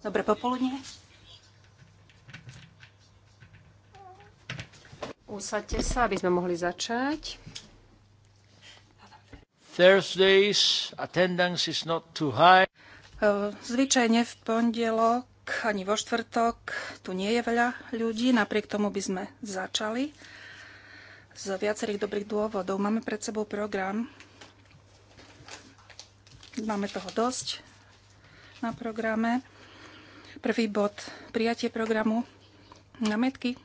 Dobre popoludne. Usaďte sa, aby sme mohli začať. Thursdays attendance is not too high. E, zvyčajne v pondelok ani vo štvrtok tu nie je veľa ľudí, napriek tomu by sme začali. Z viacerých dobrých dôvodov máme pred sebou program. Máme toho dosť na programe. Prvý bod, prijatie programu. na metky.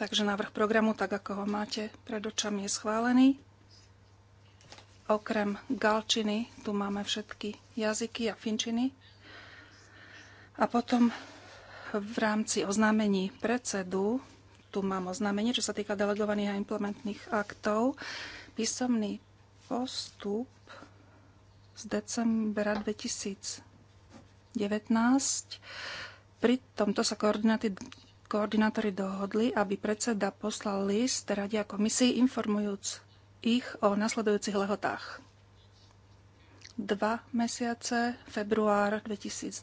Takže návrh programu, tak ako ho máte pred očami, je schválený. Okrem galčiny, tu máme všetky jazyky a finčiny. A potom v rámci oznámení predsedu, tu mám oznámenie, čo sa týka delegovaných a implementných aktov, písomný postup z decembra 2019. Pri tomto sa koordinátori dohodli, aby predseda poslal list Radia komisii informujúc ich o nasledujúcich lehotách. Dva mesiace, február 2020,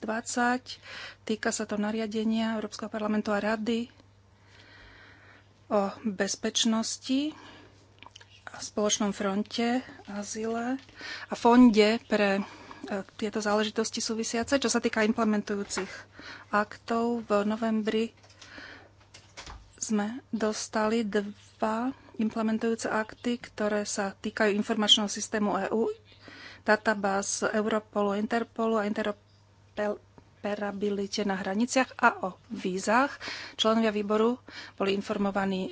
týka sa to nariadenia Európskeho parlamentu a rady o bezpečnosti v spoločnom fronte azyle a fonde pre e, tieto záležitosti súvisiace. Čo sa týka implementujúcich aktov, v novembri sme dostali dva implementujúce akty, ktoré sa týkajú informačného systému EU, databáz Europolu, Interpolu a interoperabilite na hraniciach a o vízach. Členovia výboru boli informovaní e,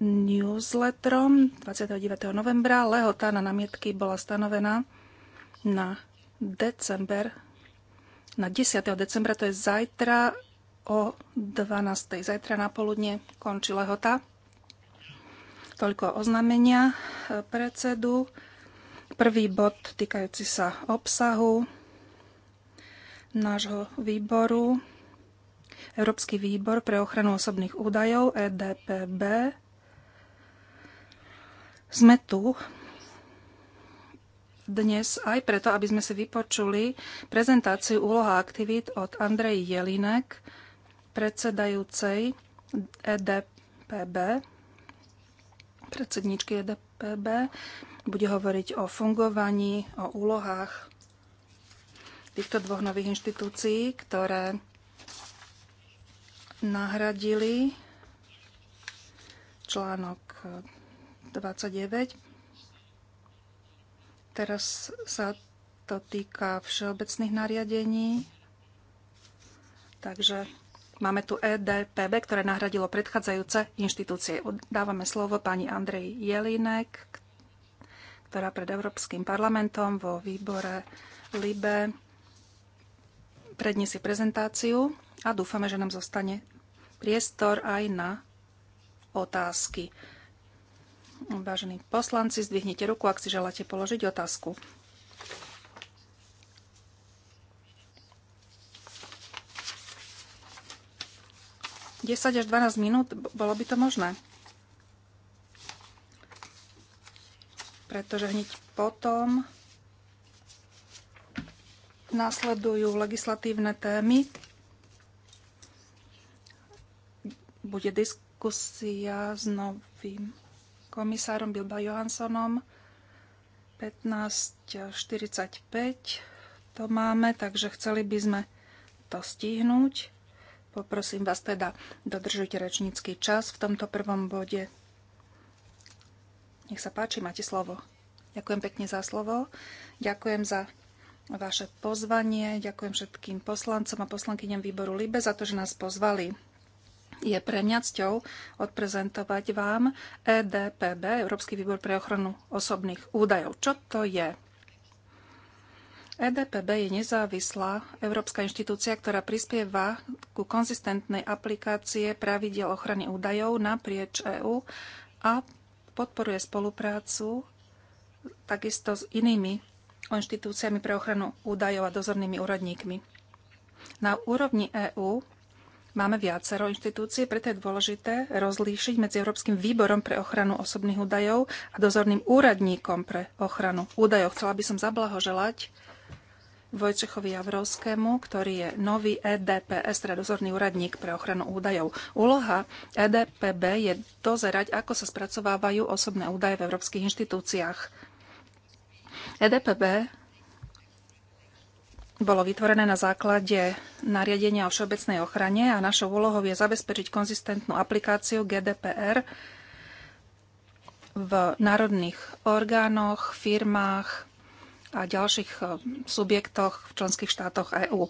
newsletterom 29. novembra. Lehota na namietky bola stanovená na december, na 10. decembra, to je zajtra o 12. Zajtra na poludne končí lehota. Toľko oznamenia e, predsedu. Prvý bod týkajúci sa obsahu nášho výboru. Európsky výbor pre ochranu osobných údajov EDPB sme tu dnes aj preto, aby sme si vypočuli prezentáciu úloha aktivít od Andrej Jelinek, predsedajúcej EDPB, predsedničky EDPB. Bude hovoriť o fungovaní, o úlohách týchto dvoch nových inštitúcií, ktoré nahradili článok 29. Teraz sa to týka všeobecných nariadení. Takže máme tu EDPB, ktoré nahradilo predchádzajúce inštitúcie. Dávame slovo pani Andrej Jelinek, ktorá pred Európskym parlamentom vo výbore LIBE predniesie prezentáciu a dúfame, že nám zostane priestor aj na otázky. Vážení poslanci, zdvihnite ruku, ak si želáte položiť otázku. Desať až 12 minút, bolo by to možné? Pretože hneď potom nasledujú legislatívne témy. Bude diskusia s novým komisárom Bilba Johanssonom 15.45 to máme, takže chceli by sme to stihnúť. Poprosím vás teda, dodržujte rečnícky čas v tomto prvom bode. Nech sa páči, máte slovo. Ďakujem pekne za slovo. Ďakujem za vaše pozvanie. Ďakujem všetkým poslancom a poslankyňam výboru LIBE za to, že nás pozvali. Je pre mňa cťou odprezentovať vám EDPB, Európsky výbor pre ochranu osobných údajov. Čo to je? EDPB je nezávislá európska inštitúcia, ktorá prispieva ku konzistentnej aplikácie pravidiel ochrany údajov naprieč EÚ a podporuje spoluprácu takisto s inými inštitúciami pre ochranu údajov a dozornými úradníkmi. Na úrovni EÚ Máme viacero inštitúcií, preto je dôležité rozlíšiť medzi Európskym výborom pre ochranu osobných údajov a dozorným úradníkom pre ochranu údajov. Chcela by som zablahoželať Vojčechovi Javrovskému, ktorý je nový EDPS, teda dozorný úradník pre ochranu údajov. Úloha EDPB je dozerať, ako sa spracovávajú osobné údaje v európskych inštitúciách. EDPB bolo vytvorené na základe nariadenia o všeobecnej ochrane a našou úlohou je zabezpečiť konzistentnú aplikáciu GDPR v národných orgánoch, firmách a ďalších eh, subjektoch v členských štátoch EÚ.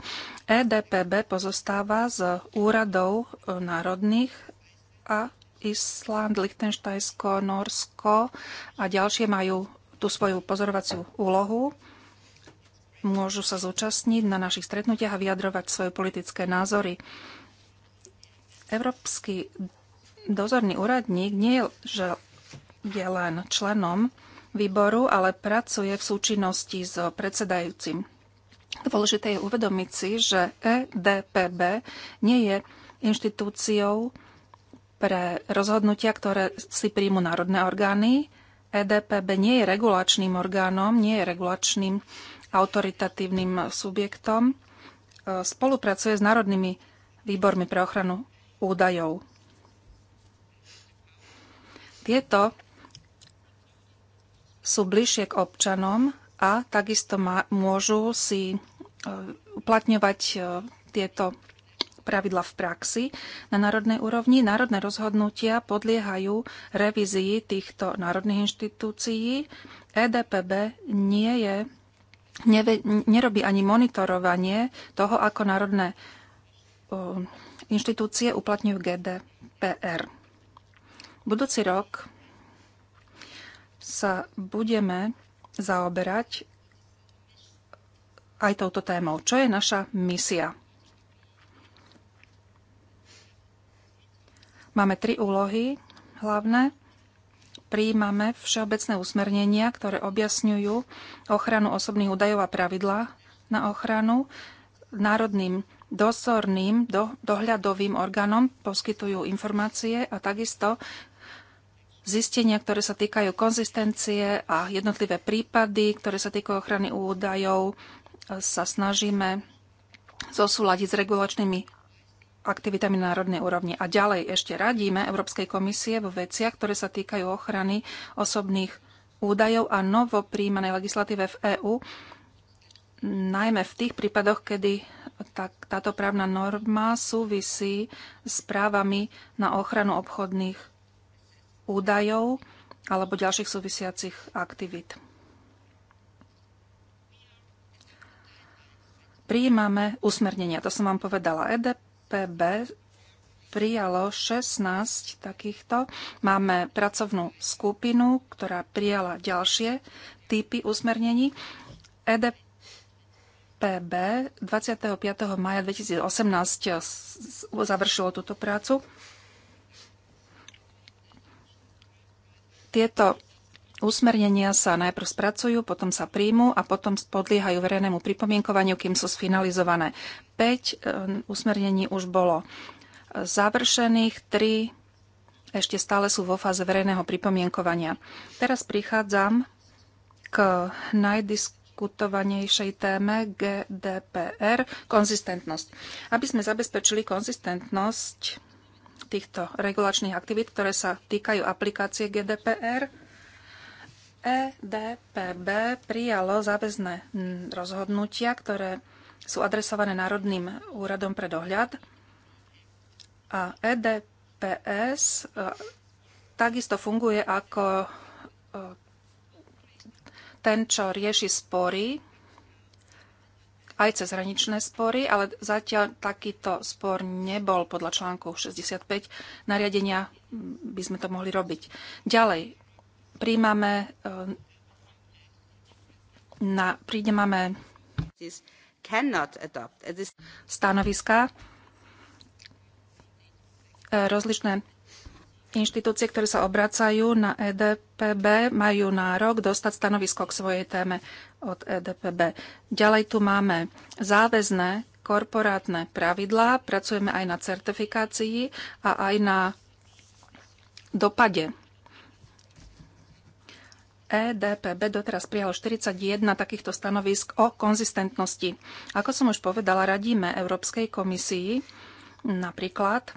EDPB pozostáva z úradov eh, národných a Island, Liechtensteinsko, Norsko a ďalšie majú tú svoju pozorovaciu úlohu môžu sa zúčastniť na našich stretnutiach a vyjadrovať svoje politické názory. Európsky dozorný úradník nie je, že je len členom výboru, ale pracuje v súčinnosti s so predsedajúcim. Dôležité je uvedomiť si, že EDPB nie je inštitúciou pre rozhodnutia, ktoré si príjmu národné orgány. EDPB nie je regulačným orgánom, nie je regulačným autoritatívnym subjektom, e, spolupracuje s národnými výbormi pre ochranu údajov. Tieto sú bližšie k občanom a takisto môžu si e, uplatňovať e, tieto pravidla v praxi na národnej úrovni. Národné rozhodnutia podliehajú revízii týchto národných inštitúcií. EDPB nie je neve, nerobí ani monitorovanie toho, ako národné inštitúcie uplatňujú GDPR. Budúci rok sa budeme zaoberať aj touto témou. Čo je naša misia? Máme tri úlohy hlavné príjmame všeobecné usmernenia, ktoré objasňujú ochranu osobných údajov a pravidlá na ochranu. Národným dosorným do, dohľadovým orgánom poskytujú informácie a takisto zistenia, ktoré sa týkajú konzistencie a jednotlivé prípady, ktoré sa týkajú ochrany údajov, sa snažíme zosúľadiť s regulačnými aktivitami na národnej úrovni. A ďalej ešte radíme Európskej komisie vo veciach, ktoré sa týkajú ochrany osobných údajov a novo príjmanej legislatíve v EÚ, najmä v tých prípadoch, kedy tak, táto právna norma súvisí s právami na ochranu obchodných údajov alebo ďalších súvisiacich aktivít. Prijímame usmernenia, to som vám povedala, EDP, EPB prijalo 16 takýchto. Máme pracovnú skupinu, ktorá prijala ďalšie typy usmernení. E PB 25. maja 2018 završilo túto prácu. Tieto Úsmernenia sa najprv spracujú, potom sa príjmu a potom podliehajú verejnému pripomienkovaniu, kým sú sfinalizované. 5 úsmernení e, už bolo e, završených, 3 ešte stále sú vo fáze verejného pripomienkovania. Teraz prichádzam k najdiskutovanejšej téme GDPR, konzistentnosť. Aby sme zabezpečili konzistentnosť týchto regulačných aktivít, ktoré sa týkajú aplikácie GDPR, EDPB prijalo záväzné rozhodnutia, ktoré sú adresované Národným úradom pre dohľad a EDPS e, takisto funguje ako e, ten, čo rieši spory, aj cez hraničné spory, ale zatiaľ takýto spor nebol podľa článku 65 nariadenia, by sme to mohli robiť. Ďalej, príjmame eh, na, príjmame stanoviska eh, rozličné inštitúcie, ktoré sa obracajú na EDPB, majú nárok dostať stanovisko k svojej téme od EDPB. Ďalej tu máme záväzné korporátne pravidlá, pracujeme aj na certifikácii a aj na dopade EDPB doteraz prijalo 41 takýchto stanovisk o konzistentnosti. Ako som už povedala, radíme Európskej komisii napríklad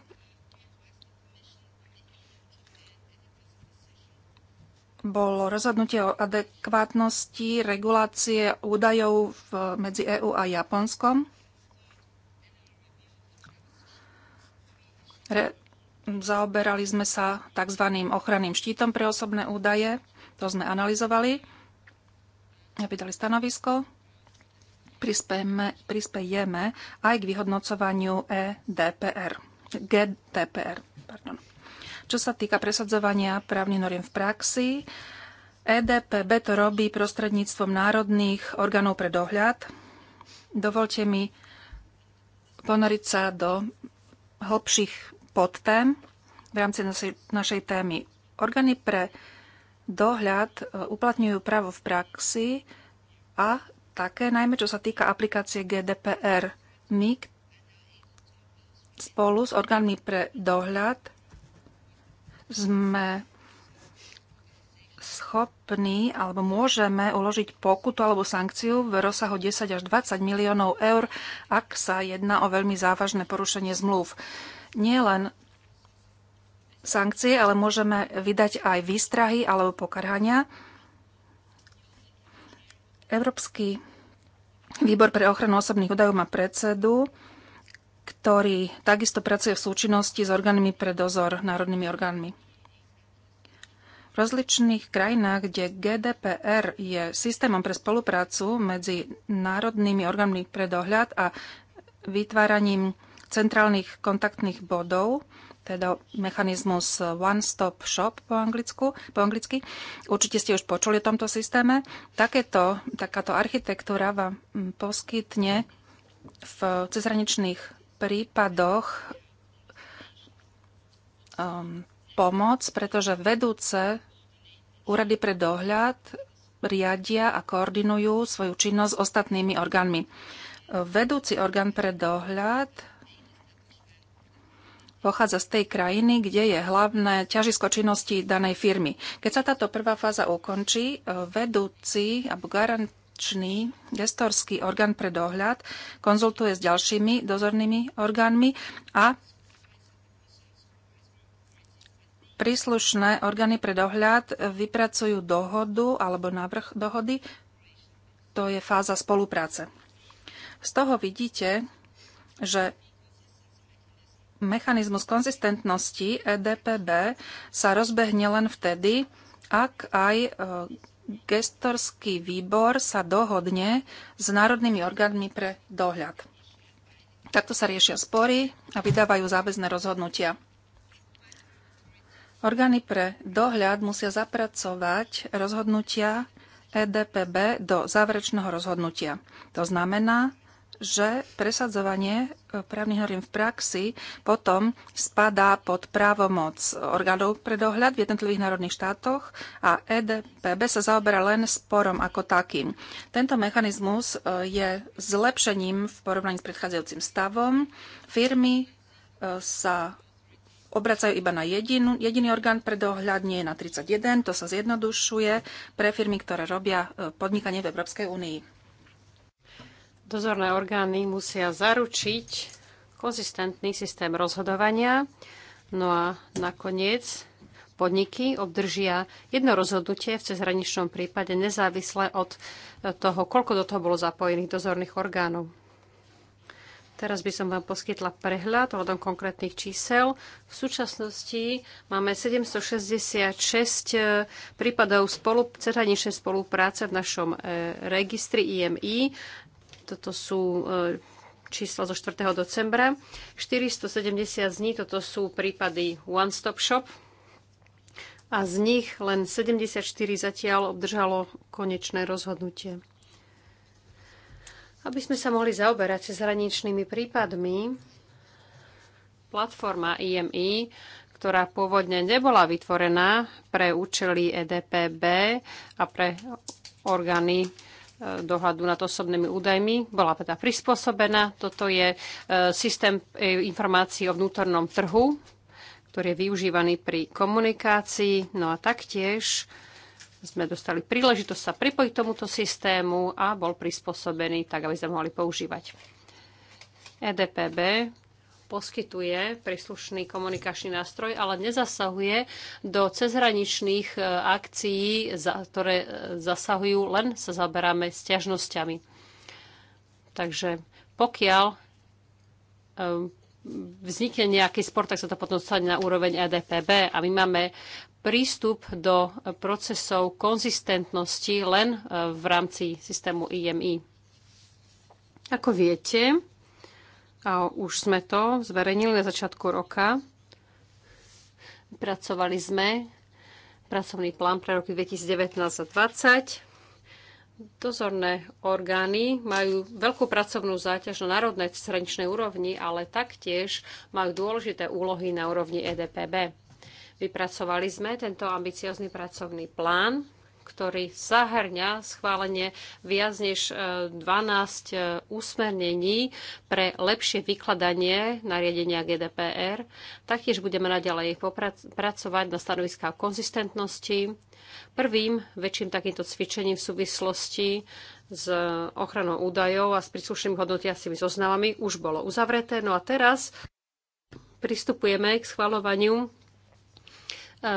bolo rozhodnutie o adekvátnosti regulácie údajov v, medzi EÚ a Japonskom. Re, zaoberali sme sa tzv. ochranným štítom pre osobné údaje to sme analyzovali. Vydali stanovisko. Prispejeme, prispejeme aj k vyhodnocovaniu EDPR. GDPR. Pardon. Čo sa týka presadzovania právnych noriem v praxi, EDPB to robí prostredníctvom národných orgánov pre dohľad. Dovolte mi ponoriť sa do hlbších podtém v rámci našej, našej témy. Orgány pre dohľad e, uplatňujú právo v praxi a také, najmä čo sa týka aplikácie GDPR. My spolu s orgánmi pre dohľad sme schopní alebo môžeme uložiť pokutu alebo sankciu v rozsahu 10 až 20 miliónov eur, ak sa jedná o veľmi závažné porušenie zmluv. Nie len sankcie, ale môžeme vydať aj výstrahy alebo pokarhania. Európsky výbor pre ochranu osobných údajov má predsedu, ktorý takisto pracuje v súčinnosti s orgánmi pre dozor, národnými orgánmi. V rozličných krajinách, kde GDPR je systémom pre spoluprácu medzi národnými orgánmi pre dohľad a vytváraním centrálnych kontaktných bodov, teda mechanizmus one-stop shop po, anglicku, po anglicky. Určite ste už počuli o tomto systéme. Takéto, takáto architektúra vám mm, poskytne v cezhraničných prípadoch um, pomoc, pretože vedúce úrady pre dohľad riadia a koordinujú svoju činnosť s ostatnými orgánmi. Vedúci orgán pre dohľad pochádza z tej krajiny, kde je hlavné ťažisko činnosti danej firmy. Keď sa táto prvá fáza ukončí, e, vedúci alebo garančný gestorský orgán pre dohľad konzultuje s ďalšími dozornými orgánmi a príslušné orgány pre dohľad vypracujú dohodu alebo návrh dohody. To je fáza spolupráce. Z toho vidíte, že mechanizmus konzistentnosti EDPB sa rozbehne len vtedy, ak aj e, gestorský výbor sa dohodne s národnými orgánmi pre dohľad. Takto sa riešia spory a vydávajú záväzné rozhodnutia. Orgány pre dohľad musia zapracovať rozhodnutia EDPB do záverečného rozhodnutia. To znamená, že presadzovanie e, právnych noriem v praxi potom spadá pod právomoc orgánov pre dohľad v jednotlivých národných štátoch a EDPB sa zaoberá len sporom ako takým. Tento mechanizmus e, je zlepšením v porovnaní s predchádzajúcim stavom. Firmy e, sa obracajú iba na jedinú, jediný orgán pre dohľad, nie na 31, to sa zjednodušuje pre firmy, ktoré robia podnikanie v Európskej únii dozorné orgány musia zaručiť konzistentný systém rozhodovania. No a nakoniec podniky obdržia jedno rozhodnutie v cezhraničnom prípade nezávisle od e, toho, koľko do toho bolo zapojených dozorných orgánov. Teraz by som vám poskytla prehľad ohľadom konkrétnych čísel. V súčasnosti máme 766 e, prípadov spolu, cezhraničnej spolupráce v našom e, registri IMI. Toto sú e, čísla zo 4. decembra. 470 z nich, toto sú prípady One Stop Shop. A z nich len 74 zatiaľ obdržalo konečné rozhodnutie. Aby sme sa mohli zaoberať hraničnými prípadmi, platforma IMI, ktorá pôvodne nebola vytvorená pre účely EDPB a pre orgány dohľadu nad osobnými údajmi bola teda prispôsobená. Toto je e, systém e, informácií o vnútornom trhu, ktorý je využívaný pri komunikácii. No a taktiež sme dostali príležitosť sa pripojiť tomuto systému a bol prispôsobený tak, aby sme mohli používať. EDPB poskytuje príslušný komunikačný nástroj, ale nezasahuje do cezhraničných e, akcií, ktoré e, zasahujú, len sa zaberáme sťažnosťami. Takže pokiaľ e, vznikne nejaký spor, tak sa to potom stane na úroveň EDPB a my máme prístup do procesov konzistentnosti len v rámci systému IMI. Ako viete, a už sme to zverejnili na začiatku roka. Pracovali sme pracovný plán pre roky 2019 a 2020. Dozorné orgány majú veľkú pracovnú záťaž na národnej sraničnej úrovni, ale taktiež majú dôležité úlohy na úrovni EDPB. Vypracovali sme tento ambiciozný pracovný plán ktorý zahrňa schválenie viac než 12 e, úsmernení e, pre lepšie vykladanie nariadenia GDPR. Taktiež budeme naďalej pracovať na stanoviská konzistentnosti. Prvým väčším takýmto cvičením v súvislosti s ochranou údajov a s príslušnými hodnotiacimi zoznamami už bolo uzavreté. No a teraz pristupujeme k schvalovaniu e,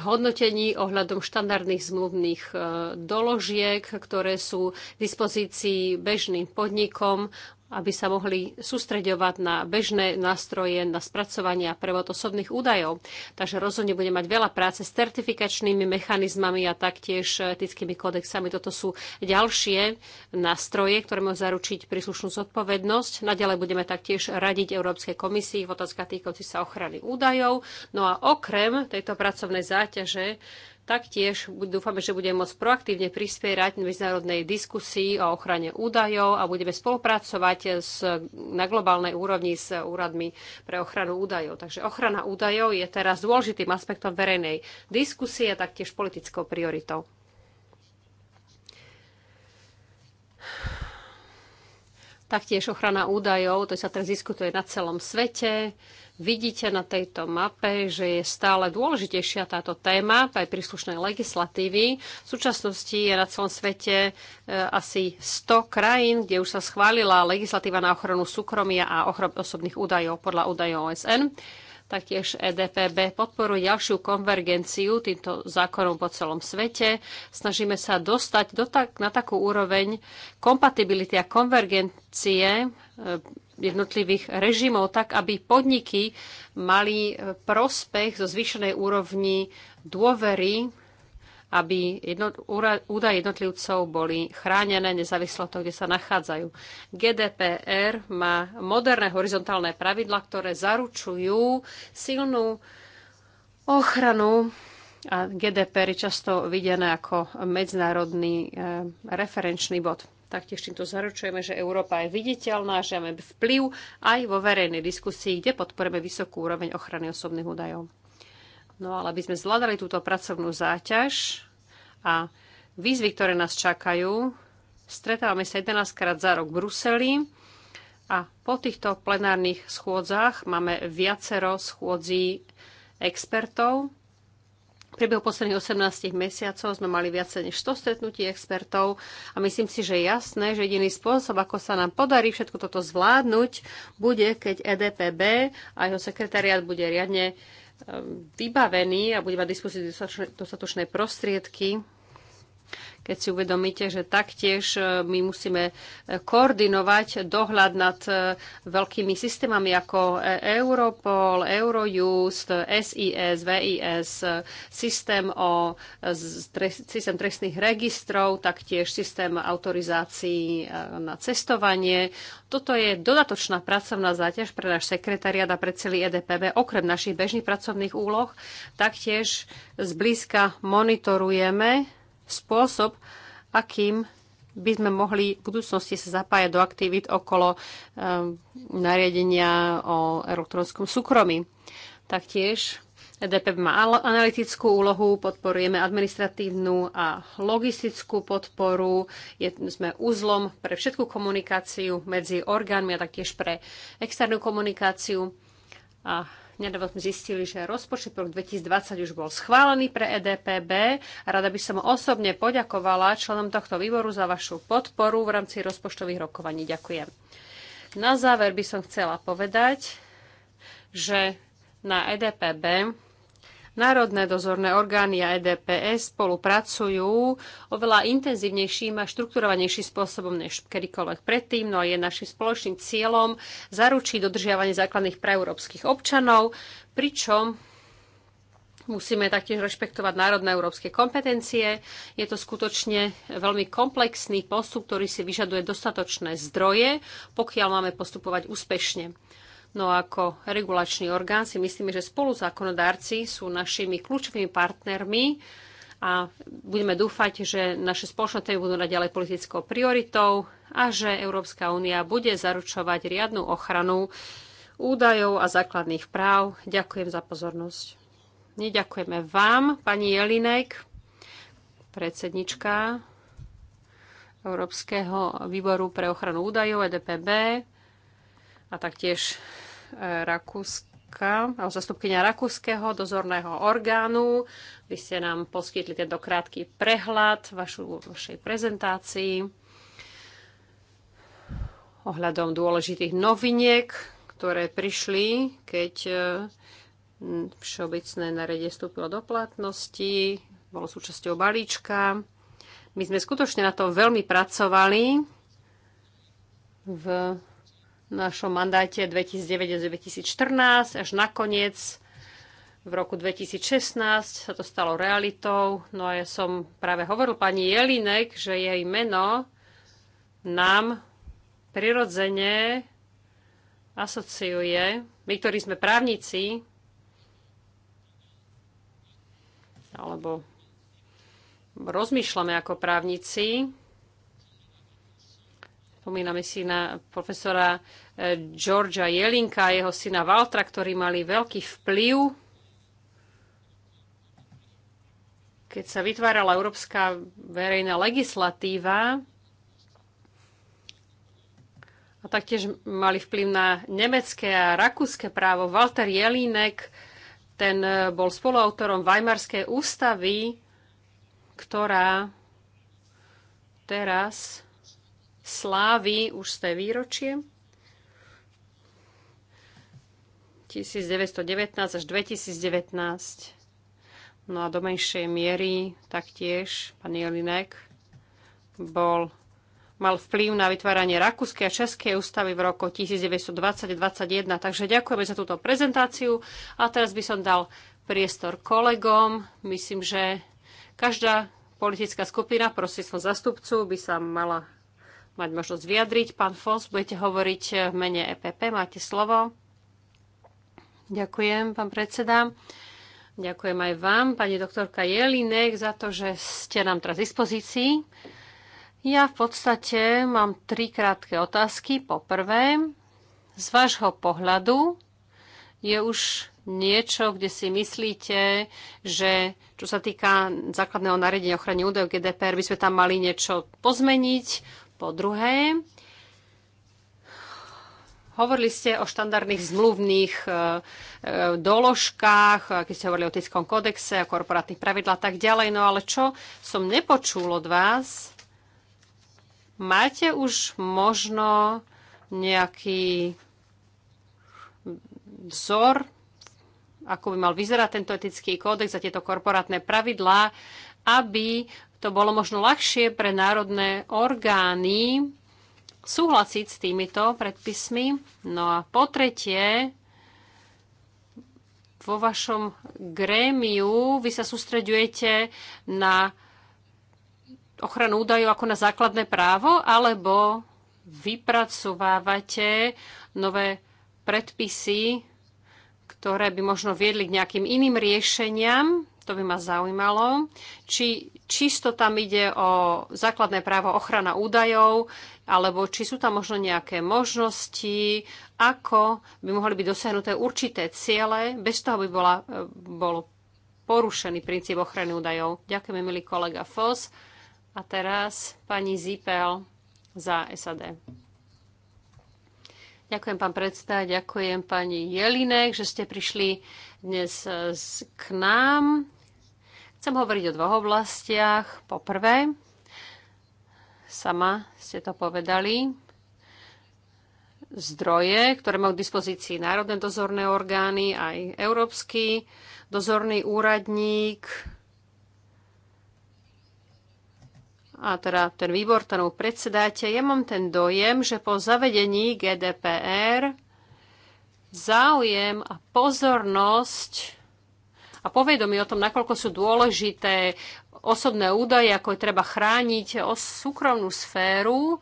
hodnotení ohľadom štandardných zmluvných e, doložiek, ktoré sú v dispozícii bežným podnikom aby sa mohli sústreďovať na bežné nástroje, na spracovanie a prevod osobných údajov. Takže rozhodne bude mať veľa práce s certifikačnými mechanizmami a taktiež etickými kodexami. Toto sú ďalšie nástroje, ktoré môžu zaručiť príslušnú zodpovednosť. Naďalej budeme taktiež radiť Európskej komisii v otázkach týkajúcich sa ochrany údajov. No a okrem tejto pracovnej záťaže Taktiež dúfame, že budeme môcť proaktívne prispierať na medzinárodnej diskusii o ochrane údajov a budeme spolupracovať s, na globálnej úrovni s úradmi pre ochranu údajov. Takže ochrana údajov je teraz dôležitým aspektom verejnej diskusie a taktiež politickou prioritou. Taktiež ochrana údajov, to sa teraz diskutuje na celom svete. Vidíte na tejto mape, že je stále dôležitejšia táto téma aj príslušnej legislatívy. V súčasnosti je na celom svete e, asi 100 krajín, kde už sa schválila legislatíva na ochranu súkromia a ochranu osobných údajov podľa údajov OSN. Taktiež EDPB podporuje ďalšiu konvergenciu týmto zákonom po celom svete. Snažíme sa dostať do tak, na takú úroveň kompatibility a konvergencie e, jednotlivých režimov, tak aby podniky mali e, prospech zo zvýšenej úrovni dôvery aby jedno, údaje jednotlivcov boli chránené nezávislo toho, kde sa nachádzajú. GDPR má moderné horizontálne pravidla, ktoré zaručujú silnú ochranu a GDPR je často videné ako medzinárodný e, referenčný bod. Taktiež týmto zaručujeme, že Európa je viditeľná, že máme vplyv aj vo verejnej diskusii, kde podporujeme vysokú úroveň ochrany osobných údajov. No ale aby sme zvládali túto pracovnú záťaž a výzvy, ktoré nás čakajú, stretávame sa 11 krát za rok v Bruseli a po týchto plenárnych schôdzach máme viacero schôdzí expertov. V priebehu posledných 18 mesiacov sme mali viac než 100 stretnutí expertov a myslím si, že je jasné, že jediný spôsob, ako sa nám podarí všetko toto zvládnuť, bude, keď EDPB a jeho sekretariat bude riadne vybavený a bude mať dispozície dostatočné prostriedky keď si uvedomíte, že taktiež e, my musíme e, koordinovať dohľad nad e, veľkými systémami ako Europol, Eurojust, SIS, VIS, systém, o, systém trestných registrov, taktiež systém autorizácií na cestovanie. Toto je dodatočná pracovná záťaž pre náš sekretariat a pre celý EDPB, okrem našich bežných pracovných úloh. Taktiež zblízka monitorujeme spôsob, akým by sme mohli v budúcnosti sa zapájať do aktivít okolo um, nariadenia o elektronskom súkromí. Taktiež EDP má analytickú úlohu, podporujeme administratívnu a logistickú podporu, je, sme úzlom pre všetkú komunikáciu medzi orgánmi a taktiež pre externú komunikáciu. A nedávno sme zistili, že rozpočet rok 2020 už bol schválený pre EDPB. Rada by som osobne poďakovala členom tohto výboru za vašu podporu v rámci rozpočtových rokovaní. Ďakujem. Na záver by som chcela povedať, že na EDPB Národné dozorné orgány a EDPS spolupracujú oveľa intenzívnejším a štrukturovanejším spôsobom než kedykoľvek predtým, no je našim spoločným cieľom zaručiť dodržiavanie základných práv európskych občanov, pričom Musíme taktiež rešpektovať národné európske kompetencie. Je to skutočne veľmi komplexný postup, ktorý si vyžaduje dostatočné zdroje, pokiaľ máme postupovať úspešne. No a ako regulačný orgán si myslíme, že zákonodárci sú našimi kľúčovými partnermi a budeme dúfať, že naše spoločné témy budú naďalej politickou prioritou a že Európska únia bude zaručovať riadnu ochranu údajov a základných práv. Ďakujem za pozornosť. Neďakujeme vám, pani Jelinek, predsednička Európskeho výboru pre ochranu údajov EDPB a taktiež e, Rakúska, alebo zastupkynia Rakúskeho dozorného orgánu. Vy ste nám poskytli tento krátky prehľad vašu, vašej prezentácii ohľadom dôležitých noviniek, ktoré prišli, keď e, všeobecné naredie vstúpilo do platnosti, bolo súčasťou balíčka. My sme skutočne na tom veľmi pracovali v našom mandáte 2009-2014 až nakoniec v roku 2016 sa to stalo realitou. No a ja som práve hovoril pani Jelinek, že jej meno nám prirodzene asociuje. My, ktorí sme právnici, alebo rozmýšľame ako právnici, Spomíname si na profesora e, Georgia Jelinka a jeho syna Valtra, ktorí mali veľký vplyv, keď sa vytvárala európska verejná legislatíva a taktiež mali vplyv na nemecké a rakúske právo. Walter Jelinek, ten e, bol spoluautorom Weimarskej ústavy, ktorá teraz slávy už ste výročie. 1919 až 2019. No a do menšej miery taktiež pán Jelinek bol, mal vplyv na vytváranie rakúskej a českej ústavy v roku 1920-21. Takže ďakujeme za túto prezentáciu a teraz by som dal priestor kolegom. Myslím, že každá politická skupina prosím som zastupcu by sa mala mať možnosť vyjadriť. Pán Fos, budete hovoriť v mene EPP, máte slovo. Ďakujem, pán predseda. Ďakujem aj vám, pani doktorka Jelinek, za to, že ste nám teraz v dispozícii. Ja v podstate mám tri krátke otázky. Po prvé, z vášho pohľadu je už niečo, kde si myslíte, že čo sa týka základného nariadenia ochrany údajov GDPR, by sme tam mali niečo pozmeniť, po druhé, Hovorili ste o štandardných zmluvných e, e, doložkách, keď ste hovorili o etickom kodexe, o korporátnych pravidlách a tak ďalej. No ale čo som nepočul od vás, máte už možno nejaký vzor, ako by mal vyzerať tento etický kódex a tieto korporátne pravidlá, aby to bolo možno ľahšie pre národné orgány súhlasiť s týmito predpismi. No a po tretie, vo vašom grémiu vy sa sústreďujete na ochranu údajov ako na základné právo, alebo vypracovávate nové predpisy, ktoré by možno viedli k nejakým iným riešeniam to by ma zaujímalo, či čisto tam ide o základné právo ochrana údajov, alebo či sú tam možno nejaké možnosti, ako by mohli byť dosiahnuté určité ciele, bez toho by bola, e, bol porušený princíp ochrany údajov. Ďakujeme, milý kolega Foss. A teraz pani Zipel za SAD. Ďakujem, pán predseda, ďakujem pani Jelinek, že ste prišli dnes e, k nám. Chcem hovoriť o dvoch oblastiach. Poprvé, sama ste to povedali, zdroje, ktoré majú k dispozícii národné dozorné orgány, aj európsky dozorný úradník a teda ten výbor, ktorému predsedáte. Ja mám ten dojem, že po zavedení GDPR záujem a pozornosť a povedomie o tom, nakoľko sú dôležité osobné údaje, ako je treba chrániť o súkromnú sféru,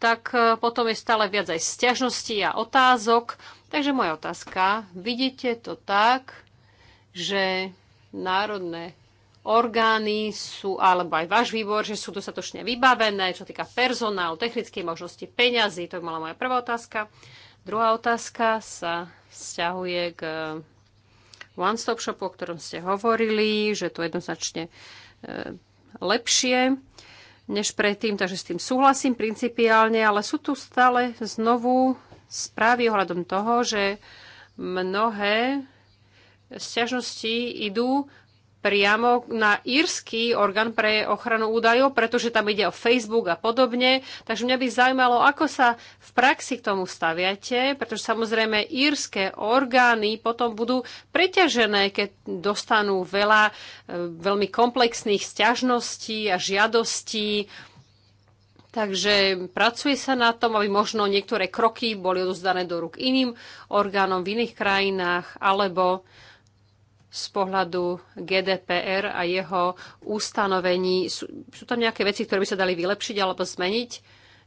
tak e, potom je stále viac aj stiažností a otázok. Takže moja otázka, vidíte to tak, že národné orgány sú, alebo aj váš výbor, že sú dostatočne vybavené, čo týka personálu, technických možnosti, peňazí, to je mala moja prvá otázka. Druhá otázka sa vzťahuje k eh, one-stop shopu, o ktorom ste hovorili, že to jednoznačne eh, lepšie než predtým, takže s tým súhlasím principiálne, ale sú tu stále znovu správy ohľadom toho, že mnohé sťažnosti idú priamo na írsky orgán pre ochranu údajov, pretože tam ide o Facebook a podobne. Takže mňa by zaujímalo, ako sa v praxi k tomu staviate, pretože samozrejme írske orgány potom budú preťažené, keď dostanú veľa e, veľmi komplexných sťažností a žiadostí. Takže pracuje sa na tom, aby možno niektoré kroky boli odozdané do rúk iným orgánom v iných krajinách, alebo z pohľadu GDPR a jeho ustanovení. Sú, sú tam nejaké veci, ktoré by sa dali vylepšiť alebo zmeniť?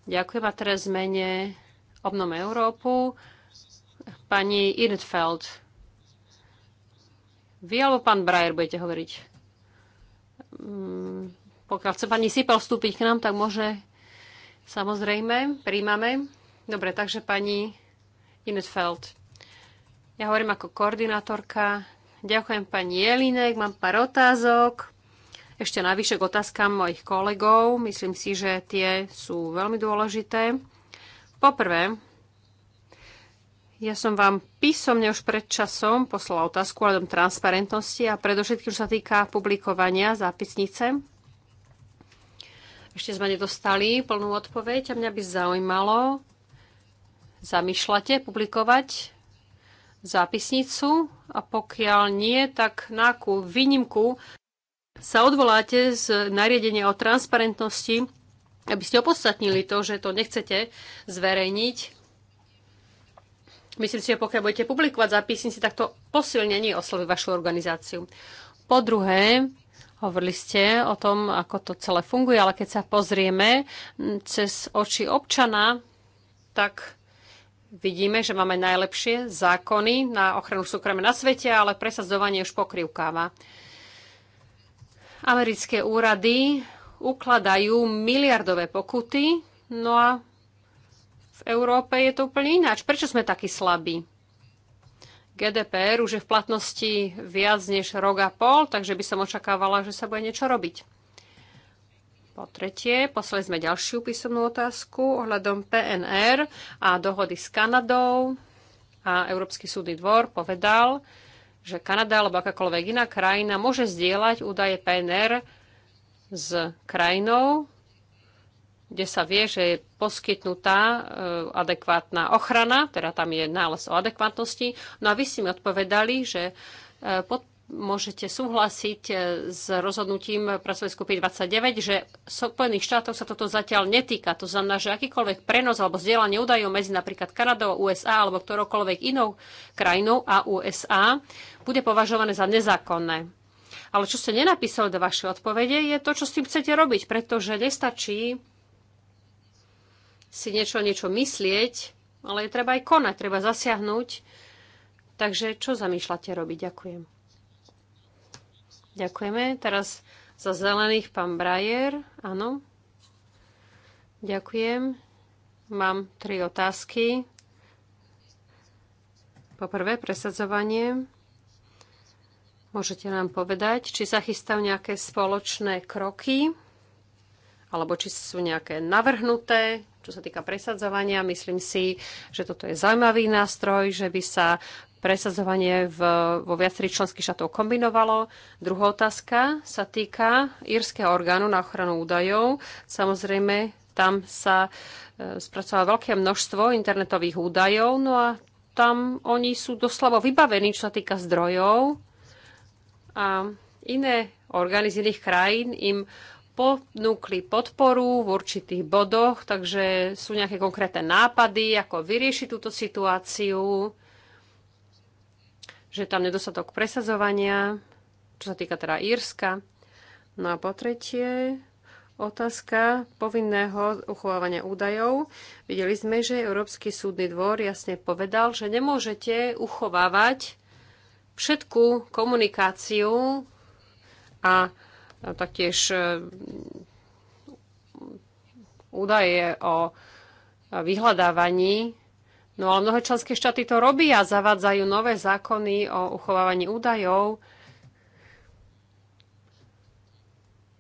Ďakujem a teraz zmene Obnom Európu. Pani Irtfeld, vy alebo pán Brajer budete hovoriť? Mm, pokiaľ chce pani Sipel vstúpiť k nám, tak môže samozrejme, príjmame. Dobre, takže pani Inetfeld. Ja hovorím ako koordinátorka Ďakujem pani Jelinek, mám pár otázok. Ešte navyše k otázkam mojich kolegov. Myslím si, že tie sú veľmi dôležité. Poprvé, ja som vám písomne už pred časom poslala otázku o transparentnosti a predovšetkým, čo sa týka publikovania zápisnice. Ešte sme nedostali plnú odpoveď a mňa by zaujímalo, zamýšľate publikovať zápisnicu a pokiaľ nie, tak na akú výnimku sa odvoláte z nariadenia o transparentnosti, aby ste opodstatnili to, že to nechcete zverejniť. Myslím si, že pokiaľ budete publikovať zápisnici, tak to posilne nie vašu organizáciu. Po druhé, hovorili ste o tom, ako to celé funguje, ale keď sa pozrieme cez oči občana, tak vidíme, že máme najlepšie zákony na ochranu súkromia na svete, ale presadzovanie už pokrivkáva. Americké úrady ukladajú miliardové pokuty, no a v Európe je to úplne ináč. Prečo sme takí slabí? GDPR už je v platnosti viac než rok a pol, takže by som očakávala, že sa bude niečo robiť. Po tretie, poslali sme ďalšiu písomnú otázku ohľadom PNR a dohody s Kanadou. A Európsky súdny dvor povedal, že Kanada alebo akákoľvek iná krajina môže zdieľať údaje PNR s krajinou, kde sa vie, že je poskytnutá e, adekvátna ochrana, teda tam je nález o adekvátnosti. No a vy si mi odpovedali, že e, pod môžete súhlasiť e, s rozhodnutím pracovnej skupiny 29, že Spojených štátov sa toto zatiaľ netýka. To znamená, že akýkoľvek prenos alebo zdieľanie údajov medzi napríklad Kanadou, USA alebo ktoroukoľvek inou krajinou a USA bude považované za nezákonné. Ale čo ste nenapísali do vašej odpovede, je to, čo s tým chcete robiť, pretože nestačí si niečo niečo myslieť, ale je treba aj konať, treba zasiahnuť. Takže čo zamýšľate robiť? Ďakujem. Ďakujeme. Teraz za zelených pán Brajer. Áno. Ďakujem. Mám tri otázky. Poprvé, presadzovanie. Môžete nám povedať, či sa chystajú nejaké spoločné kroky, alebo či sú nejaké navrhnuté, čo sa týka presadzovania. Myslím si, že toto je zaujímavý nástroj, že by sa presadzovanie v, vo viacerých členských štátoch kombinovalo. Druhá otázka sa týka írskeho orgánu na ochranu údajov. Samozrejme, tam sa e, spracovalo veľké množstvo internetových údajov, no a tam oni sú doslova vybavení, čo sa týka zdrojov. A iné orgány z iných krajín im ponúkli podporu v určitých bodoch, takže sú nejaké konkrétne nápady, ako vyriešiť túto situáciu že tam nedostatok presadzovania, čo sa týka teda Írska. No a po tretie, otázka povinného uchovávania údajov. Videli sme, že Európsky súdny dvor jasne povedal, že nemôžete uchovávať všetku komunikáciu a taktiež e, údaje o vyhľadávaní No ale mnohé členské štáty to robia, a zavádzajú nové zákony o uchovávaní údajov.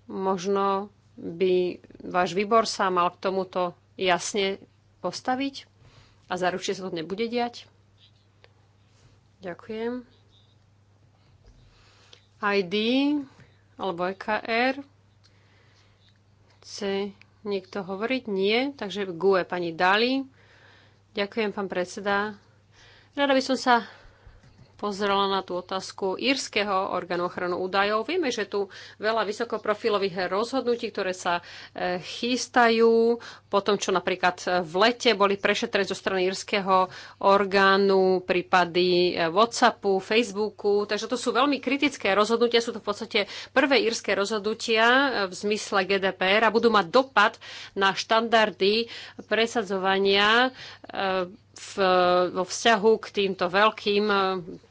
Možno by váš výbor sa mal k tomuto jasne postaviť a zaručite sa to nebude diať. Ďakujem. ID alebo EKR. Chce niekto hovoriť? Nie. Takže GUE pani Dali. Ďakujem, pán predseda. Rada by som sa pozrela na tú otázku írskeho orgánu ochranu údajov. Vieme, že tu veľa vysokoprofilových rozhodnutí, ktoré sa e, chystajú po tom, čo napríklad v lete boli prešetrené zo strany írskeho orgánu prípady e, WhatsAppu, Facebooku. Takže to sú veľmi kritické rozhodnutia. Sú to v podstate prvé írske rozhodnutia e, v zmysle GDPR a budú mať dopad na štandardy presadzovania v, vo vzťahu k týmto veľkým eh,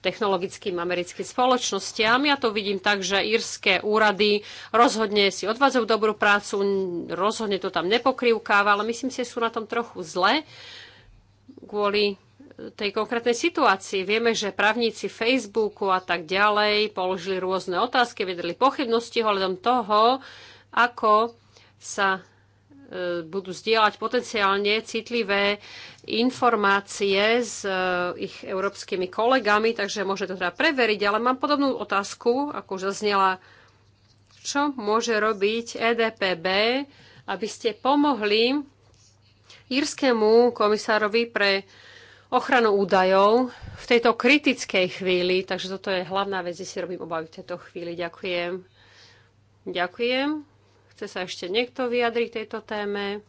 technologickým americkým spoločnostiam. Ja to vidím tak, že írske úrady rozhodne si odvádzajú dobrú prácu, rozhodne to tam nepokrivkáva, ale myslím si, že sú na tom trochu zle kvôli eh, tej konkrétnej situácii. Vieme, že právníci Facebooku a tak ďalej položili rôzne otázky, vedeli pochybnosti hľadom toho, ako sa E, budú zdieľať potenciálne citlivé informácie s e, ich európskymi kolegami, takže môže to teda preveriť, ale mám podobnú otázku, ako už zaznela, čo môže robiť EDPB, aby ste pomohli írskému komisárovi pre ochranu údajov v tejto kritickej chvíli, takže toto je hlavná vec, kde si robím obavy v tejto chvíli. Ďakujem. Ďakujem. Chce sa ešte niekto vyjadriť tejto téme?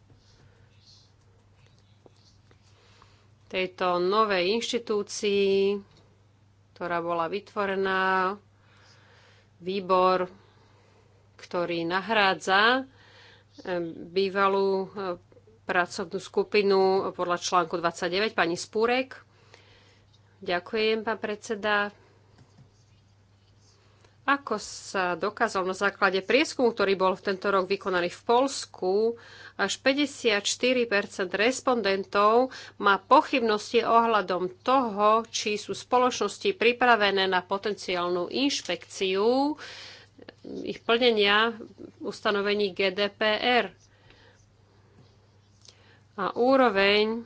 Tejto novej inštitúcii, ktorá bola vytvorená, výbor, ktorý nahrádza eh, bývalú eh, pracovnú skupinu podľa článku 29, pani Spúrek. Ďakujem, pán predseda ako sa dokázalo na základe prieskumu, ktorý bol v tento rok vykonaný v Polsku, až 54 respondentov má pochybnosti ohľadom toho, či sú spoločnosti pripravené na potenciálnu inšpekciu ich plnenia ustanovení GDPR. A úroveň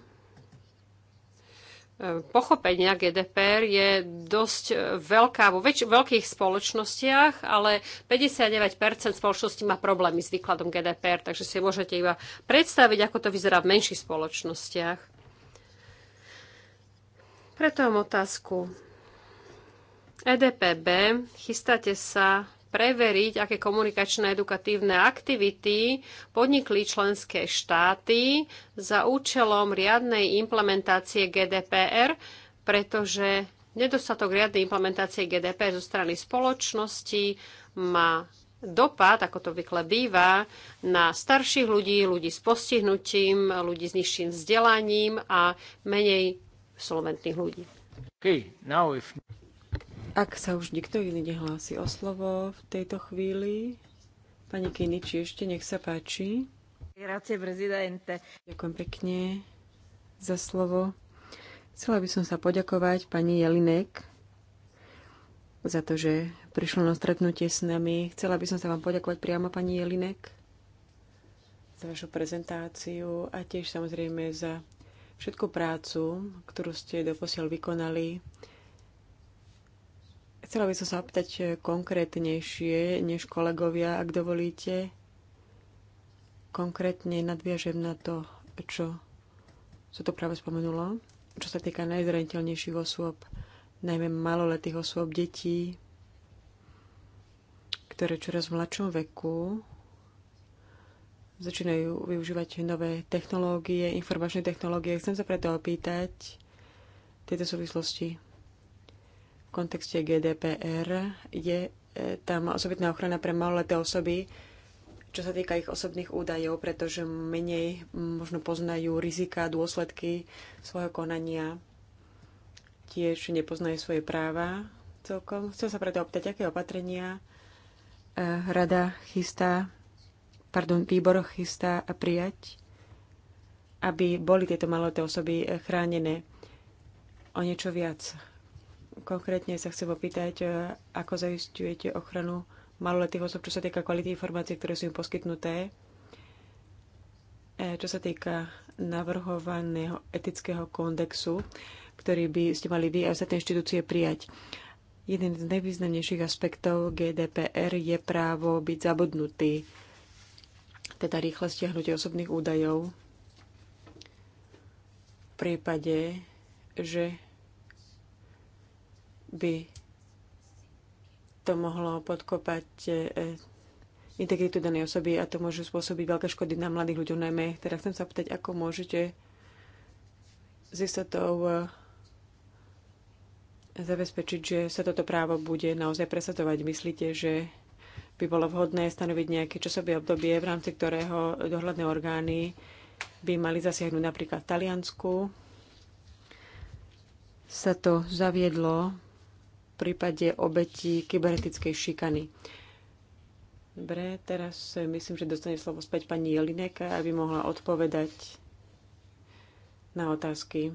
pochopenia GDPR je dosť veľká vo väč- veľkých spoločnostiach, ale 59% spoločnosti má problémy s výkladom GDPR, takže si môžete iba predstaviť, ako to vyzerá v menších spoločnostiach. Preto mám otázku. EDPB, chystáte sa preveriť, aké komunikačné edukatívne aktivity podnikli členské štáty za účelom riadnej implementácie GDPR, pretože nedostatok riadnej implementácie GDPR zo strany spoločnosti má dopad, ako to vykle býva, na starších ľudí, ľudí s postihnutím, ľudí s nižším vzdelaním a menej solventných ľudí. Okay, now if... Ak sa už nikto iný nehlási o slovo v tejto chvíli, pani Kiniči, ešte nech sa páči. Grazie, prezidente. Ďakujem pekne za slovo. Chcela by som sa poďakovať pani Jelinek za to, že prišlo na stretnutie s nami. Chcela by som sa vám poďakovať priamo, pani Jelinek, za vašu prezentáciu a tiež samozrejme za všetku prácu, ktorú ste doposiaľ vykonali Chcela by som sa opýtať eh, konkrétnejšie než kolegovia, ak dovolíte. Konkrétne nadviažem na to, čo sa to práve spomenulo, čo sa týka najzraniteľnejších osôb, najmä maloletých osôb, detí, ktoré čoraz v mladšom veku začínajú využívať nové technológie, informačné technológie. Chcem sa preto opýtať tieto tejto súvislosti v kontexte GDPR je e, tam osobitná ochrana pre maloleté osoby, čo sa týka ich osobných údajov, pretože menej možno poznajú rizika, dôsledky svojho konania, tiež nepoznajú svoje práva celkom. Chcem sa preto opýtať, aké opatrenia e, rada chystá, pardon, výbor chystá a prijať, aby boli tieto maloleté osoby e, chránené o niečo viac. Konkrétne sa chcem opýtať, e, ako zaistujete ochranu maloletých osob, čo sa týka kvality informácií, ktoré sú im poskytnuté, e, čo sa týka navrhovaného etického kódexu, ktorý by ste mali vy a ostatné inštitúcie prijať. Jeden z najvýznamnejších aspektov GDPR je právo byť zabudnutý, teda rýchle stiahnutie osobných údajov v prípade, že by to mohlo podkopať e, e, integritu danej osoby a to môže spôsobiť veľké škody na mladých ľuďoch najmä. Teda chcem sa pýtať, ako môžete s istotou e, zabezpečiť, že sa toto právo bude naozaj presadzovať. Myslíte, že by bolo vhodné stanoviť nejaké časové obdobie, v rámci ktorého dohľadné orgány by mali zasiahnuť napríklad v Taliansku. Sa to zaviedlo prípade obetí kybernetickej šikany. Dobre, teraz myslím, že dostane slovo späť pani Jelinek, aby mohla odpovedať na otázky.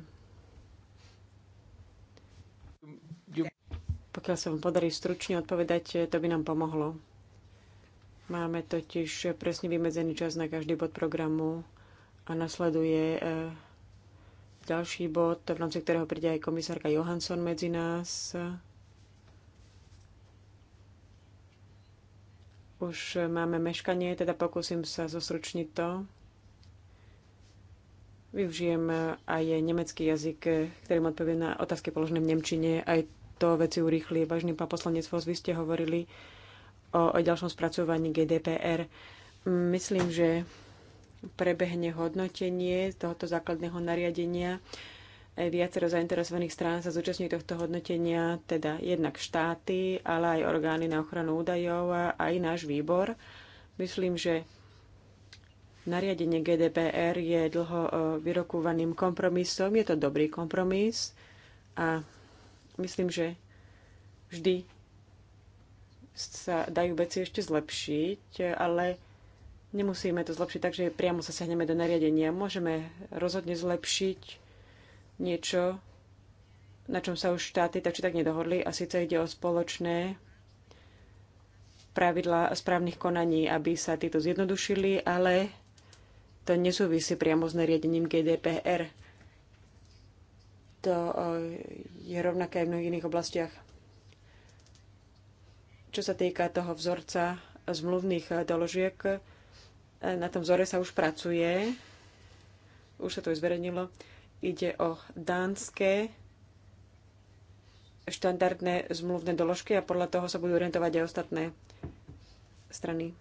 Pokiaľ sa vám podarí stručne odpovedať, to by nám pomohlo. Máme totiž presne vymedzený čas na každý bod programu a nasleduje eh, ďalší bod, v rámci ktorého príde aj komisárka Johansson medzi nás. Už máme meškanie, teda pokúsim sa zosručniť to. Využijem aj nemecký jazyk, ktorým odpoviem na otázky položené v Nemčine. Aj to veci urýchli. Vážny pán poslanec Fos, vy ste hovorili o, o ďalšom spracovaní GDPR. Myslím, že prebehne hodnotenie tohoto základného nariadenia viacero zainteresovaných strán sa zúčastňujú tohto hodnotenia, teda jednak štáty, ale aj orgány na ochranu údajov a aj náš výbor. Myslím, že nariadenie GDPR je dlho e, vyrokúvaným kompromisom. Je to dobrý kompromis a myslím, že vždy sa dajú veci ešte zlepšiť, ale nemusíme to zlepšiť tak, že priamo sa sahneme do nariadenia. Môžeme rozhodne zlepšiť niečo, na čom sa už štáty tak či tak nedohodli, a síce ide o spoločné pravidlá správnych konaní, aby sa títo zjednodušili, ale to nesúvisí priamo s nariadením GDPR. To je rovnaké aj v mnohých iných oblastiach. Čo sa týka toho vzorca zmluvných doložiek, na tom vzore sa už pracuje, už sa to zverejnilo Ide o dánske štandardné zmluvné doložky a podľa toho sa budú orientovať aj ostatné strany.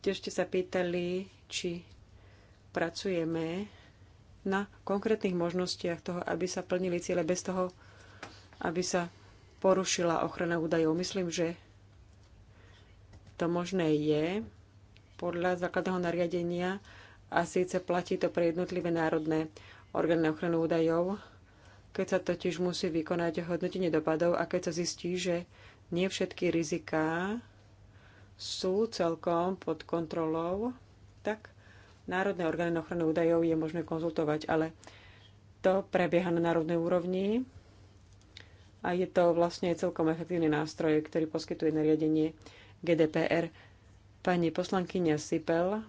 Tiež ste sa pýtali, či pracujeme na konkrétnych možnostiach toho, aby sa plnili ciele bez toho, aby sa porušila ochrana údajov. Myslím, že to možné je podľa základného nariadenia a síce platí to pre jednotlivé národné orgány na ochranu údajov, keď sa totiž musí vykonať hodnotenie dopadov a keď sa zistí, že nie všetky riziká sú celkom pod kontrolou, tak národné orgány ochranu údajov je možné konzultovať, ale to prebieha na národnej úrovni a je to vlastne celkom efektívny nástroj, ktorý poskytuje nariadenie GDPR. Pani poslankyňa Sipel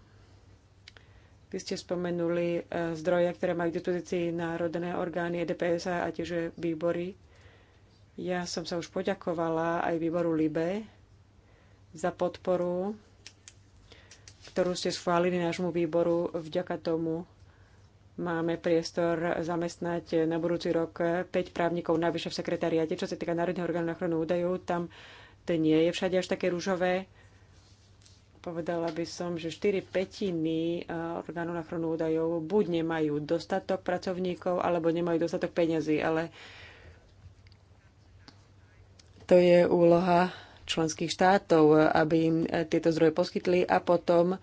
vy ste spomenuli e, zdroje, ktoré majú k dispozícii národné orgány EDPS a tiež výbory. Ja som sa už poďakovala aj výboru LIBE za podporu, ktorú ste schválili nášmu výboru. Vďaka tomu máme priestor zamestnať na budúci rok 5 právnikov navyše v sekretariate. Čo sa týka Národného orgánu na ochranu údajov, tam to nie je všade až také rúžové Povedala by som, že 4 petiny eh, orgánov na ochranu údajov buď nemajú dostatok pracovníkov, alebo nemajú dostatok peňazí, ale to je úloha členských štátov, aby im eh, tieto zdroje poskytli a potom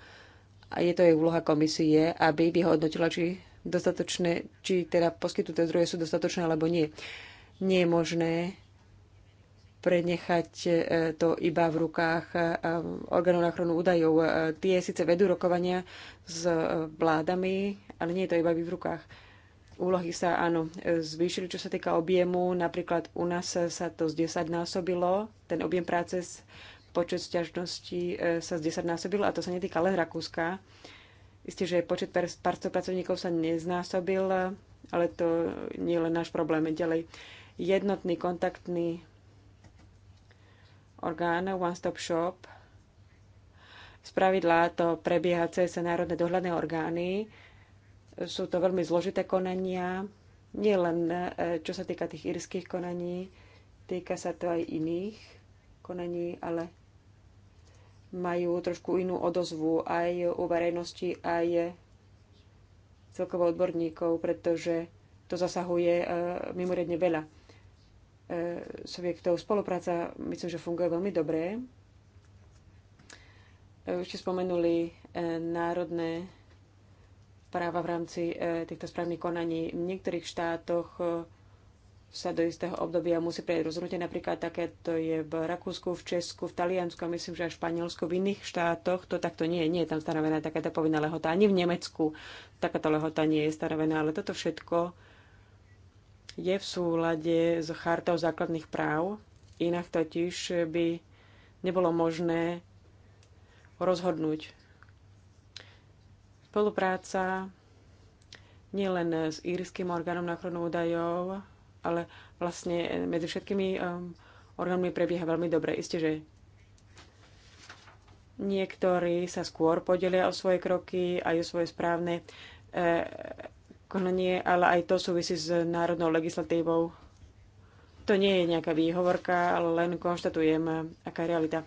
a je to jej úloha komisie, aby vyhodnotila, či, dostatočné, či teda poskytnuté zdroje sú dostatočné alebo nie. Nie je možné prenechať e, to iba v rukách e, orgánov na ochranu údajov. E, tie síce vedú rokovania s vládami, ale nie je to iba v rukách. Úlohy sa áno zvýšili, čo sa týka objemu. Napríklad u nás sa to z 10 násobilo. Ten objem práce, počet sťažností sa z 10 násobilo a to sa netýka len Rakúska. Isté, že počet pracovníkov sa neznásobil, ale to nie je len náš problém. Ďalej, jednotný kontaktný orgán One Stop Shop. pravidla to prebieha cez národné dohľadné orgány. Sú to veľmi zložité konania, nie len e, čo sa týka tých írskych konaní, týka sa to aj iných konaní, ale majú trošku inú odozvu aj u verejnosti, aj celkovo odborníkov, pretože to zasahuje e, mimoriadne veľa E, subjektov. Spolupráca myslím, že funguje veľmi dobre. E, už ste spomenuli e, národné práva v rámci týchto správnych konaní. V niektorých štátoch sa do istého obdobia musí prejsť rozhodnutie. Napríklad takéto je v Rakúsku, v Česku, v Taliansku a myslím, že aj v Španielsku, v iných štátoch to takto nie je. Nie je tam stanovená takáto povinná lehota. Ani v Nemecku takáto lehota nie je stanovená, ale toto všetko je v súlade s chartou základných práv, inak totiž by nebolo možné rozhodnúť. Spolupráca nielen s írským orgánom na ochranu údajov, ale vlastne medzi všetkými um, orgánmi prebieha veľmi dobre. Isté, že niektorí sa skôr podelia o svoje kroky aj o svoje správne e, konanie, ale aj to súvisí s národnou legislatívou. To nie je nejaká výhovorka, ale len konštatujem, aká je realita.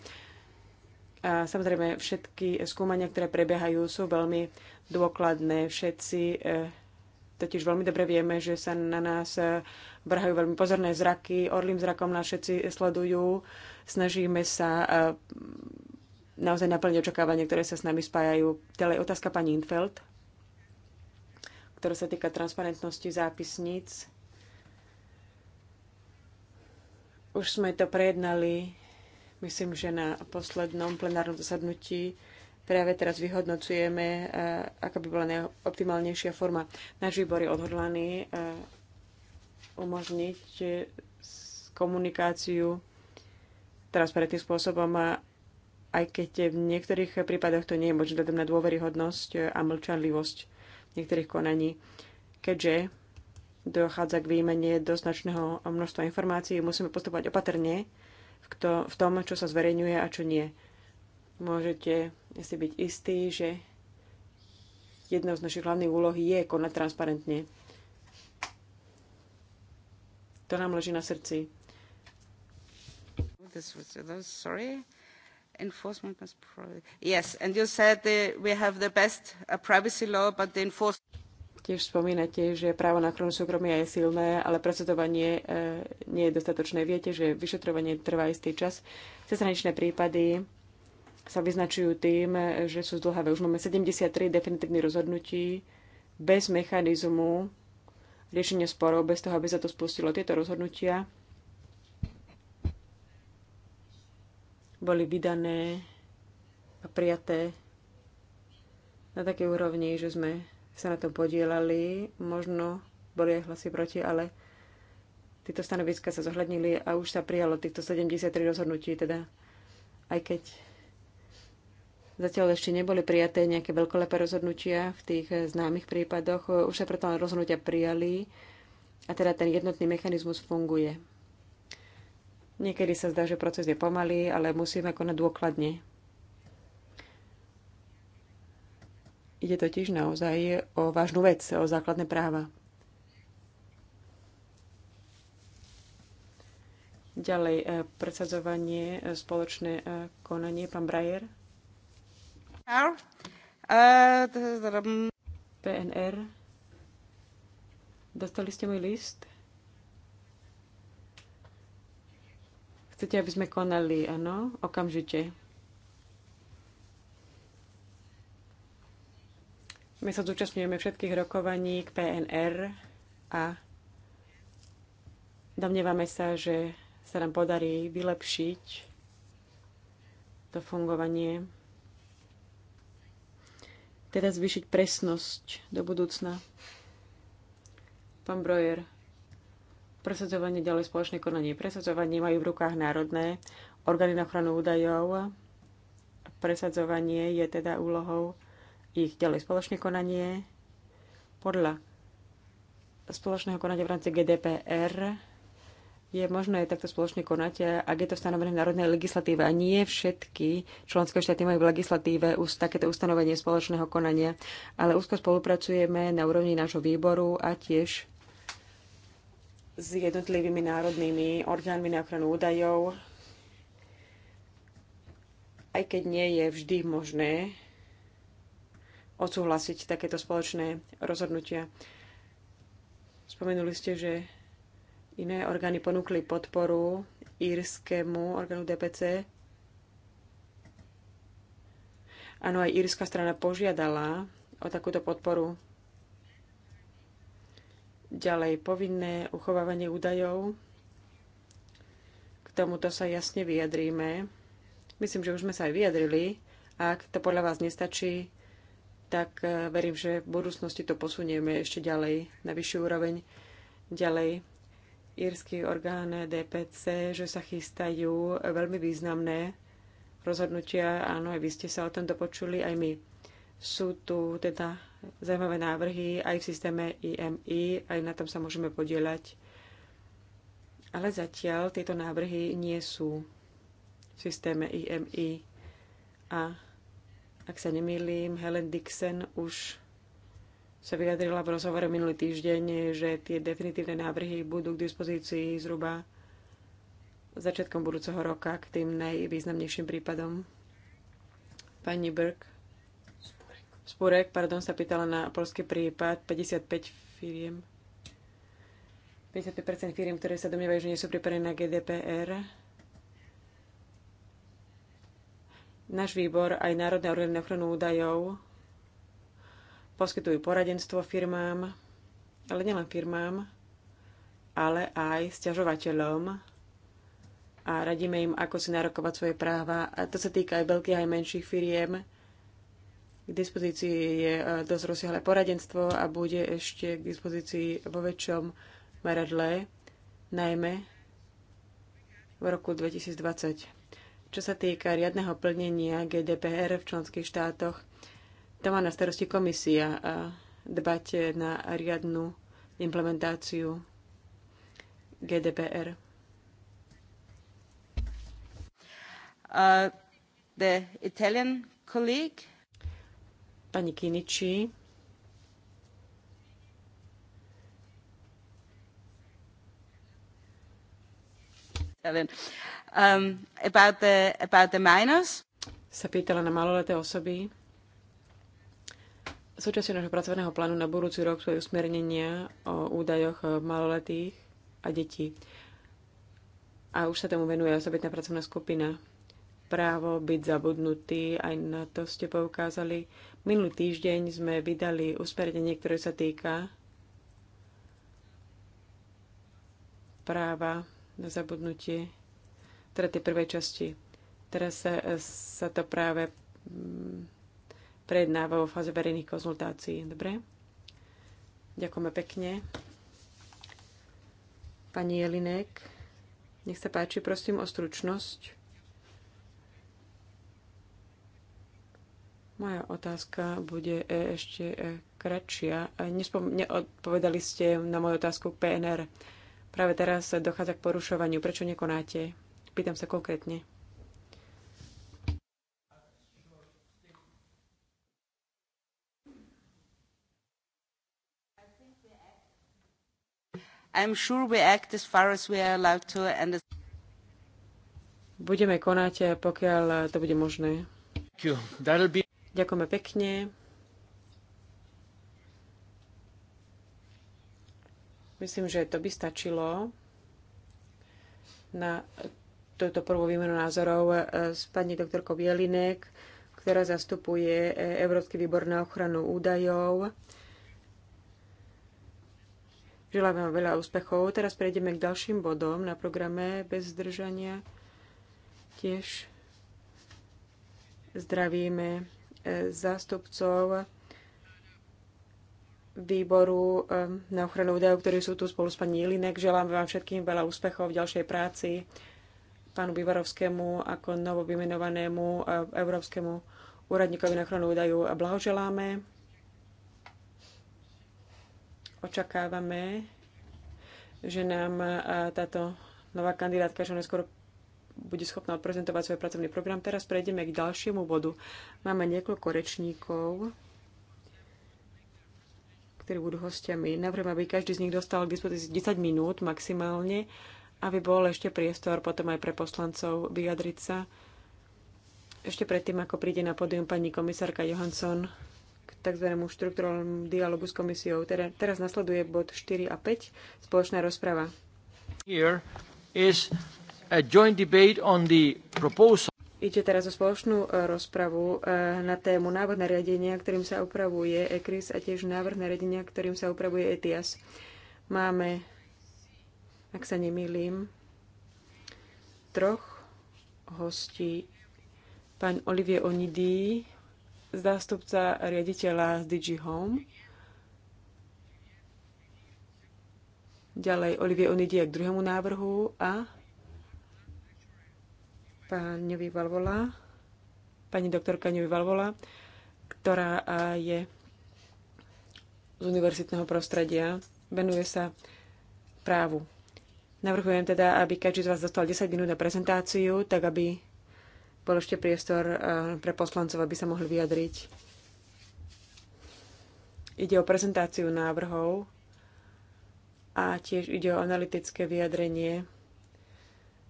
A samozrejme, všetky skúmania, ktoré prebiehajú, sú veľmi dôkladné. Všetci e, totiž veľmi dobre vieme, že sa na nás e, vrhajú veľmi pozorné zraky. Orlým zrakom nás všetci sledujú. Snažíme sa e, naozaj naplniť očakávania, ktoré sa s nami spájajú. Ďalej otázka pani Infeld ktorá sa týka transparentnosti zápisníc. Už sme to prejednali, myslím, že na poslednom plenárnom zasadnutí práve teraz vyhodnocujeme, eh, aká by bola najoptimálnejšia forma. Náš výbor je odhodlaný eh, umožniť eh, komunikáciu transparentným spôsobom, aj keď v niektorých prípadoch to nie je možné na dôveryhodnosť a mlčanlivosť niektorých konaní. Keďže dochádza k výmene do značného množstva informácií, musíme postupovať opatrne v tom, čo sa zverejňuje a čo nie. Môžete si byť istí, že jednou z našich hlavných úloh je konať transparentne. To nám leží na srdci. This was, sorry enforcement must probably... Yes, and you said that uh, we have the best uh, privacy law, but the enforcement... Tiež spomínate, že právo na ochranu súkromia je silné, ale procedovanie e, uh, nie je dostatočné. Viete, že vyšetrovanie trvá istý čas. Cezhraničné prípady sa vyznačujú tým, že sú zdlhavé. Už máme 73 definitívnych rozhodnutí bez mechanizmu riešenia sporov, bez toho, aby sa to spustilo. Tieto rozhodnutia boli vydané a prijaté na takej úrovni, že sme sa na tom podielali. Možno boli aj hlasy proti, ale tieto stanoviska sa zohľadnili a už sa prijalo týchto 73 rozhodnutí, teda aj keď zatiaľ ešte neboli prijaté nejaké veľkolepé rozhodnutia v tých známych prípadoch, už sa preto rozhodnutia prijali a teda ten jednotný mechanizmus funguje. Niekedy sa zdá, že proces je pomalý, ale musíme konať dôkladne. Ide totiž naozaj o vážnu vec, o základné práva. Ďalej, e, predsadzovanie, e, spoločné e, konanie, pán Brajer. PNR. Dostali ste môj list? Chcete, aby sme konali, áno, okamžite. My sa zúčastňujeme všetkých rokovaní k PNR a domnievame sa, že sa nám podarí vylepšiť to fungovanie, teda zvýšiť presnosť do budúcna. Pán Brojer. Presadzovanie ďalej spoločné konanie. Presadzovanie majú v rukách národné orgány na ochranu údajov. Presadzovanie je teda úlohou ich ďalej spoločné konanie. Podľa spoločného konania v rámci GDPR je možné takto spoločne konať, ak je to stanovené v národnej legislatíve. A nie všetky členské štáty majú v legislatíve už takéto ustanovenie spoločného konania, ale úzko spolupracujeme na úrovni nášho výboru a tiež s jednotlivými národnými orgánmi na ochranu údajov, aj keď nie je vždy možné odsúhlasiť takéto spoločné rozhodnutia. Spomenuli ste, že iné orgány ponúkli podporu írskému orgánu DPC. Áno, aj írska strana požiadala o takúto podporu Ďalej povinné uchovávanie údajov. K tomuto sa jasne vyjadríme. Myslím, že už sme sa aj vyjadrili. Ak to podľa vás nestačí, tak e, verím, že v budúcnosti to posunieme ešte ďalej na vyššiu úroveň. Ďalej, írsky orgán DPC, že sa chystajú veľmi významné rozhodnutia. Áno, aj vy ste sa o tom dopočuli, aj my. Sú tu teda zaujímavé návrhy aj v systéme IMI, aj na tom sa môžeme podielať. Ale zatiaľ tieto návrhy nie sú v systéme IMI. A ak sa nemýlim, Helen Dixon už sa vyjadrila v rozhovore minulý týždeň, že tie definitívne návrhy budú k dispozícii zhruba začiatkom budúceho roka k tým najvýznamnejším prípadom. Pani Burke Spurek, pardon, sa pýtala na polský prípad 55 firiem. 55% firiem, ktoré sa domnievajú, že nie sú pripravené na GDPR. Náš výbor aj Národné orgány na ochranu údajov poskytujú poradenstvo firmám, ale nielen firmám, ale aj sťažovateľom a radíme im, ako si narokovať svoje práva. A to sa týka aj veľkých aj menších firiem k dispozícii je e, dosť rozsiahle poradenstvo a bude ešte k dispozícii vo väčšom meradle, najmä v roku 2020. Čo sa týka riadneho plnenia GDPR v členských štátoch, to má na starosti komisia a e, dbať na riadnu implementáciu GDPR. Uh, the Italian colleague Pani Kiniči. Um, about the, about the minors. Sa pýtala na maloleté osoby. Súčasťou nášho pracovného plánu na budúci rok sú aj usmernenia o údajoch maloletých a detí. A už sa tomu venuje osobitná pracovná skupina. Právo byť zabudnutý, aj na to ste poukázali. Minulý týždeň sme vydali usmernenie, ktoré sa týka práva na zabudnutie, teda tej prvej časti. Teraz sa, sa to práve mm, prejednáva vo fáze verejných konzultácií. Dobre? Ďakujeme pekne. Pani Jelinek, nech sa páči, prosím o stručnosť. Moja otázka bude e, ešte e, kratšia. E, nespom- neodpovedali ste na moju otázku PNR. Práve teraz dochádza k porušovaniu. Prečo nekonáte? Pýtam sa konkrétne. Budeme konať, pokiaľ to bude možné. Ďakujem. Ďakujeme pekne. Myslím, že to by stačilo na túto prvú výmenu názorov eh, s pani doktorkou Bielinek, ktorá zastupuje eh, Európsky výbor na ochranu údajov. Želám vám veľa úspechov. Teraz prejdeme k ďalším bodom na programe bez zdržania. Tiež zdravíme zástupcov výboru ehm, na ochranu údajov, ktorí sú tu spolu s pani Jelinek. Želám vám všetkým veľa úspechov v ďalšej práci pánu Bivarovskému ako novovymenovanému eh, európskemu úradníkovi na ochranu údajov a blahoželáme. Očakávame, že nám eh, táto nová kandidátka čo neskôr bude schopná odprezentovať svoj pracovný program. Teraz prejdeme k ďalšiemu bodu. Máme niekoľko rečníkov, ktorí budú hostiami. Navrhujem, aby každý z nich dostal k dispozícii 10 minút maximálne, aby bol ešte priestor potom aj pre poslancov vyjadriť sa. Ešte predtým, ako príde na pódium pani komisárka Johansson k tzv. štruktúrálnom dialogu s komisiou. Teda, teraz nasleduje bod 4 a 5, spoločná rozprava. Here is a joint debate on the proposal. Ide teraz o spoločnú e, rozpravu e, na tému návrh nariadenia, ktorým sa upravuje ECRIS a tiež návrh nariadenia, ktorým sa upravuje ETIAS. Máme, ak sa nemýlim, troch hostí. Pán Olivier Onidý, zástupca riaditeľa z DG Home. Ďalej Olivier Onidý k druhému návrhu a pánovi Valvola, pani doktorka Ňovi Valvola, ktorá je z univerzitného prostredia, venuje sa právu. Navrhujem teda, aby každý z vás dostal 10 minút na prezentáciu, tak aby bol ešte priestor pre poslancov, aby sa mohli vyjadriť. Ide o prezentáciu návrhov a tiež ide o analytické vyjadrenie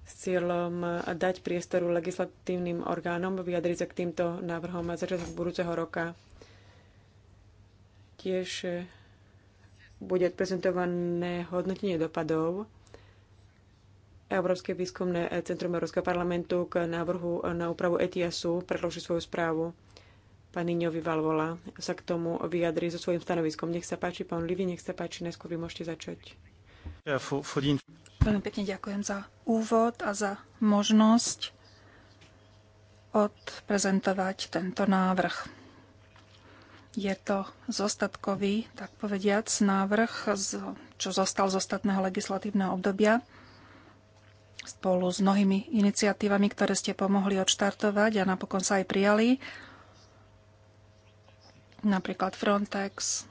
s cieľom dať priestoru legislatívnym orgánom vyjadriť sa k týmto návrhom a začiatkom budúceho roka. Tiež e, bude prezentované hodnotenie dopadov Európske výskumné centrum Európskeho parlamentu k návrhu na úpravu ETIASu predloží svoju správu. Pán Iňovi Valvola sa k tomu vyjadri so svojím stanoviskom. Nech sa páči, pán Livi, nech sa páči, neskôr vy môžete začať. Veľmi pekne ďakujem za úvod a za možnosť odprezentovať tento návrh. Je to zostatkový, tak povediac, návrh, čo zostal z ostatného legislatívneho obdobia spolu s mnohými iniciatívami, ktoré ste pomohli odštartovať a napokon sa aj prijali. Napríklad Frontex,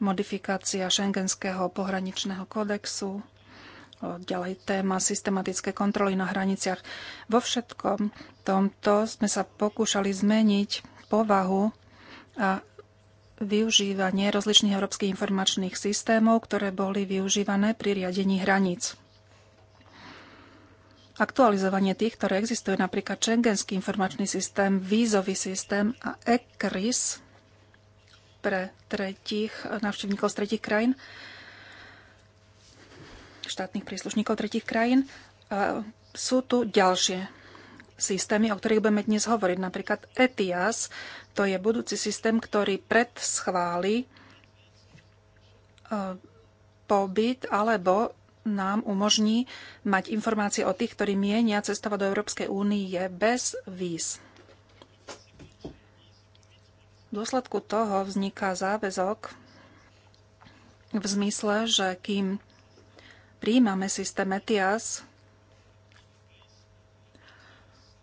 modifikácia šengenského pohraničného kodexu, ďalej téma systematické kontroly na hraniciach. Vo všetkom tomto sme sa pokúšali zmeniť povahu a využívanie rozličných európskych informačných systémov, ktoré boli využívané pri riadení hraníc. Aktualizovanie tých, ktoré existujú, napríklad Schengenský informačný systém, vízový systém a ECRIS, pre tretich návštevníkov z tretich krajín, štátnych príslušníkov tretich krajín. Sú tu ďalšie systémy, o ktorých budeme dnes hovoriť. Napríklad ETIAS, to je budúci systém, ktorý schváli e, pobyt alebo nám umožní mať informácie o tých, ktorí mienia cestovať do Európskej únie bez víz. V dôsledku toho vzniká záväzok v zmysle, že kým príjmame systém ETIAS,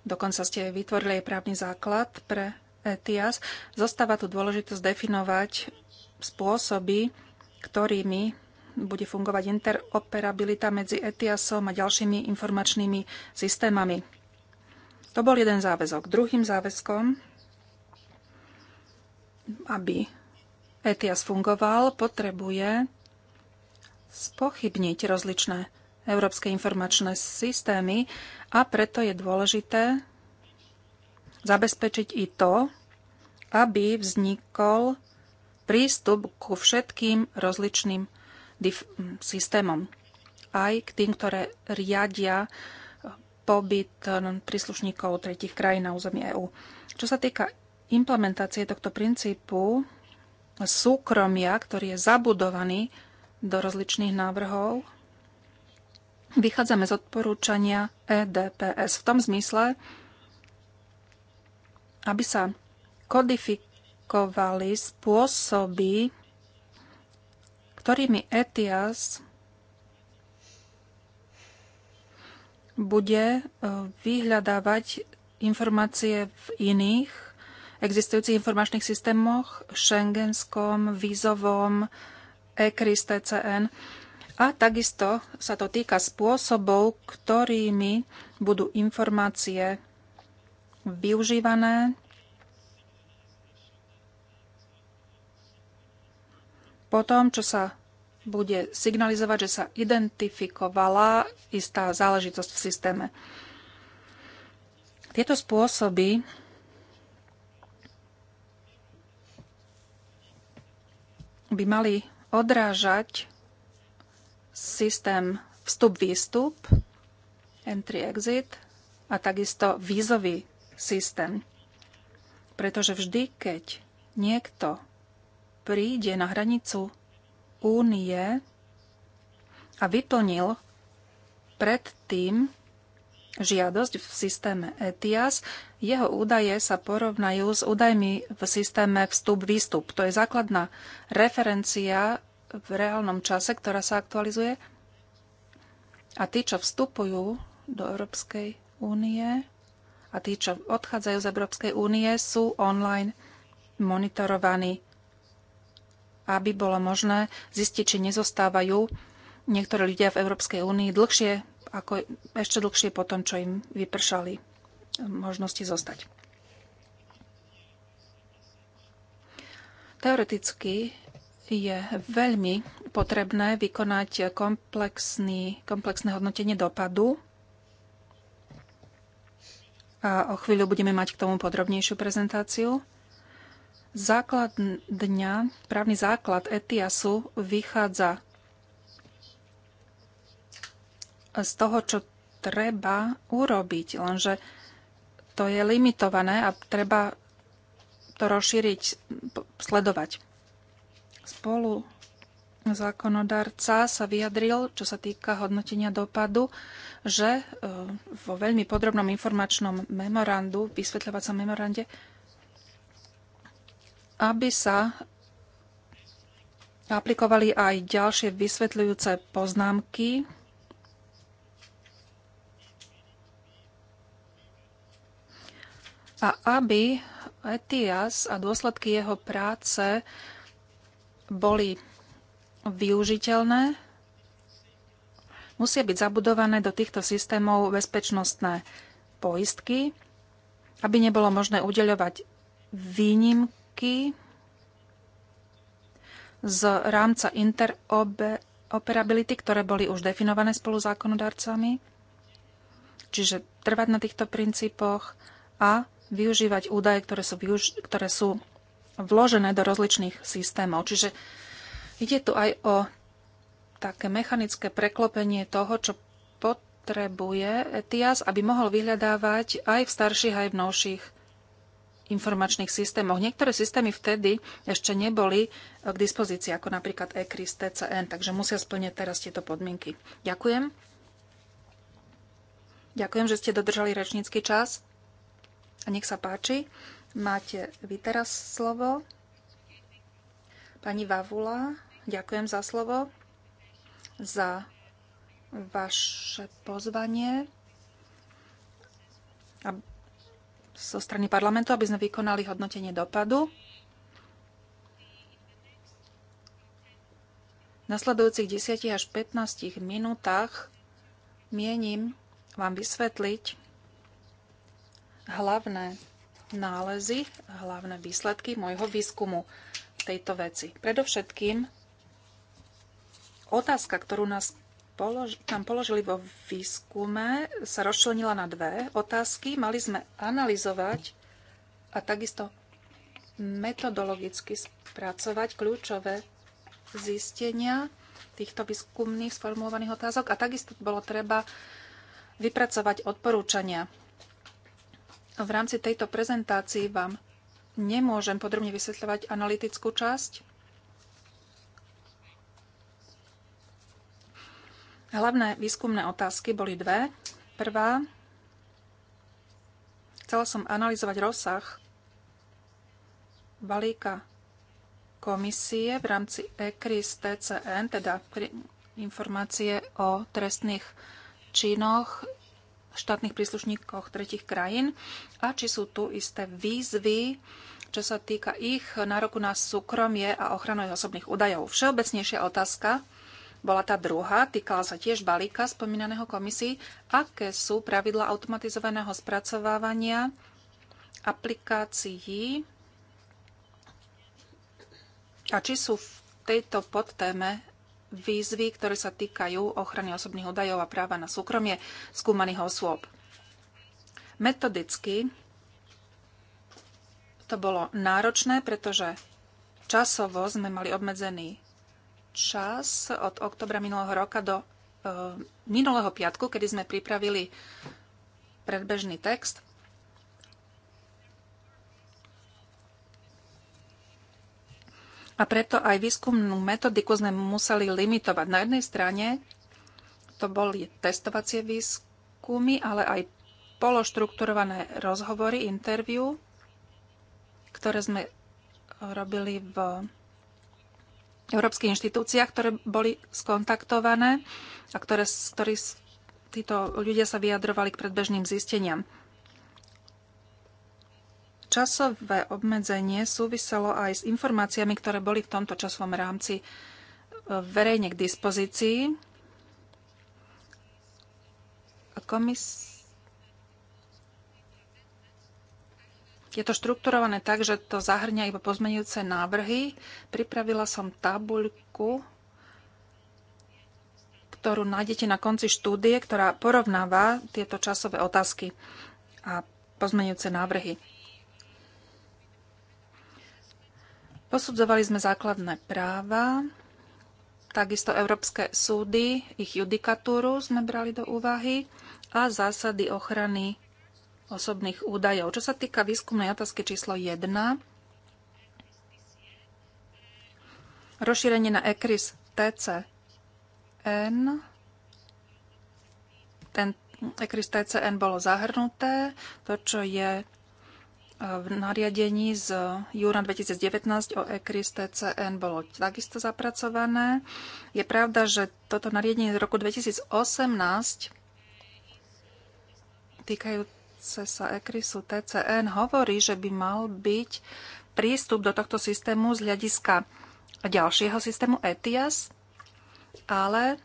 dokonca ste vytvorili aj právny základ pre ETIAS, zostáva tu dôležitosť definovať spôsoby, ktorými bude fungovať interoperabilita medzi ETIASom a ďalšími informačnými systémami. To bol jeden záväzok. Druhým záväzkom aby ETIAS fungoval, potrebuje spochybniť rozličné európske informačné systémy a preto je dôležité zabezpečiť i to, aby vznikol prístup ku všetkým rozličným systémom. Aj k tým, ktoré riadia pobyt eh, príslušníkov tretich krajín na území EÚ. Čo sa týka implementácie tohto princípu súkromia, ktorý je zabudovaný do rozličných návrhov, vychádzame z odporúčania EDPS v tom zmysle, aby sa kodifikovali spôsoby, ktorými ETIAS bude e, vyhľadávať informácie v iných existujúcich informačných systémoch, šengenskom, vízovom, ECRIS, TCN. A takisto sa to týka spôsobov, ktorými budú informácie využívané po tom, čo sa bude signalizovať, že sa identifikovala istá záležitosť v systéme. Tieto spôsoby by mali odrážať systém vstup-výstup, entry-exit a takisto vízový systém. Pretože vždy, keď niekto príde na hranicu únie a vyplnil predtým žiadosť v systéme ETIAS. Jeho údaje sa porovnajú s údajmi v systéme vstup-výstup. To je základná referencia v reálnom čase, ktorá sa aktualizuje. A tí, čo vstupujú do Európskej únie a tí, čo odchádzajú z Európskej únie, sú online monitorovaní, aby bolo možné zistiť, či nezostávajú niektorí ľudia v Európskej únii dlhšie ako ešte dlhšie po tom, čo im vypršali možnosti zostať. Teoreticky je veľmi potrebné vykonať komplexný, komplexné hodnotenie dopadu. A o chvíľu budeme mať k tomu podrobnejšiu prezentáciu. Základ dňa, právny základ ETIASu vychádza z toho, čo treba urobiť, lenže to je limitované a treba to rozšíriť, sledovať. Spolu zákonodarca sa vyjadril, čo sa týka hodnotenia dopadu, že e, vo veľmi podrobnom informačnom memorandu, vysvetľovacom memorande, aby sa aplikovali aj ďalšie vysvetľujúce poznámky a aby ETIAS a dôsledky jeho práce boli využiteľné, musia byť zabudované do týchto systémov bezpečnostné poistky, aby nebolo možné udeľovať výnimky z rámca interoperability, ktoré boli už definované spolu zákonodarcami, čiže trvať na týchto princípoch a využívať údaje, ktoré sú, využ- ktoré sú vložené do rozličných systémov. Čiže ide tu aj o také mechanické preklopenie toho, čo potrebuje ETIAS, aby mohol vyhľadávať aj v starších, aj v novších informačných systémoch. Niektoré systémy vtedy ešte neboli k dispozícii, ako napríklad ECRIS, TCN, takže musia splniť teraz tieto podmienky. Ďakujem. Ďakujem, že ste dodržali rečnícky čas. A Nech sa páči, máte vy teraz slovo. Pani Vavula, ďakujem za slovo, za vaše pozvanie a zo strany parlamentu, aby sme vykonali hodnotenie dopadu. V nasledujúcich 10 až 15 minútach mienim vám vysvetliť, hlavné nálezy, hlavné výsledky môjho výskumu tejto veci. Predovšetkým otázka, ktorú nás polož- nám položili vo výskume, sa rozčlenila na dve otázky. Mali sme analyzovať a takisto metodologicky spracovať kľúčové zistenia týchto výskumných sformulovaných otázok a takisto bolo treba vypracovať odporúčania v rámci tejto prezentácii vám nemôžem podrobne vysvetľovať analytickú časť. Hlavné výskumné otázky boli dve. Prvá, chcela som analyzovať rozsah balíka komisie v rámci ECRIS TCN, teda informácie o trestných činoch štátnych príslušníkoch tretich krajín a či sú tu isté výzvy, čo sa týka ich nároku na súkromie a ochranu osobných údajov. Všeobecnejšia otázka bola tá druhá, týkala sa tiež balíka spomínaného komisí. aké sú pravidla automatizovaného spracovávania aplikácií a či sú v tejto podtéme výzvy, ktoré sa týkajú ochrany osobných údajov a práva na súkromie skúmaných osôb. Metodicky to bolo náročné, pretože časovo sme mali obmedzený čas od oktobra minulého roka do e, minulého piatku, kedy sme pripravili predbežný text A preto aj výskumnú metodiku sme museli limitovať. Na jednej strane to boli testovacie výskumy, ale aj pološtrukturované rozhovory, interviu, ktoré sme robili v európskych inštitúciách, ktoré boli skontaktované a ktoré, ktorí títo ľudia sa vyjadrovali k predbežným zisteniam časové obmedzenie súviselo aj s informáciami, ktoré boli v tomto časovom rámci e, verejne k dispozícii. Komis... Je to štrukturované tak, že to zahrňa iba pozmenujúce návrhy. Pripravila som tabuľku, ktorú nájdete na konci štúdie, ktorá porovnáva tieto časové otázky a pozmenujúce návrhy. Posudzovali sme základné práva, takisto európske súdy, ich judikatúru sme brali do úvahy a zásady ochrany osobných údajov. Čo sa týka výskumnej otázky číslo 1, rozšírenie na ECRIS TCN, ten ECRIS TCN bolo zahrnuté, to, čo je v nariadení z júna 2019 o ECRIS TCN bolo takisto zapracované. Je pravda, že toto nariadenie z roku 2018 týkajúce sa ECRISu TCN hovorí, že by mal byť prístup do tohto systému z hľadiska ďalšieho systému ETIAS, ale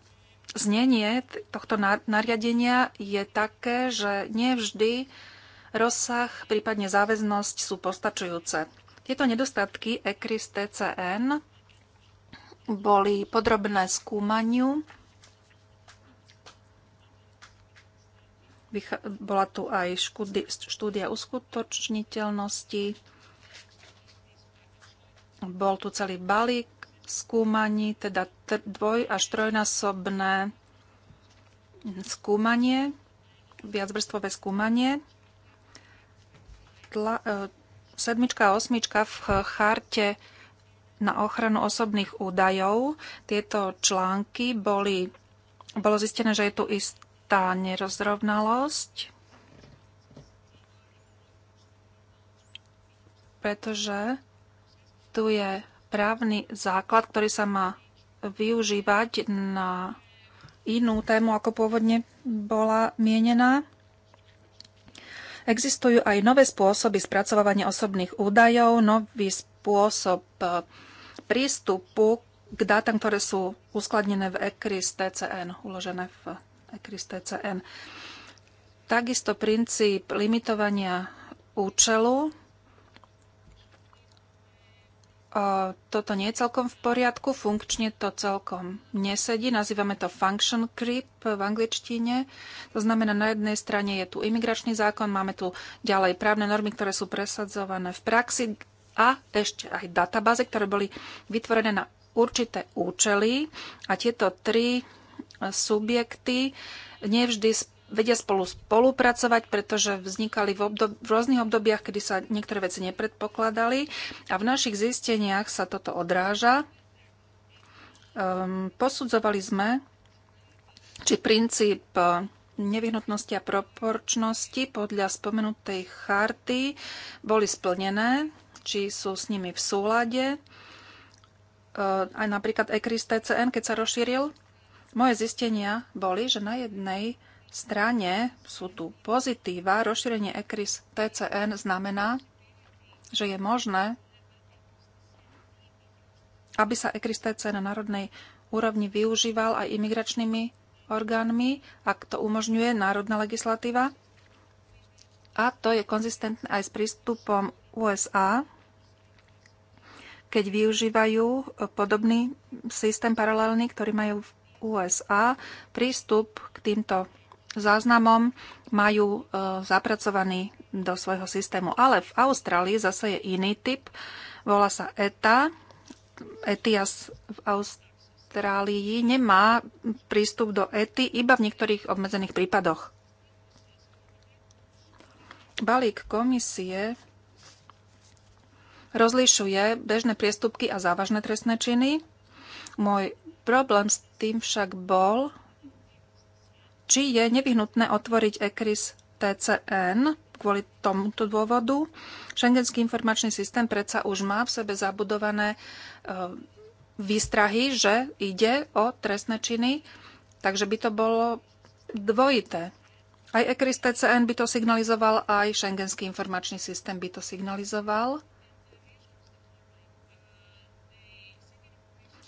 znenie tohto nariadenia je také, že nevždy vždy rozsah, prípadne záväznosť sú postačujúce. Tieto nedostatky ECRIS TCN boli podrobné skúmaniu. Bola tu aj štúdia uskutočniteľnosti. Bol tu celý balík skúmaní, teda dvoj- až trojnásobné skúmanie, viacvrstvové skúmanie tla, e, sedmička a osmička v charte na ochranu osobných údajov. Tieto články boli, bolo zistené, že je tu istá nerozrovnalosť, pretože tu je právny základ, ktorý sa má využívať na inú tému, ako pôvodne bola mienená. Existujú aj nové spôsoby spracovávania osobných údajov, nový spôsob e, prístupu k dátam, ktoré sú uskladnené v ECRIS TCN, uložené v ECRIS TCN. Takisto princíp limitovania účelu toto nie je celkom v poriadku, funkčne to celkom nesedí. Nazývame to function creep v angličtine. To znamená, na jednej strane je tu imigračný zákon, máme tu ďalej právne normy, ktoré sú presadzované v praxi a ešte aj databáze, ktoré boli vytvorené na určité účely. A tieto tri subjekty nevždy vedia spolu spolupracovať, pretože vznikali v, obdob- v rôznych obdobiach, kedy sa niektoré veci nepredpokladali a v našich zisteniach sa toto odráža. Um, posudzovali sme, či princíp e, nevyhnutnosti a proporčnosti podľa spomenutej charty boli splnené, či sú s nimi v súlade. E, aj napríklad ECRIS TCN, keď sa rozšíril, moje zistenia boli, že na jednej strane sú tu pozitíva. Rozšírenie ECRIS TCN znamená, že je možné, aby sa ECRIS TCN na národnej úrovni využíval aj imigračnými orgánmi, ak to umožňuje národná legislatíva. A to je konzistentné aj s prístupom USA, keď využívajú podobný systém paralelný, ktorý majú v USA, prístup k týmto záznamom, majú e, zapracovaný do svojho systému. Ale v Austrálii zase je iný typ, volá sa ETA. ETIAS v Austrálii nemá prístup do ETI iba v niektorých obmedzených prípadoch. Balík komisie rozlišuje bežné priestupky a závažné trestné činy. Môj problém s tým však bol, či je nevyhnutné otvoriť ECRIS TCN kvôli tomuto dôvodu. Schengenský informačný systém predsa už má v sebe zabudované e, výstrahy, že ide o trestné činy, takže by to bolo dvojité. Aj ECRIS TCN by to signalizoval, aj Schengenský informačný systém by to signalizoval.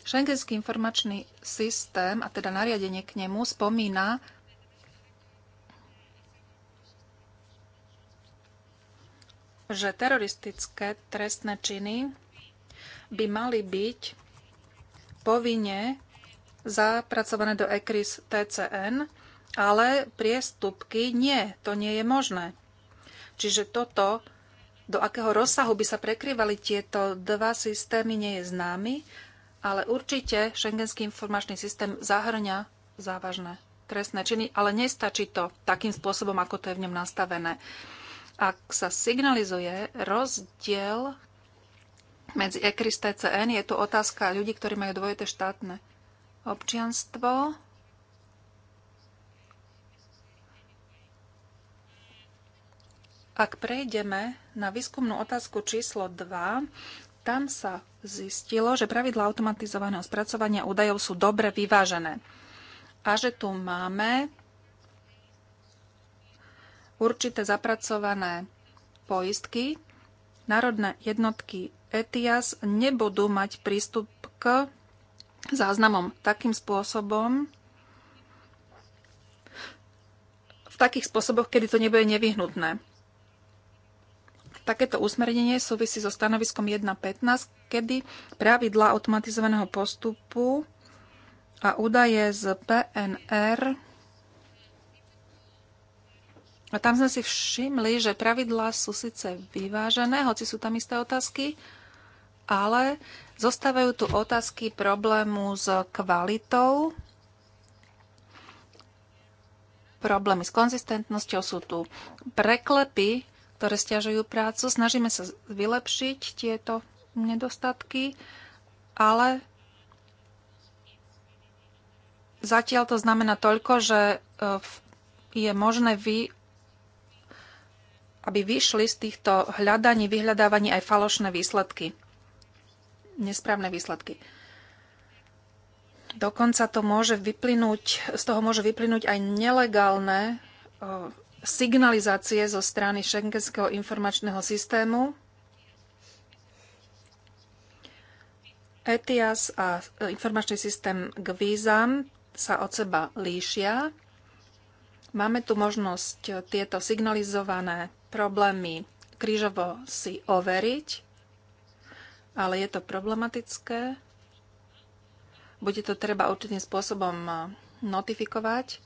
Schengenský informačný systém, a teda nariadenie k nemu, spomína že teroristické trestné činy by mali byť povinne zapracované do ECRIS TCN, ale priestupky nie, to nie je možné. Čiže toto, do akého rozsahu by sa prekrývali tieto dva systémy, nie je známy, ale určite šengenský informačný systém zahrňa závažné trestné činy, ale nestačí to takým spôsobom, ako to je v ňom nastavené. Ak sa signalizuje rozdiel medzi ECRIS TCN, je tu otázka ľudí, ktorí majú dvojité štátne občianstvo. Ak prejdeme na výskumnú otázku číslo 2, tam sa zistilo, že pravidla automatizovaného spracovania údajov sú dobre vyvážené a že tu máme určité zapracované poistky, národné jednotky ETIAS nebudú mať prístup k záznamom takým spôsobom, v takých spôsoboch, kedy to nebude nevyhnutné. Takéto usmernenie súvisí so stanoviskom 1.15, kedy pravidla automatizovaného postupu a údaje z PNR a tam sme si všimli, že pravidlá sú síce vyvážené, hoci sú tam isté otázky, ale zostávajú tu otázky problému s kvalitou, problémy s konzistentnosťou, sú tu preklepy, ktoré stiažujú prácu. Snažíme sa vylepšiť tieto nedostatky, ale zatiaľ to znamená toľko, že e, je možné vy aby vyšli z týchto hľadaní, vyhľadávaní aj falošné výsledky. Nesprávne výsledky. Dokonca to môže vyplynúť, z toho môže vyplynúť aj nelegálne signalizácie zo strany Schengenského informačného systému. ETIAS a e, informačný systém k vízam sa od seba líšia. Máme tu možnosť e, tieto signalizované problémy krížovo si overiť, ale je to problematické. Bude to treba určitým spôsobom eh, notifikovať.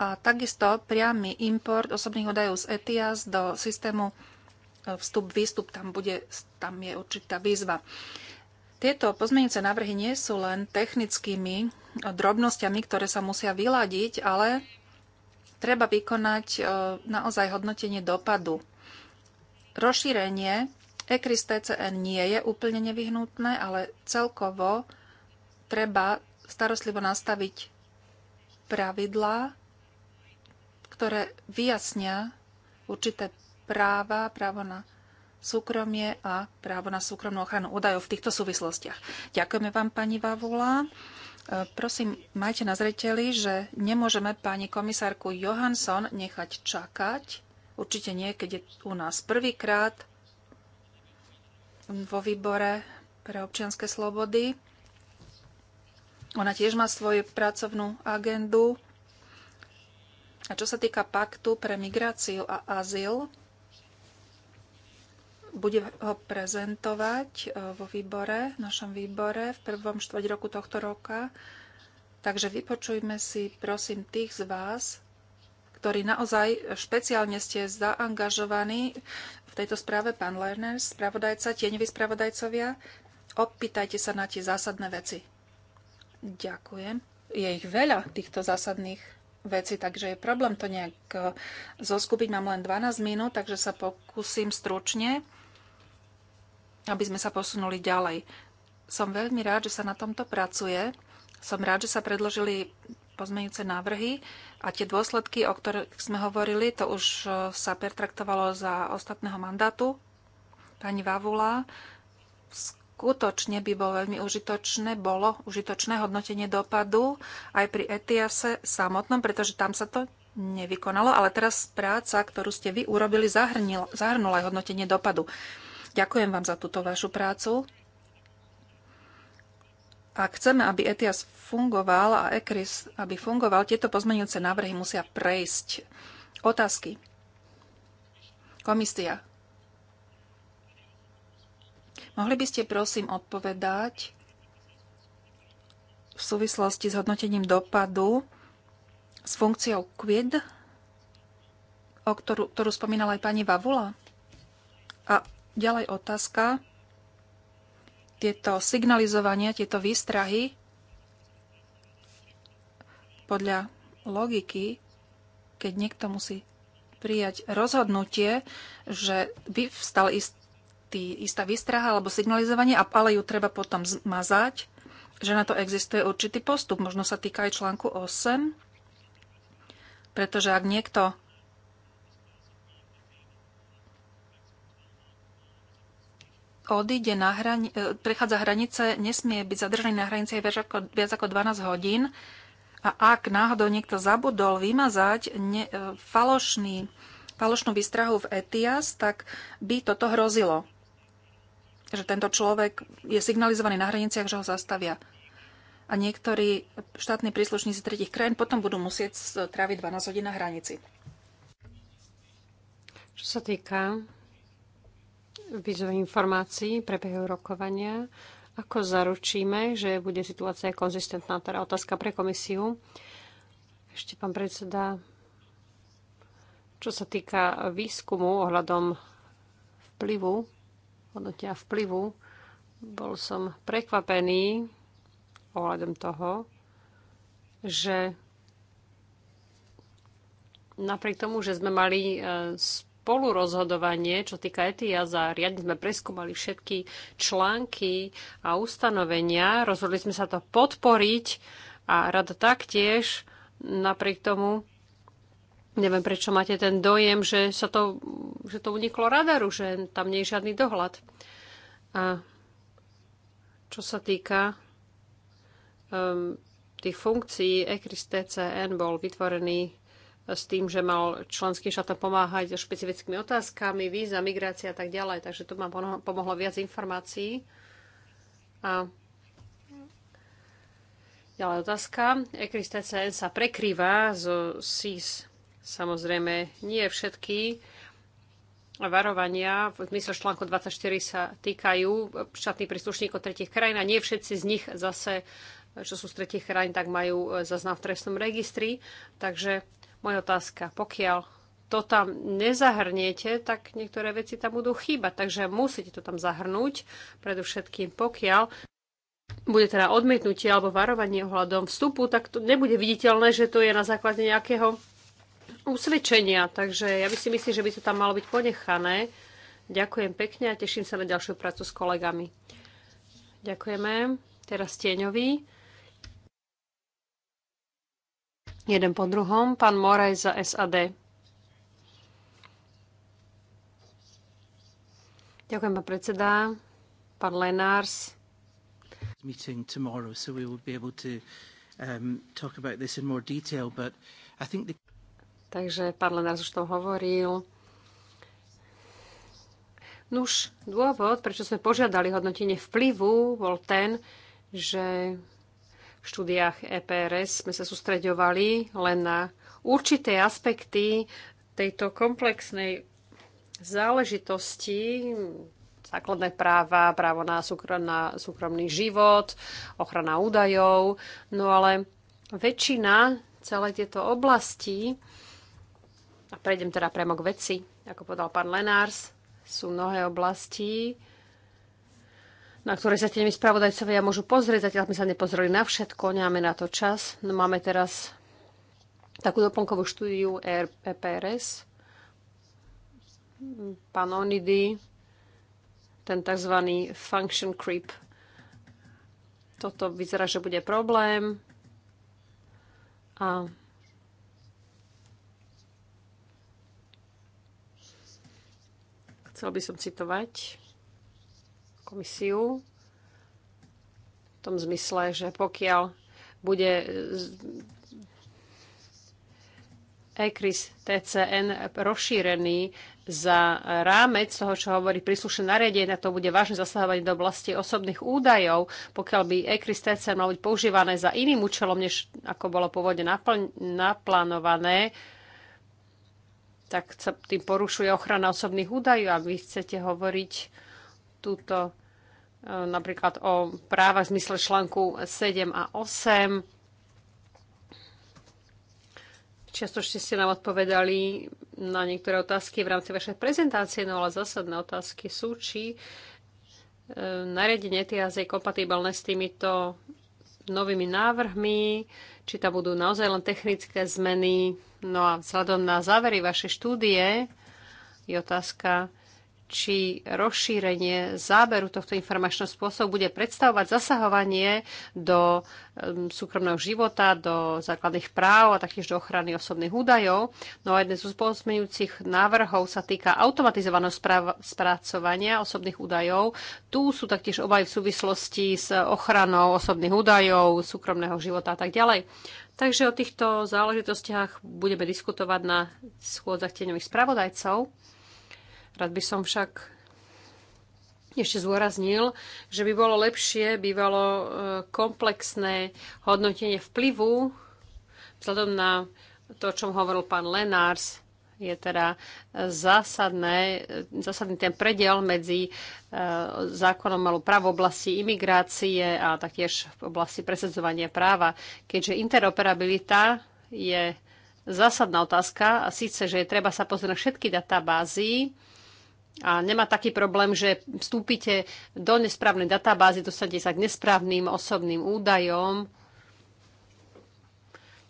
A takisto priamy import osobných údajov z ETIAS do systému eh, vstup-výstup, tam, bude, tam je určitá výzva. Tieto pozmeňujúce návrhy nie sú len technickými eh, drobnosťami, ktoré sa musia vyladiť, ale treba vykonať e, naozaj hodnotenie dopadu. Rozšírenie ECRIS TCN nie je úplne nevyhnutné, ale celkovo treba starostlivo nastaviť pravidlá, ktoré vyjasnia určité práva, právo na súkromie a právo na súkromnú ochranu údajov v týchto súvislostiach. Ďakujeme vám, pani Vavula. E, prosím, majte na zreteli, že nemôžeme pani komisárku Johansson nechať čakať. Určite nie, keď je u nás prvýkrát vo výbore pre občianske slobody. Ona tiež má svoju pracovnú agendu. A čo sa týka paktu pre migráciu a azyl, bude ho prezentovať e, vo výbore, našom výbore v prvom štvrť roku tohto roka. Takže vypočujme si, prosím, tých z vás, ktorí naozaj špeciálne ste zaangažovaní v tejto správe, pán Lerner, spravodajca, tieňoví spravodajcovia. Opýtajte sa na tie zásadné veci. Ďakujem. Je ich veľa, týchto zásadných veci, takže je problém to nejak e, zoskupiť. Mám len 12 minút, takže sa pokúsim stručne aby sme sa posunuli ďalej. Som veľmi rád, že sa na tomto pracuje. Som rád, že sa predložili pozmeňujúce návrhy a tie dôsledky, o ktorých sme hovorili, to už e, sa pertraktovalo za ostatného mandátu pani Vavula. Skutočne by bolo veľmi užitočné, bolo užitočné hodnotenie dopadu aj pri ETIASe samotnom, pretože tam sa to nevykonalo, ale teraz práca, ktorú ste vy urobili, zahrnula aj hodnotenie dopadu. Ďakujem vám za túto vašu prácu. Ak chceme, aby ETIAS fungoval a ECRIS, aby fungoval, tieto pozmeňujúce návrhy musia prejsť. Otázky. Komisia. Mohli by ste prosím odpovedať v súvislosti s hodnotením dopadu s funkciou QUID, o ktorú, ktorú spomínala aj pani Vavula? A Ďalej otázka. Tieto signalizovania, tieto výstrahy podľa logiky, keď niekto musí prijať rozhodnutie, že vstal istý, istá výstraha alebo signalizovanie, ale ju treba potom zmazať, že na to existuje určitý postup. Možno sa týka aj článku 8, pretože ak niekto odíde na hrani- e, prechádza hranice, nesmie byť zadržaný na hranici viac ako, viac ako 12 hodín. A ak náhodou niekto zabudol vymazať ne, e, falošný, falošnú výstrahu v ETIAS, tak by toto hrozilo. Že tento človek je signalizovaný na hraniciach, že ho zastavia. A niektorí štátni príslušníci tretich krajín potom budú musieť tráviť 12 hodín na hranici. Čo sa týka vízových informácií, prebehu rokovania. Ako zaručíme, že bude situácia konzistentná? Teda otázka pre komisiu. Ešte pán predseda, čo sa týka výskumu ohľadom vplyvu, hodnotia vplyvu, bol som prekvapený ohľadom toho, že napriek tomu, že sme mali e, spolurozhodovanie, čo týka ETIAS a riadne sme preskúmali všetky články a ustanovenia. Rozhodli sme sa to podporiť a rada taktiež. Napriek tomu neviem, prečo máte ten dojem, že, sa to, že to uniklo radaru, že tam nie je žiadny dohľad. A čo sa týka um, tých funkcií, ECRIS TCN bol vytvorený s tým, že mal členský štát pomáhať so špecifickými otázkami, víza, migrácia a tak ďalej. Takže tu nám pomohlo viac informácií. A ďalej otázka. ECRIS TCN sa prekrýva zo SIS. Samozrejme, nie všetky varovania v zmysle článku 24 sa týkajú štátnych príslušníkov tretich krajín a nie všetci z nich zase, čo sú z tretich krajín, tak majú e, zaznám v trestnom registri. Takže moja otázka, pokiaľ to tam nezahrniete, tak niektoré veci tam budú chýbať, takže musíte to tam zahrnúť, predovšetkým pokiaľ bude teda odmietnutie alebo varovanie ohľadom vstupu, tak to nebude viditeľné, že to je na základe nejakého usvedčenia. Takže ja by si myslím, že by to tam malo byť ponechané. Ďakujem pekne a teším sa na ďalšiu prácu s kolegami. Ďakujeme. Teraz Tieňový. Jeden po druhom. Pán Moraj za SAD. Ďakujem, pán predseda. Pán Lenárs. Meeting tomorrow, so we will be able to um, talk about this in more detail, but I think the... Takže pán Lenárs už to hovoril. Nuž, dôvod, prečo sme požiadali hodnotenie vplyvu, bol ten, že štúdiách EPRS sme sa sústreďovali len na určité aspekty tejto komplexnej záležitosti, základné práva, právo na, súkrom, na súkromný život, ochrana údajov, no ale väčšina celé tieto oblasti, a prejdem teda priamo k veci, ako povedal pán Lenárs, sú mnohé oblasti, na ktoré sa tými spravodajcovia môžu pozrieť. Zatiaľ sme sa nepozreli na všetko, nemáme na to čas. No, máme teraz takú doplnkovú štúdiu EPRS. Pán Onidy, ten tzv. function creep. Toto vyzerá, že bude problém. A chcel by som citovať komisiu v tom zmysle, že pokiaľ bude ECRIS TCN rozšírený za rámec toho, čo hovorí príslušné nariadenie, na to bude vážne zasahovať do oblasti osobných údajov, pokiaľ by ECRIS TCN malo byť používané za iným účelom, než ako bolo pôvodne naplánované, tak sa tým porušuje ochrana osobných údajov a vy chcete hovoriť túto napríklad o práva v zmysle článku 7 a 8. Čiastočne ste nám odpovedali na niektoré otázky v rámci vašej prezentácie, no ale zásadné otázky sú, či e, nariadenie ETIAS je kompatibilné s týmito novými návrhmi, či tam budú naozaj len technické zmeny. No a vzhľadom na závery vašej štúdie je otázka, či rozšírenie záberu tohto informačného spôsobu bude predstavovať zasahovanie do súkromného života, do základných práv a taktiež do ochrany osobných údajov. No a jeden z pozmeňujúcich návrhov sa týka automatizovaného spracovania osobných údajov. Tu sú taktiež obaj v súvislosti s ochranou osobných údajov, súkromného života a tak ďalej. Takže o týchto záležitostiach budeme diskutovať na schôdzach tieňových spravodajcov. Rád by som však ešte zúraznil, že by bolo lepšie bývalo e, komplexné hodnotenie vplyvu vzhľadom na to, o čom hovoril pán Lenárs, je teda e, zásadné, e, zásadný ten prediel medzi zákonom alebo práv v oblasti imigrácie a taktiež v oblasti presedzovania práva, keďže interoperabilita je zásadná otázka a síce, že je treba sa pozrieť na všetky databázy, a nemá taký problém, že vstúpite do nesprávnej databázy, dostanete sa k nesprávnym osobným údajom.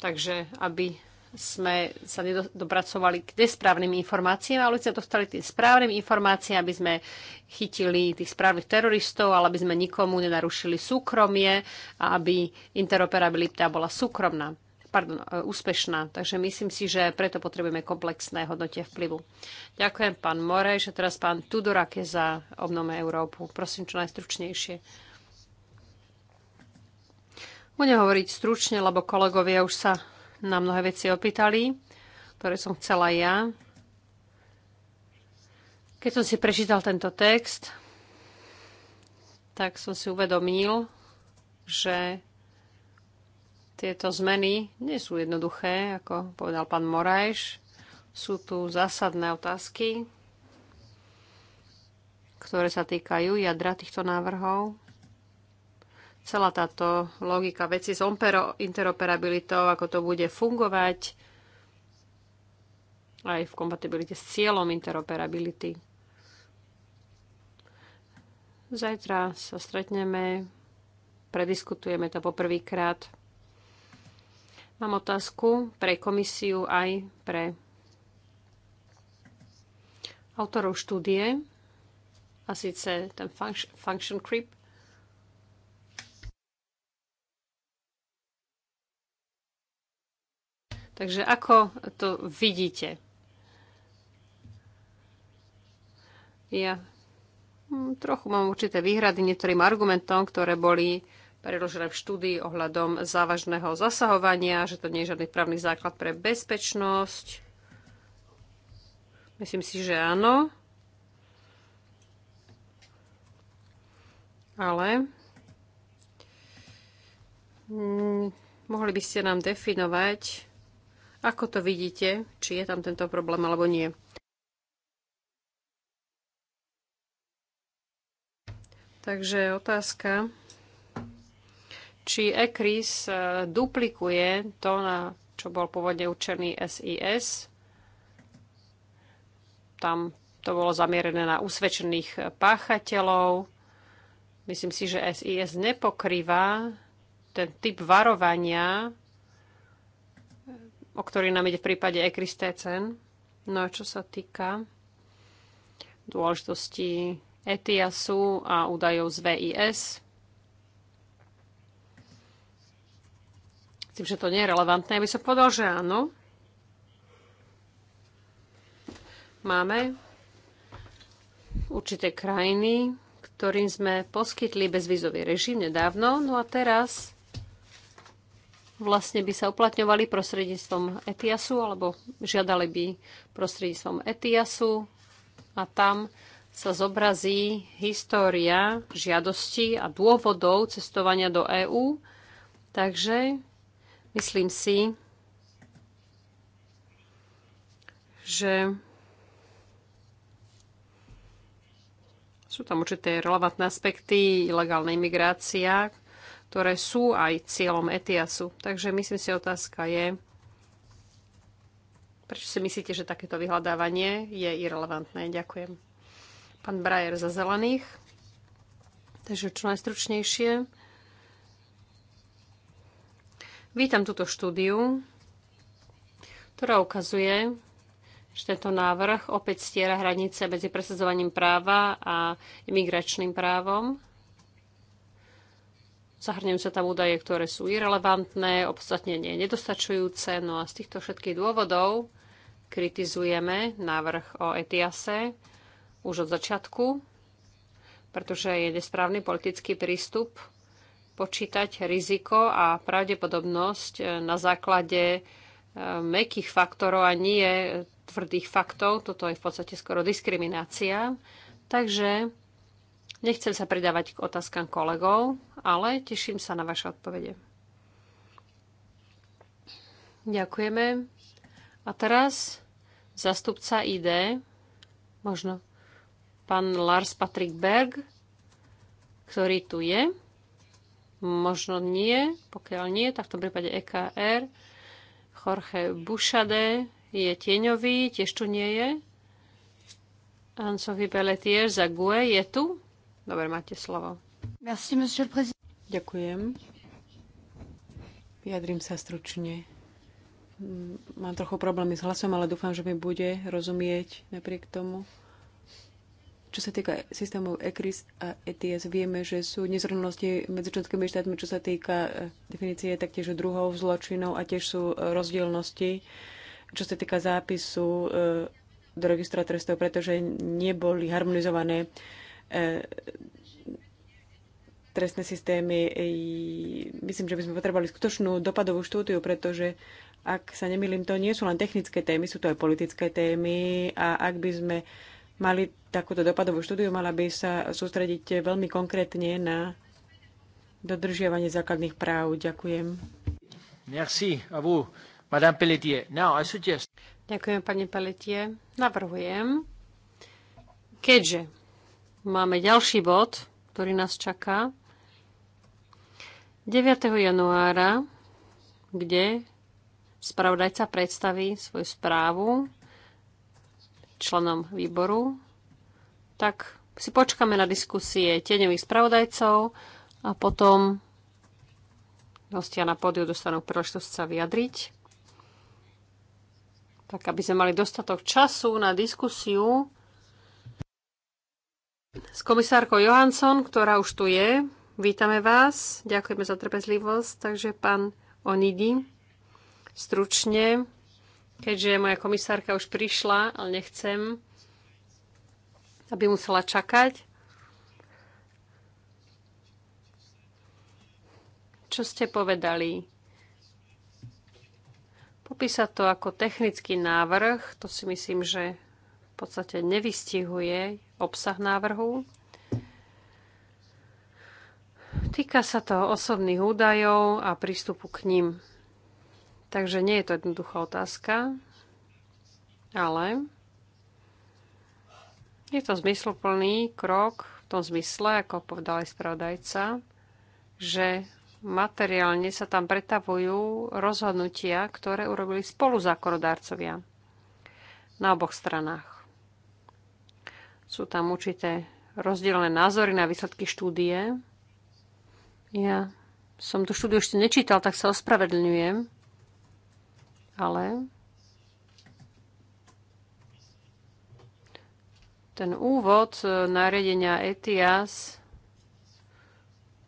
Takže aby sme sa nedopracovali k nesprávnym informáciám, ale sme dostali tým správne informáciám, aby sme chytili tých správnych teroristov, ale aby sme nikomu nenarušili súkromie a aby interoperabilita bola súkromná pardon, e, úspešná. Takže myslím si, že preto potrebujeme komplexné hodnotie vplyvu. Ďakujem pán Morej, že teraz pán je za obnome Európu. Prosím, čo najstručnejšie. Budem hovoriť stručne, lebo kolegovia už sa na mnohé veci opýtali, ktoré som chcela ja. Keď som si prečítal tento text, tak som si uvedomil, že tieto zmeny nie sú jednoduché, ako povedal pán Morajš. Sú tu zásadné otázky, ktoré sa týkajú jadra týchto návrhov. Celá táto logika veci s interoperabilitou, ako to bude fungovať, aj v kompatibilite s cieľom interoperability. Zajtra sa stretneme, prediskutujeme to poprvýkrát. Mám otázku pre komisiu aj pre autorov štúdie, a síce ten function, function creep. Takže ako to vidíte? Ja hm, trochu mám určité výhrady niektorým argumentom, ktoré boli predložené v štúdii ohľadom závažného zasahovania, že to nie je žiadny právny základ pre bezpečnosť. Myslím si, že áno. Ale mm, mohli by ste nám definovať, ako to vidíte, či je tam tento problém alebo nie. Takže otázka či ECRIS e, duplikuje to, na čo bol pôvodne určený SIS. Tam to bolo zamierené na usvedčených páchateľov. Myslím si, že SIS nepokrýva ten typ varovania, o ktorý nám ide v prípade ECRIS TCN. No a čo sa týka dôležitosti ETIASu a údajov z VIS, tým, že to nie je relevantné. Ja by som povedal, že áno. Máme určité krajiny, ktorým sme poskytli bezvizový režim nedávno. No a teraz vlastne by sa uplatňovali prostredníctvom ETIASu alebo žiadali by prostredníctvom ETIASu a tam sa zobrazí história žiadosti a dôvodov cestovania do EÚ. Takže Myslím si, že sú tam určité relevantné aspekty ilegálnej migrácia, ktoré sú aj cieľom ETIASu. Takže myslím si, otázka je, prečo si myslíte, že takéto vyhľadávanie je irrelevantné? Ďakujem. Pán Brajer za zelených. Takže čo najstručnejšie. Vítam túto štúdiu, ktorá ukazuje, že tento návrh opäť stiera hranice medzi presadzovaním práva a imigračným právom. Zahrňujú sa tam údaje, ktoré sú irrelevantné, obstatnenie nedostačujúce. No a z týchto všetkých dôvodov kritizujeme návrh o ETIASe už od začiatku, pretože je nesprávny politický prístup počítať riziko a pravdepodobnosť eh, na základe eh, mekých faktorov a nie eh, tvrdých faktov. Toto je v podstate skoro diskriminácia. Takže nechcem sa pridávať k otázkam kolegov, ale teším sa na vaše odpovede. Ďakujeme. A teraz zastupca ID, možno pán Lars Patrick Berg, ktorý tu je. Možno nie, pokiaľ nie, tak v tom prípade EKR. Jorge Bušade je tieňový, tiež tu nie je. Ansofi Pelletier za GUE je tu. Dobre, máte slovo. Merci, monsieur le président. Ďakujem. Vyjadrím sa stručne. Mám trochu problémy s hlasom, ale dúfam, že mi bude rozumieť napriek tomu. Čo sa týka systémov ECRIS a ETS, vieme, že sú nezrovnosti medzi členskými štátmi, čo sa týka e, definície taktiež druhov zločinov a tiež sú e, rozdielnosti, čo sa týka zápisu e, do registra trestov, pretože neboli harmonizované trestné systémy. Myslím, že by sme potrebovali skutočnú dopadovú štúdiu, pretože ak sa nemýlim, to nie sú len technické témy, sú to aj politické témy a ak by sme mali takúto dopadovú štúdiu, mala by sa sústrediť veľmi konkrétne na dodržiavanie základných práv. Ďakujem. Merci a vous, Madame Pelletier. Now I suggest... Ďakujem, pani Pelletier. Navrhujem, keďže máme ďalší bod, ktorý nás čaká, 9. januára, kde spravodajca predstaví svoju správu členom výboru, tak si počkáme na diskusie tieňových spravodajcov a potom hostia na pódiu dostanú príležitosť sa vyjadriť. Tak aby sme mali dostatok času na diskusiu s komisárkou Johansson, ktorá už tu je. Vítame vás, ďakujeme za trpezlivosť. Takže pán Onidi, stručne keďže moja komisárka už prišla, ale nechcem, aby musela čakať. Čo ste povedali? Popísať to ako technický návrh, to si myslím, že v podstate nevystihuje obsah návrhu. Týka sa to osobných údajov a prístupu k ním. Takže nie je to jednoduchá otázka, ale je to zmysluplný krok v tom zmysle, ako povedal aj spravodajca, že materiálne sa tam pretavujú rozhodnutia, ktoré urobili zákonodárcovia na oboch stranách. Sú tam určité rozdielne názory na výsledky štúdie. Ja som tú štúdiu ešte nečítal, tak sa ospravedlňujem ale ten úvod e, nariadenia ETIAS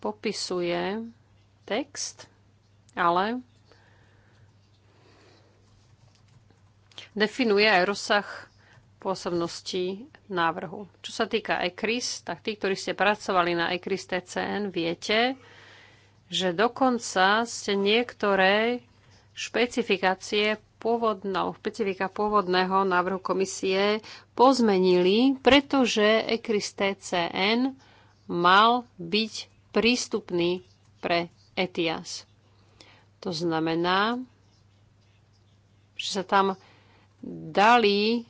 popisuje text, ale definuje aj rozsah pôsobnosti návrhu. Čo sa týka ECRIS, tak tí, ktorí ste pracovali na ECRIS TCN, viete, že dokonca ste niektoré špecifikácie pôvodnou, špecifika pôvodného návrhu komisie pozmenili, pretože ECRIS TCN mal byť prístupný pre ETIAS. To znamená, že sa tam dali,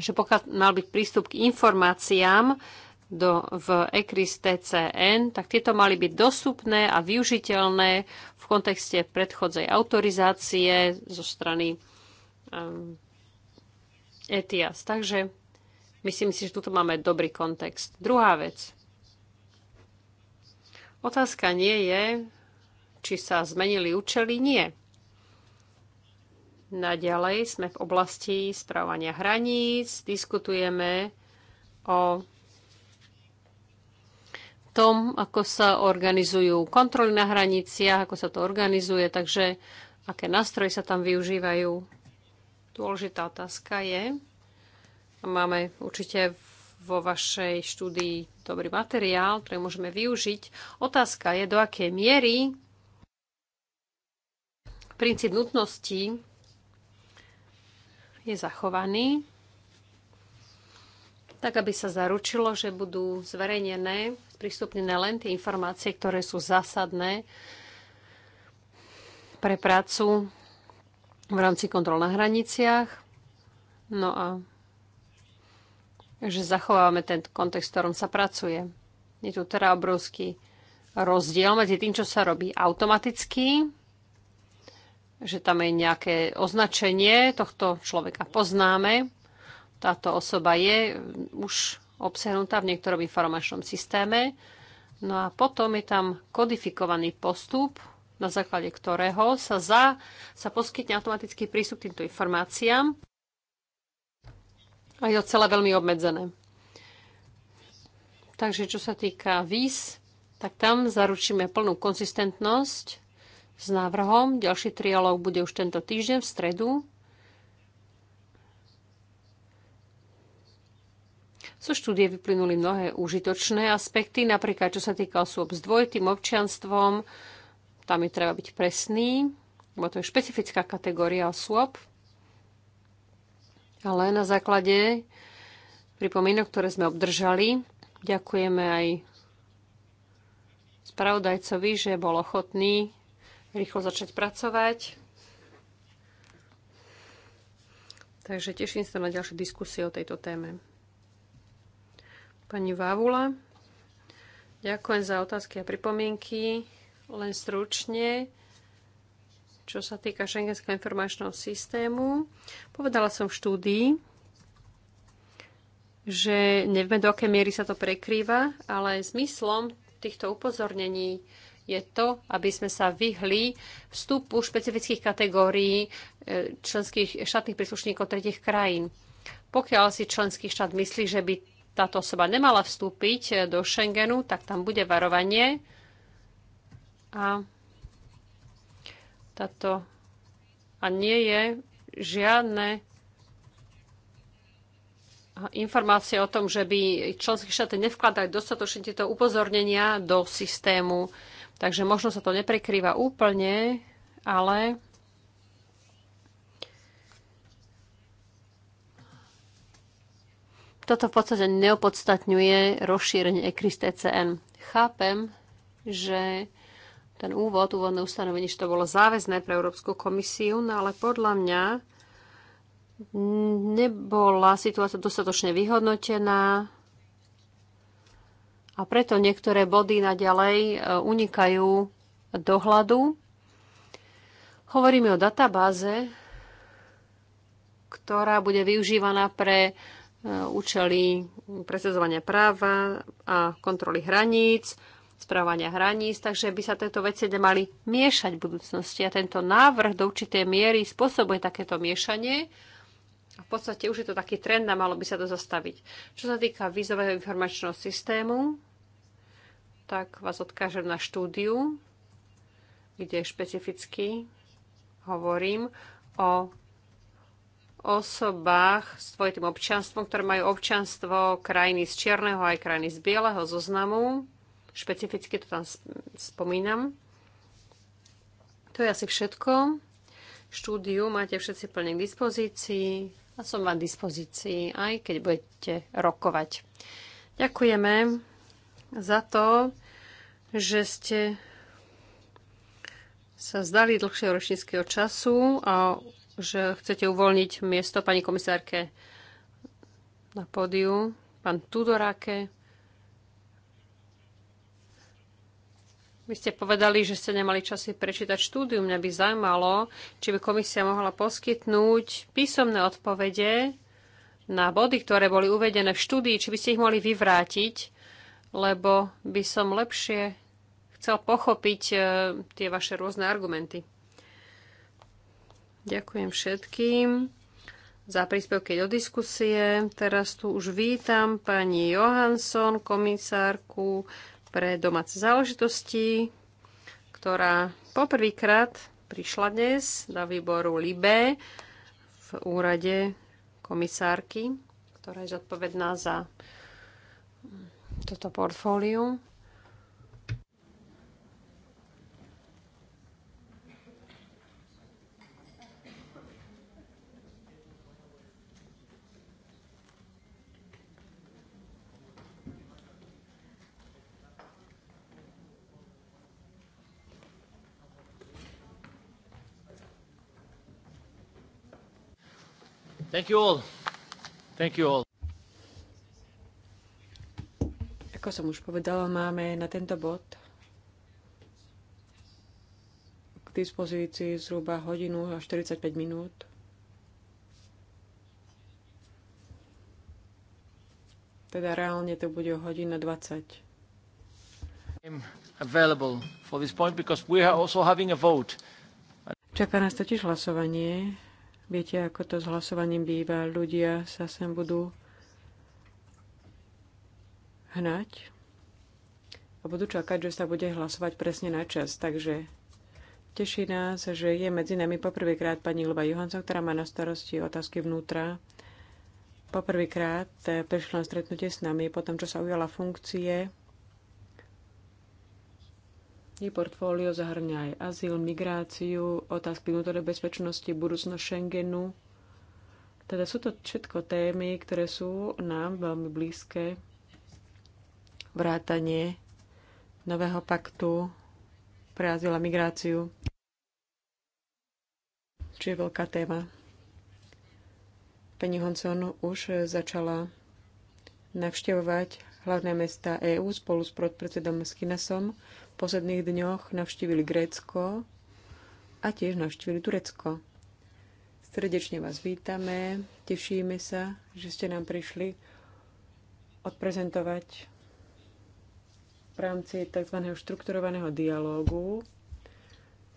že pokiaľ mal byť prístup k informáciám, do, v ECRIS TCN, tak tieto mali byť dostupné a využiteľné v kontexte predchodzej autorizácie zo strany um, ETIAS. Takže myslím si, že tuto máme dobrý kontext. Druhá vec. Otázka nie je, či sa zmenili účely. Nie. Naďalej sme v oblasti správania hraníc, diskutujeme o tom, ako sa organizujú kontroly na hraniciach, ako sa to organizuje, takže aké nástroje sa tam využívajú. Dôležitá otázka je, a máme určite vo vašej štúdii dobrý materiál, ktorý môžeme využiť. Otázka je, do akej miery princíp nutnosti je zachovaný tak aby sa zaručilo, že budú zverejnené, prístupnené len tie informácie, ktoré sú zásadné pre prácu v rámci kontrol na hraniciach. No a že zachovávame ten kontext, v ktorom sa pracuje. Je tu teda obrovský rozdiel medzi tým, čo sa robí automaticky, že tam je nejaké označenie, tohto človeka poznáme, táto osoba je mm, už obsiahnutá v niektorom informačnom systéme. No a potom je tam kodifikovaný postup, na základe ktorého sa, za, sa poskytne automatický prístup k týmto informáciám. A je to celé veľmi obmedzené. Takže čo sa týka víz, tak tam zaručíme plnú konsistentnosť s návrhom. Ďalší trialóg bude už tento týždeň v stredu. Zo štúdie vyplynuli mnohé užitočné aspekty, napríklad čo sa týka osôb s dvojitým občianstvom, tam je treba byť presný, lebo to je špecifická kategória osôb, ale na základe pripomienok, ktoré sme obdržali, ďakujeme aj spravodajcovi, že bol ochotný rýchlo začať pracovať. Takže teším sa na ďalšie diskusie o tejto téme. Pani Vávula, ďakujem za otázky a pripomienky. Len stručne, čo sa týka šengenského informačného systému. Povedala som v štúdii, že nevieme, do akej miery sa to prekrýva, ale zmyslom týchto upozornení je to, aby sme sa vyhli vstupu špecifických kategórií e, členských štátnych príslušníkov tretich krajín. Pokiaľ si členský štát myslí, že by táto osoba nemala vstúpiť eh, do Schengenu, tak tam bude varovanie. A táto a nie je žiadne informácie o tom, že by členské štáty nevkladali dostatočne tieto upozornenia do systému. Takže možno sa to neprekrýva úplne, ale Toto v podstate neopodstatňuje rozšírenie ECRIS TCN. Chápem, že ten úvod, úvodné ustanovenie, že to bolo záväzné pre Európsku komisiu, no ale podľa mňa nebola situácia dostatočne vyhodnotená a preto niektoré body naďalej e, unikajú dohľadu. Hovoríme o databáze, ktorá bude využívaná pre Eh, účely presadzovania práva a kontroly hraníc, správania hraníc, takže by sa tieto veci nemali miešať v budúcnosti. A tento návrh do určitej miery spôsobuje takéto miešanie. A v podstate už je to taký trend a malo by sa to zastaviť. Čo sa týka vízového informačného systému, tak vás odkážem na štúdiu, kde špecificky hovorím o osobách s dvojitým občanstvom, ktoré majú občanstvo krajiny z čierneho aj krajiny z bieleho zoznamu. Špecificky to tam spomínam. To je asi všetko. Štúdiu máte všetci plne k dispozícii a som vám k dispozícii, aj keď budete rokovať. Ďakujeme za to, že ste sa zdali dlhšieho ročníckého času a že chcete uvoľniť miesto pani komisárke na pódiu. Pán Tudoráke. Vy ste povedali, že ste nemali časy prečítať štúdiu. Mňa by zaujímalo, či by komisia mohla poskytnúť písomné odpovede na body, ktoré boli uvedené v štúdii, či by ste ich mohli vyvrátiť, lebo by som lepšie chcel pochopiť eh, tie vaše rôzne argumenty. Ďakujem všetkým za príspevky do diskusie. Teraz tu už vítam pani Johansson, komisárku pre domáce záležitosti, ktorá poprvýkrát prišla dnes na výboru LIBE v úrade komisárky, ktorá je zodpovedná za toto portfólium. Thank you all. Thank you all. Ako som už povedala, máme na tento bod k dispozícii zhruba hodinu a 45 minút. Teda reálne to bude hodina 20. Available for this point because we are also having a vote. Čaká nás totiž hlasovanie Viete, ako to s hlasovaním býva. Ľudia sa sem budú hnať a budú čakať, že sa bude hlasovať presne na čas. Takže teší nás, že je medzi nami poprvýkrát pani Luba Johansson, ktorá má na starosti otázky vnútra. Poprvýkrát eh, prišla na stretnutie s nami potom čo sa ujala funkcie oblasti portfólio zahrňa aj azyl, migráciu, otázky vnútorné bezpečnosti, budúcnosť Schengenu. Teda sú to všetko témy, ktoré sú nám veľmi blízke. Vrátanie nového paktu pre azyl a migráciu, Čiže je veľká téma. Pani Honson už začala navštevovať hlavné mesta EÚ spolu s podpredsedom Skinesom posledných dňoch navštívili Grécko a tiež navštívili Turecko. Srdečne vás vítame, tešíme sa, že ste nám prišli odprezentovať v rámci tzv. štrukturovaného dialógu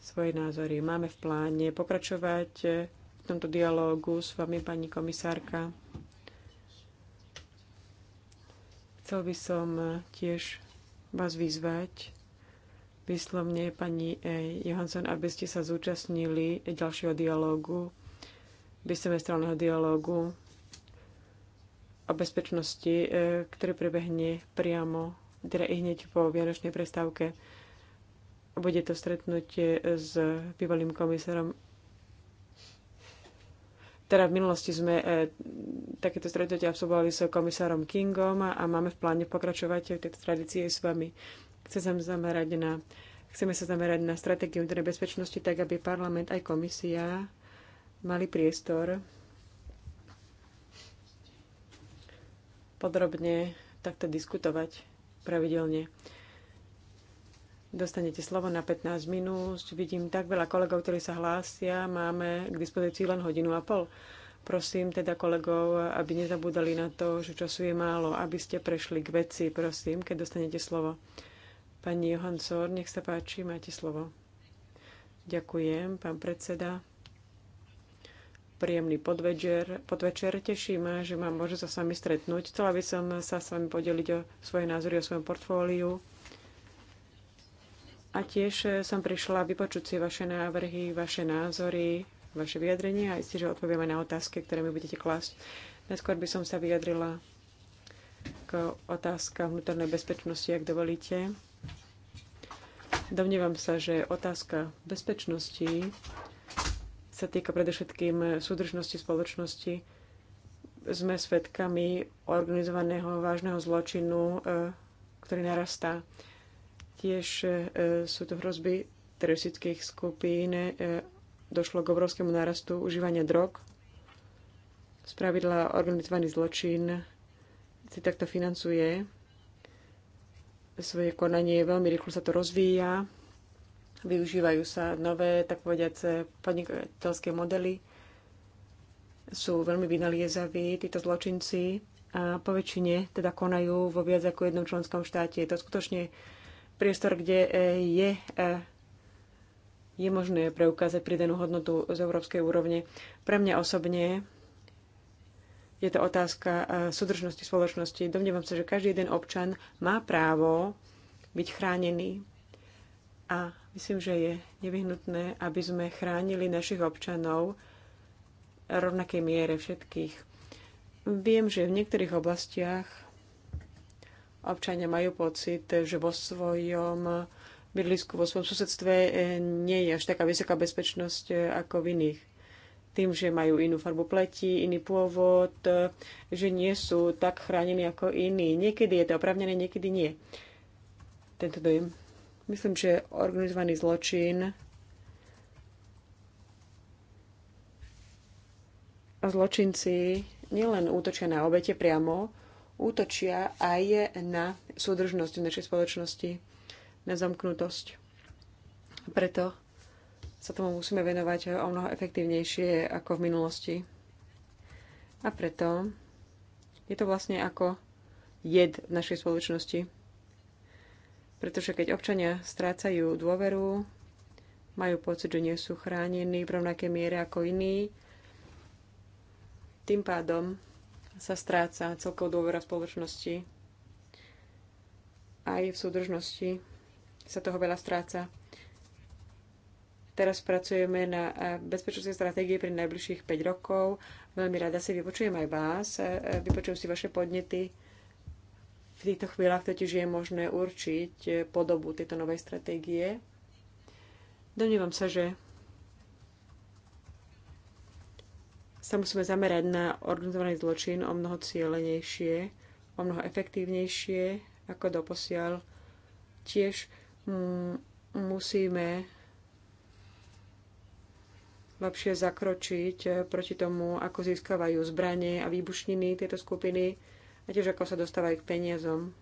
svoje názory. Máme v pláne pokračovať v tomto dialógu s vami, pani komisárka. Chcel by som tiež vás vyzvať, výslovne, pani eh, Johansson, aby ste sa zúčastnili ďalšieho dialógu, bisemestrálneho dialógu o bezpečnosti, eh, ktorý prebehne priamo, teda i hneď po vianočnej prestávke. Bude to stretnutie s bývalým komisárom teda v minulosti sme e, takéto stretnutie absolvovali s komisárom Kingom a, a máme v pláne pokračovať v tejto tradícii s vami. Chce sa zamerať na, chceme sa zamerať na stratégiu vnútornej bezpečnosti, tak aby parlament aj komisia mali priestor podrobne takto diskutovať pravidelne. Dostanete slovo na 15 minút. Vidím tak veľa kolegov, ktorí sa hlásia. Máme k dispozícii len hodinu a pol. Prosím teda kolegov, aby nezabudali na to, že času je málo, aby ste prešli k veci, prosím, keď dostanete slovo. Pani Johansson, nech sa páči, máte slovo. Ďakujem, pán predseda. Príjemný podvečer. podvečer. Teší ma, že mám môže sa s vami stretnúť. Chcela by som sa s vami podeliť o svoje názory, o svojom portfóliu. A tiež som prišla vypočuť si vaše návrhy, vaše názory, vaše vyjadrenie a isté, že odpovieme na otázky, ktoré mi budete klásť. Neskôr by som sa vyjadrila k otázkam vnútornej bezpečnosti, ak dovolíte. Domnievam sa, že otázka bezpečnosti sa týka predovšetkým súdržnosti spoločnosti. Sme svedkami organizovaného vážneho zločinu, e, ktorý narastá. Tiež e, sú to hrozby teroristických skupín. E, došlo k obrovskému narastu užívania drog. Spravidla organizovaný zločin si takto financuje svoje konanie. Veľmi rýchlo sa to rozvíja. Využívajú sa nové, tak povediať, podnikateľské modely. Sú veľmi vynaliezaví títo zločinci a po väčšine teda konajú vo viac ako jednom členskom štáte. Je to skutočne priestor, kde e, je, e, je možné preukázať pridanú hodnotu z európskej úrovne. Pre mňa osobne je to otázka e, súdržnosti spoločnosti. Domnievam sa, že každý jeden občan má právo byť chránený. A myslím, že je nevyhnutné, aby sme chránili našich občanov v rovnakej miere všetkých. Viem, že v niektorých oblastiach občania majú pocit, že vo svojom bydlisku, vo svojom susedstve e, nie je až taká vysoká bezpečnosť e, ako v iných tým, že majú inú farbu pleti, iný pôvod, že nie sú tak chránení ako iní. Niekedy je to opravnené, niekedy nie. Tento dojem. Myslím, že organizovaný zločin a zločinci nielen útočia na obete priamo, útočia aj na súdržnosť v našej spoločnosti, na zamknutosť. Preto sa tomu musíme venovať o mnoho efektívnejšie ako v minulosti. A preto je to vlastne ako jed v našej spoločnosti. Pretože keď občania strácajú dôveru, majú pocit, že nie sú chránení v rovnakej miere ako iní, tým pádom sa stráca celkovo dôvera spoločnosti. Aj v súdržnosti sa toho veľa stráca. Teraz pracujeme na eh, bezpečnostnej stratégie pre najbližších 5 rokov. Veľmi rada si vypočujem aj vás, eh, vypočujem si vaše podnety. V týchto chvíľach totiž je možné určiť eh, podobu tejto novej stratégie. Domnievam sa, že sa musíme zamerať na organizovaný zločin o mnoho cieľenejšie, o mnoho efektívnejšie ako doposiaľ. Tiež mm, musíme lepšie zakročiť eh, proti tomu, ako získavajú zbranie a výbušniny tieto skupiny a tiež ako sa dostávajú k peniazom.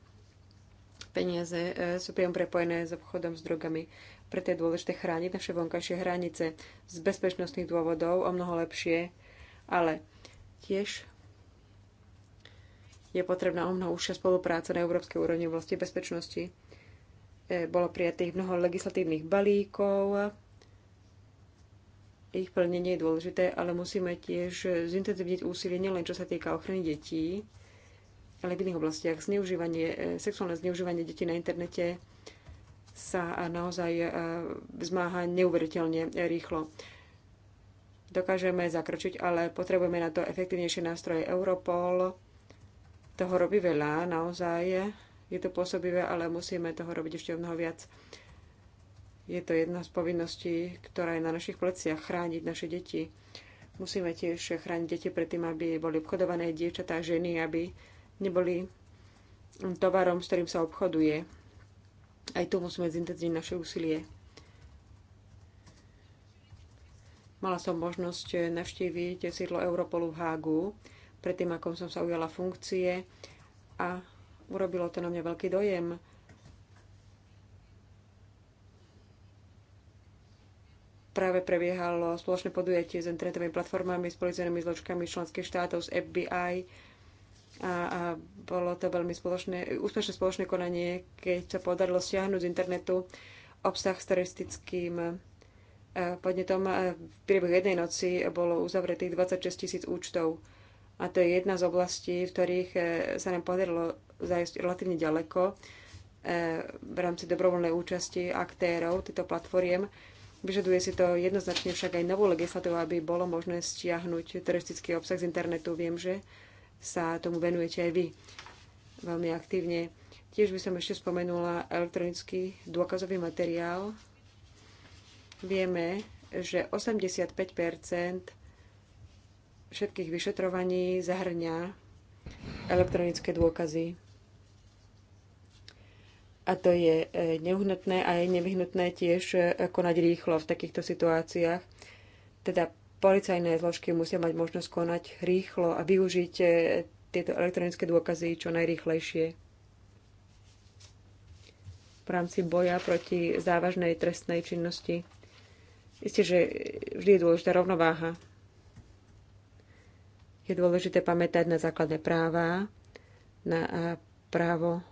Peniaze eh, sú priam prepojené s obchodom s drogami. Preto je dôležité chrániť naše vonkajšie hranice z bezpečnostných dôvodov o mnoho lepšie, ale tiež je potrebná o mnoho užšia spolupráca na európskej úrovni v oblasti bezpečnosti. Eh, bolo prijatých mnoho legislatívnych balíkov, ich plnenie je dôležité, ale musíme tiež zintenzívniť úsilie nielen čo sa týka ochrany detí, ale v iných oblastiach. Zneužívanie, e, sexuálne zneužívanie detí na internete sa naozaj e, vzmáha neuveriteľne rýchlo. Dokážeme zakročiť, ale potrebujeme na to efektívnejšie nástroje. Europol toho robí veľa, naozaj je to pôsobivé, ale musíme toho robiť ešte o mnoho viac. Je to jedna z povinností, ktorá je na našich pleciach, chrániť naše deti. Musíme tiež chrániť deti pred tým, aby boli obchodované dievčatá, ženy, aby neboli tovarom, s ktorým sa obchoduje. Aj tu musíme zintenzívniť naše úsilie. Mala som možnosť navštíviť sídlo Europolu v Hágu, predtým ako som sa ujala funkcie a urobilo to na mňa veľký dojem práve prebiehalo spoločné podujatie s internetovými platformami, s policajnými zložkami členských štátov, z FBI. A, a bolo to veľmi spoločné, úspešné spoločné konanie, keď sa podarilo stiahnuť z internetu obsah s teroristickým e, podnetom. E, v priebehu jednej noci bolo uzavretých 26 tisíc účtov. A to je jedna z oblastí, v ktorých e, sa nám podarilo zajsť relatívne ďaleko v rámci dobrovoľnej účasti aktérov týchto platformiem Vyžaduje si to jednoznačne však aj novú legislatívu, aby bolo možné stiahnuť teroristický obsah z internetu. Viem, že sa tomu venujete aj vy veľmi aktívne. Tiež by som ešte spomenula elektronický dôkazový materiál. Vieme, že 85 všetkých vyšetrovaní zahrňa elektronické dôkazy. A to je e, nevyhnutné a je nevyhnutné tiež e, konať rýchlo v takýchto situáciách. Teda policajné zložky musia mať možnosť konať rýchlo a využiť e, tieto elektronické dôkazy čo najrýchlejšie. V rámci boja proti závažnej trestnej činnosti. Isté, že vždy je dôležitá rovnováha. Je dôležité pamätať na základné práva, na právo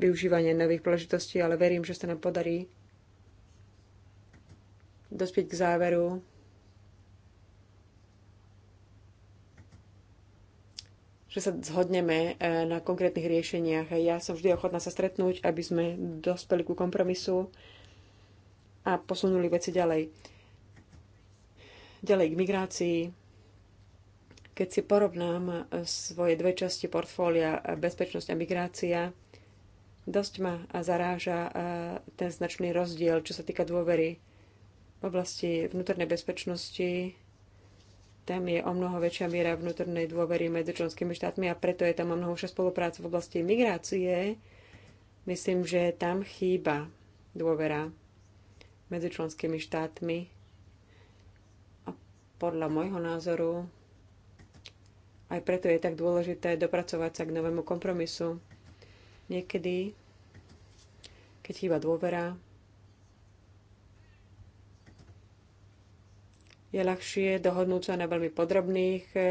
Využívanie nových príležitostí, ale verím, že sa nám podarí dospieť k záveru, že sa zhodneme e, na konkrétnych riešeniach. Ja som vždy ochotná sa stretnúť, aby sme dospeli ku kompromisu a posunuli veci ďalej. Ďalej k migrácii. Keď si porovnám e, svoje dve časti portfólia e, bezpečnosť a migrácia, Dosť ma zaráža e, ten značný rozdiel, čo sa týka dôvery v oblasti vnútornej bezpečnosti. Tam je o mnoho väčšia miera vnútornej dôvery medzi členskými štátmi a preto je tam o mnoho spolupráca v oblasti migrácie. Myslím, že tam chýba dôvera medzi členskými štátmi. A podľa môjho názoru aj preto je tak dôležité dopracovať sa k novému kompromisu. Niekedy, keď chýba dôvera, je ľahšie dohodnúť sa na veľmi podrobných e, e,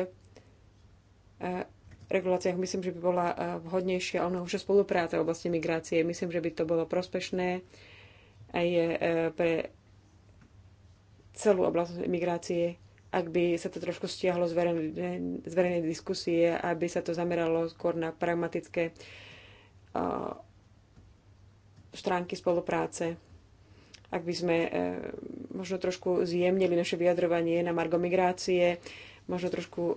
reguláciách. Myslím, že by bola e, vhodnejšia o mnoho spolupráca v oblasti migrácie. Myslím, že by to bolo prospešné aj pre celú oblasť migrácie, ak by sa to trošku stiahlo z verejnej, diskusie, aby sa to zameralo skôr na pragmatické uh, stránky spolupráce. Ak by sme e, možno trošku zjemnili naše vyjadrovanie na margo migrácie, možno trošku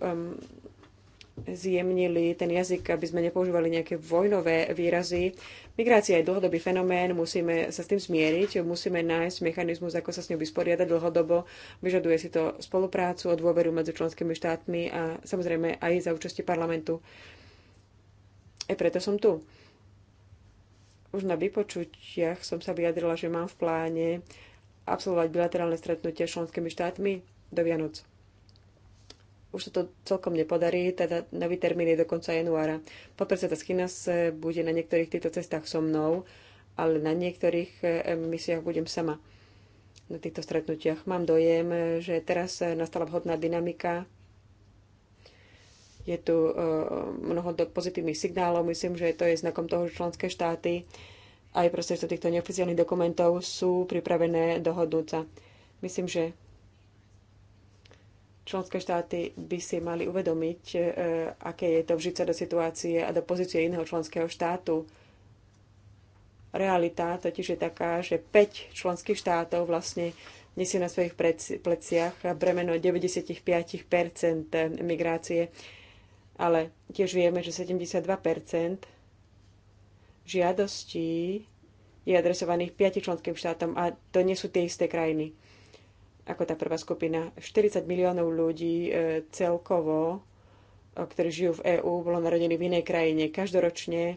zjemnili ten jazyk, aby sme nepoužívali nejaké vojnové výrazy. Migrácia je dlhodobý fenomén, musíme sa s tým zmieriť, musíme nájsť mechanizmus, ako sa s ňou vysporiadať dlhodobo. Vyžaduje si to spoluprácu o dôveru medzi členskými štátmi a samozrejme aj za účasti parlamentu. E preto som tu. Už na vypočutiach som sa vyjadrila, že mám v pláne absolvovať bilaterálne stretnutie s členskými štátmi do Vianoc. Už sa to celkom nepodarí, teda nový termín je do konca januára. Podpredseda sa bude na niektorých týchto cestách so mnou, ale na niektorých eh, misiách budem sama na týchto stretnutiach. Mám dojem, že teraz eh, nastala vhodná dynamika je tu e, mnoho pozitívnych signálov. Myslím, že to je znakom toho, že členské štáty aj prostredstvom týchto neoficiálnych dokumentov sú pripravené dohodnúť sa. Myslím, že členské štáty by si mali uvedomiť, e, aké je to vžiť sa do situácie a do pozície iného členského štátu. Realita totiž je taká, že 5 členských štátov vlastne nesie na svojich pleciach bremeno 95 migrácie ale tiež vieme, že 72 žiadostí je adresovaných piati členským štátom a to nie sú tie isté krajiny ako tá prvá skupina. 40 miliónov ľudí e, celkovo, e, ktorí žijú v EÚ, bolo narodení v inej krajine. Každoročne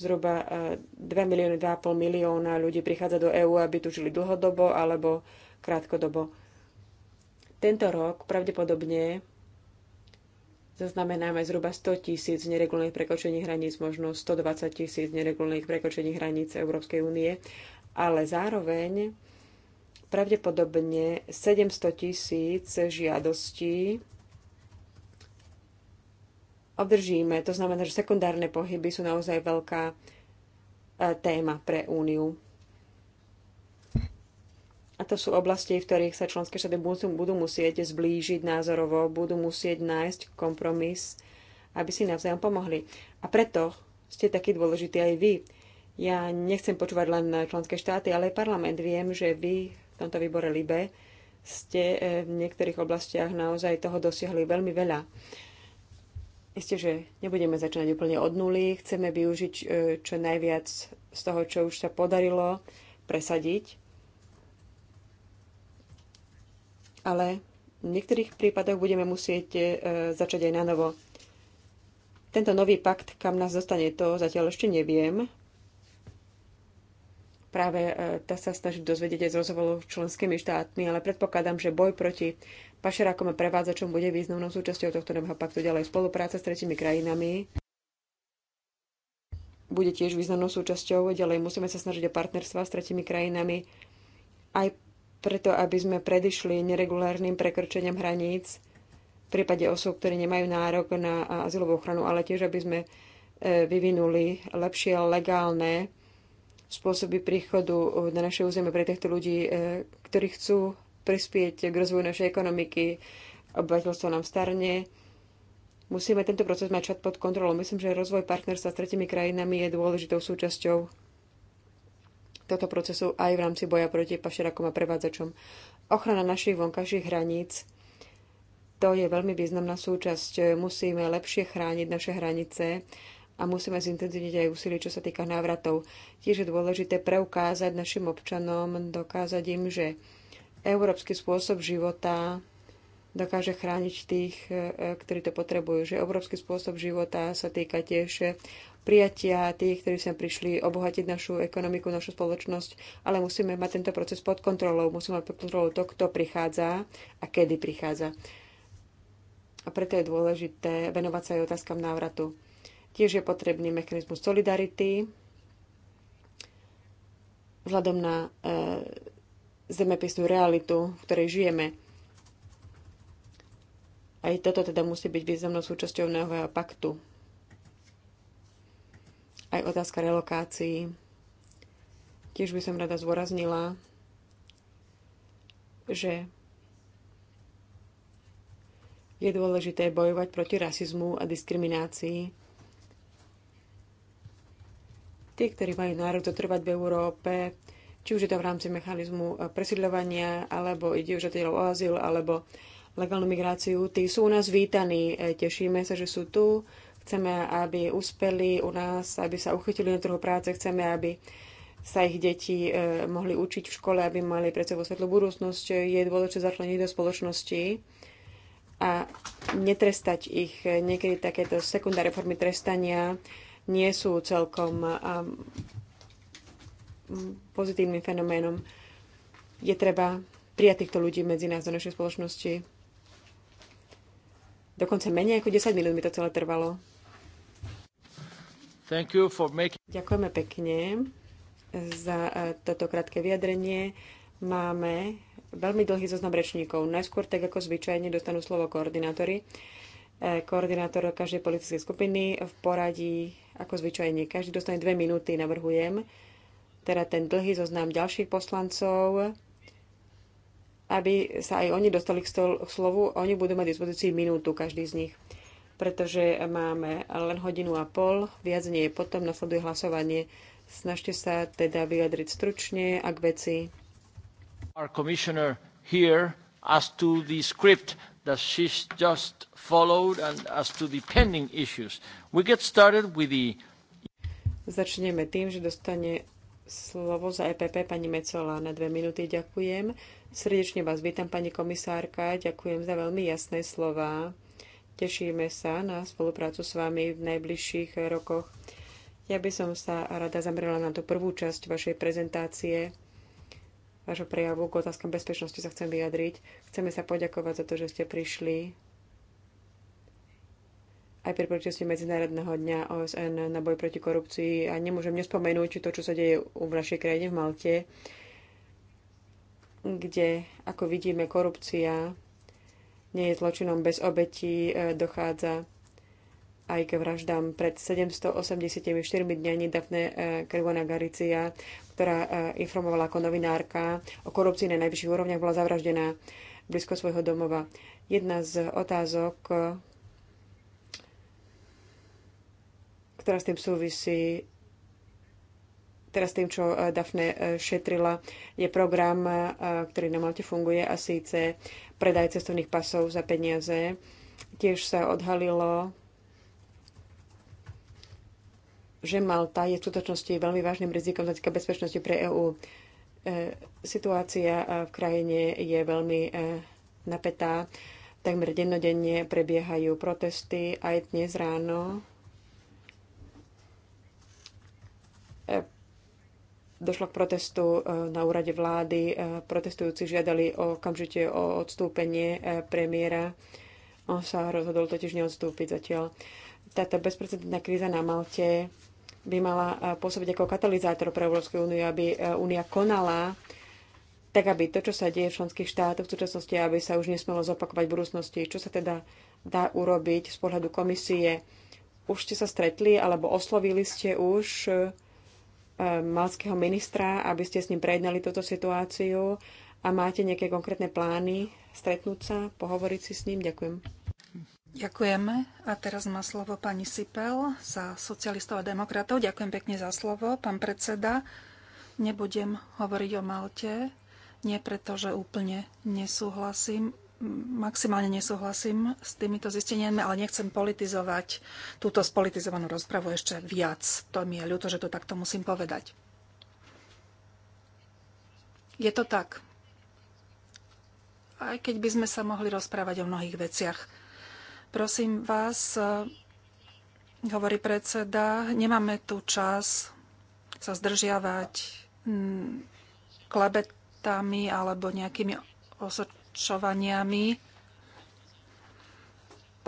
zhruba 2 e, milióny, 2,5 milióna ľudí prichádza do EÚ, aby tu žili dlhodobo alebo krátkodobo. Tento rok pravdepodobne Zaznamenáme zhruba 100 tisíc neregulných prekočení hraníc, možno 120 tisíc neregulných prekočení hraníc Európskej únie, ale zároveň pravdepodobne 700 tisíc žiadostí obdržíme. To znamená, že sekundárne pohyby sú naozaj veľká e, téma pre Úniu. A to sú oblasti, v ktorých sa členské štáty budú, budú musieť zblížiť názorovo, budú musieť nájsť kompromis, aby si navzájom pomohli. A preto ste takí dôležití aj vy. Ja nechcem počúvať len členské štáty, ale aj parlament. Viem, že vy v tomto výbore LIBE ste eh, v niektorých oblastiach naozaj toho dosiahli veľmi veľa. Isté, že nebudeme začínať úplne od nuly, chceme využiť eh, čo najviac z toho, čo už sa podarilo presadiť ale v niektorých prípadoch budeme musieť e, začať aj na novo. Tento nový pakt, kam nás dostane, to zatiaľ ešte neviem. Práve e, tá sa snaží dozvedieť aj z rozhovorov s členskými štátmi, ale predpokladám, že boj proti pašerákom a prevádzačom bude významnou súčasťou tohto nového paktu. Ďalej spolupráca s tretimi krajinami bude tiež významnou súčasťou. Ďalej musíme sa snažiť o partnerstva s tretimi krajinami aj preto aby sme predišli neregulárnym prekročeniam hraníc v prípade osôb, ktoré nemajú nárok na azylovú ochranu, ale tiež aby sme e, vyvinuli lepšie legálne spôsoby príchodu e, na naše územie pre týchto ľudí, e, ktorí chcú prispieť k rozvoju našej ekonomiky, obyvateľstvo nám starne. Musíme tento proces mať čas pod kontrolou. Myslím, že rozvoj partnerstva s tretimi krajinami je dôležitou súčasťou tohto procesu aj v rámci boja proti pašerakom a prevádzačom. Ochrana našich vonkajších hraníc to je veľmi významná súčasť. Musíme lepšie chrániť naše hranice a musíme zintenzívniť aj úsilie, čo sa týka návratov. Tiež je dôležité preukázať našim občanom, dokázať im, že európsky spôsob života dokáže chrániť tých, e, e, ktorí to potrebujú. Že európsky spôsob života sa týka tiež prijatia tých, ktorí sem prišli obohatiť našu ekonomiku, našu spoločnosť, ale musíme mať tento proces pod kontrolou. Musíme mať pod kontrolou to, kto prichádza a kedy prichádza. A preto je dôležité venovať sa aj otázkam návratu. Tiež je potrebný mechanizmus solidarity vzhľadom na e, zemepisnú realitu, v ktorej žijeme. Aj toto teda musí byť významnou súčasťou nového paktu aj otázka relokácií. Tiež by som rada zdôraznila, že je dôležité bojovať proti rasizmu a diskriminácii. Tí, ktorí majú národ zotrvať v Európe, či už je to v rámci mechanizmu presidľovania, alebo ide už teda o azyl, alebo legálnu migráciu, tí sú u nás vítaní. Tešíme sa, že sú tu, Chceme, aby uspeli u nás, aby sa uchytili na trhu práce, chceme, aby sa ich deti e, mohli učiť v škole, aby mali pred sebou svetlú budúcnosť. Je dôležité začleniť do spoločnosti a netrestať ich. Niekedy takéto sekundárne formy trestania nie sú celkom um, pozitívnym fenoménom. Je treba prijať týchto ľudí medzi nás do našej spoločnosti. Dokonca menej ako 10 minút mi to celé trvalo. Ďakujeme pekne za e, toto krátke vyjadrenie. Máme veľmi dlhý zoznam rečníkov. Najskôr, tak ako zvyčajne, dostanú slovo koordinátory. E, koordinátor každej politickej skupiny v poradí, ako zvyčajne, každý dostane dve minúty, navrhujem. Teda ten dlhý zoznam ďalších poslancov, aby sa aj oni dostali k slovu, oni budú mať dispozícii minútu, každý z nich pretože máme len hodinu a pol, viac nie. je Potom nasleduje hlasovanie. Snažte sa teda vyjadriť stručne a k veci. Our commissioner here as to the script that she's just followed and as to the pending issues. We get started with the... Začneme tým, že dostane slovo za EPP pani Mecola na dve minúty. Ďakujem. Srdečne vás vítam, pani komisárka. Ďakujem za veľmi jasné slova Tešíme sa na spoluprácu s vami v najbližších rokoch. Ja by som sa rada zamerala na tú prvú časť vašej prezentácie, vašho prejavu k otázkam bezpečnosti sa chcem vyjadriť. Chceme sa poďakovať za to, že ste prišli aj pri príležitosti Medzinárodného dňa OSN na boj proti korupcii a nemôžem nespomenúť to, čo sa deje v našej krajine v Malte, kde, ako vidíme, korupcia nie je zločinom bez obetí, e, dochádza aj k vraždám. Pred 784 dňami Dafne Caruana e, Garicia, ktorá e, informovala ako novinárka o korupcii na najvyšších úrovniach, bola zavraždená blízko svojho domova. Jedna z otázok, ktorá s tým súvisí, Teraz tým, čo eh, Dafne eh, šetrila, je program, eh, ktorý na Malte funguje a síce predaj cestovných pasov za peniaze. Tiež sa odhalilo, že Malta je v skutočnosti veľmi vážnym rizikom hľadiska bezpečnosti pre EÚ. Situácia v krajine je veľmi napätá. Takmer dennodenne prebiehajú protesty. Aj dnes ráno došlo k protestu e, na úrade vlády. E, protestujúci žiadali okamžite o odstúpenie e, premiéra. On sa rozhodol totiž neodstúpiť zatiaľ. Táto bezprecedentná kríza na Malte by mala pôsobiť ako katalizátor pre Európsku úniu, aby únia konala tak, aby to, čo sa deje v členských štátoch v súčasnosti, aby sa už nesmelo zopakovať v budúcnosti. Čo sa teda dá urobiť z pohľadu komisie? Už ste sa stretli alebo oslovili ste už malského ministra, aby ste s ním prejednali túto situáciu a máte nejaké konkrétne plány stretnúť sa, pohovoriť si s ním? Ďakujem. Ďakujeme. A teraz má slovo pani Sipel za socialistov a demokratov. Ďakujem pekne za slovo, pán predseda. Nebudem hovoriť o Malte, nie preto, že úplne nesúhlasím maximálne nesúhlasím s týmito zisteniami, ale nechcem politizovať túto spolitizovanú rozpravu ešte viac. To mi je ľúto, že to takto musím povedať. Je to tak. Aj keď by sme sa mohli rozprávať o mnohých veciach. Prosím vás, hovorí predseda, nemáme tu čas sa zdržiavať mm, klebetami alebo nejakými osočnými pokračovaniami.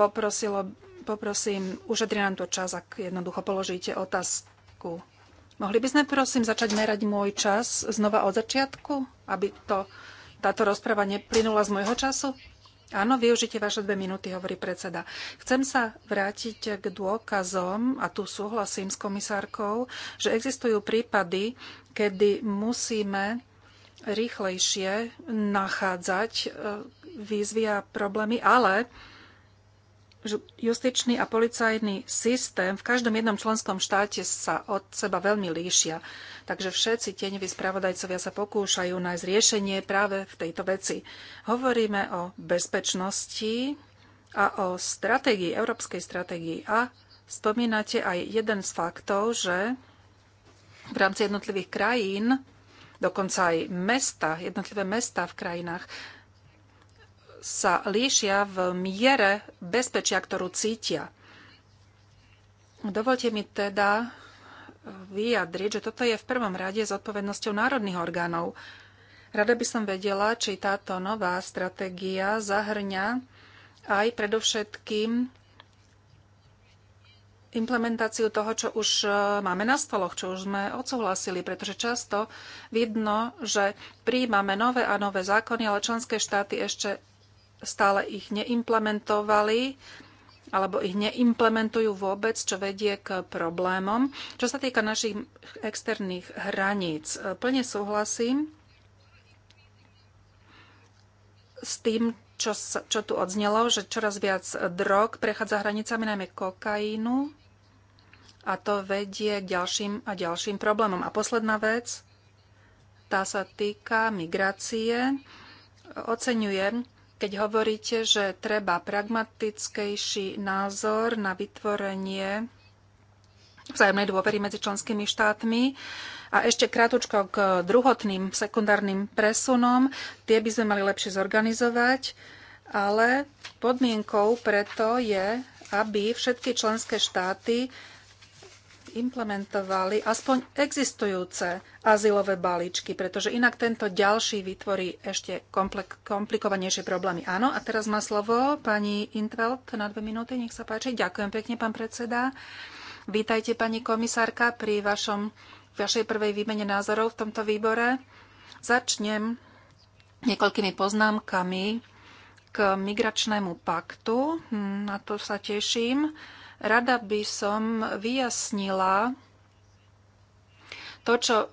Poprosilo, poprosím, ušetri nám to čas, ak jednoducho položíte otázku. Mohli by sme prosím začať merať môj čas znova od začiatku, aby to, táto rozprava neplynula z môjho času? Áno, využite vaše dve minúty, hovorí predseda. Chcem sa vrátiť k dôkazom, a tu súhlasím s komisárkou, že existujú prípady, kedy musíme rýchlejšie nachádzať e, výzvy a problémy, ale justičný a policajný systém v každom jednom členskom štáte sa od seba veľmi líšia. Takže všetci tieňoví spravodajcovia sa pokúšajú nájsť riešenie práve v tejto veci. Hovoríme o bezpečnosti a o stratégii, európskej stratégii. A spomínate aj jeden z faktov, že v rámci jednotlivých krajín dokonca aj mesta, jednotlivé mesta v krajinách sa líšia v miere bezpečia, ktorú cítia. Dovolte mi teda vyjadriť, že toto je v prvom rade s odpovednosťou národných orgánov. Rada by som vedela, či táto nová stratégia zahrňa aj predovšetkým implementáciu toho, čo už e, máme na stoloch, čo už sme odsúhlasili, pretože často vidno, že príjmame nové a nové zákony, ale členské štáty ešte stále ich neimplementovali alebo ich neimplementujú vôbec, čo vedie k problémom. Čo sa týka našich externých hraníc, e, plne súhlasím s tým, čo, čo tu odznelo, že čoraz viac drog prechádza hranicami najmä kokainu a to vedie k ďalším a ďalším problémom. A posledná vec, tá sa týka migrácie. Oceňujem, keď hovoríte, že treba pragmatickejší názor na vytvorenie vzájomnej dôvery medzi členskými štátmi. A ešte krátko k druhotným sekundárnym presunom. Tie by sme mali lepšie zorganizovať, ale podmienkou preto je, aby všetky členské štáty implementovali aspoň existujúce azylové balíčky, pretože inak tento ďalší vytvorí ešte komplikovanejšie problémy. Áno, a teraz má slovo pani Intveld na dve minúty, nech sa páči. Ďakujem pekne, pán predseda. Vítajte, pani komisárka, pri vašom, vašej prvej výmene názorov v tomto výbore. Začnem niekoľkými poznámkami k migračnému paktu. Hm, na to sa teším Rada by som vyjasnila to, čo e,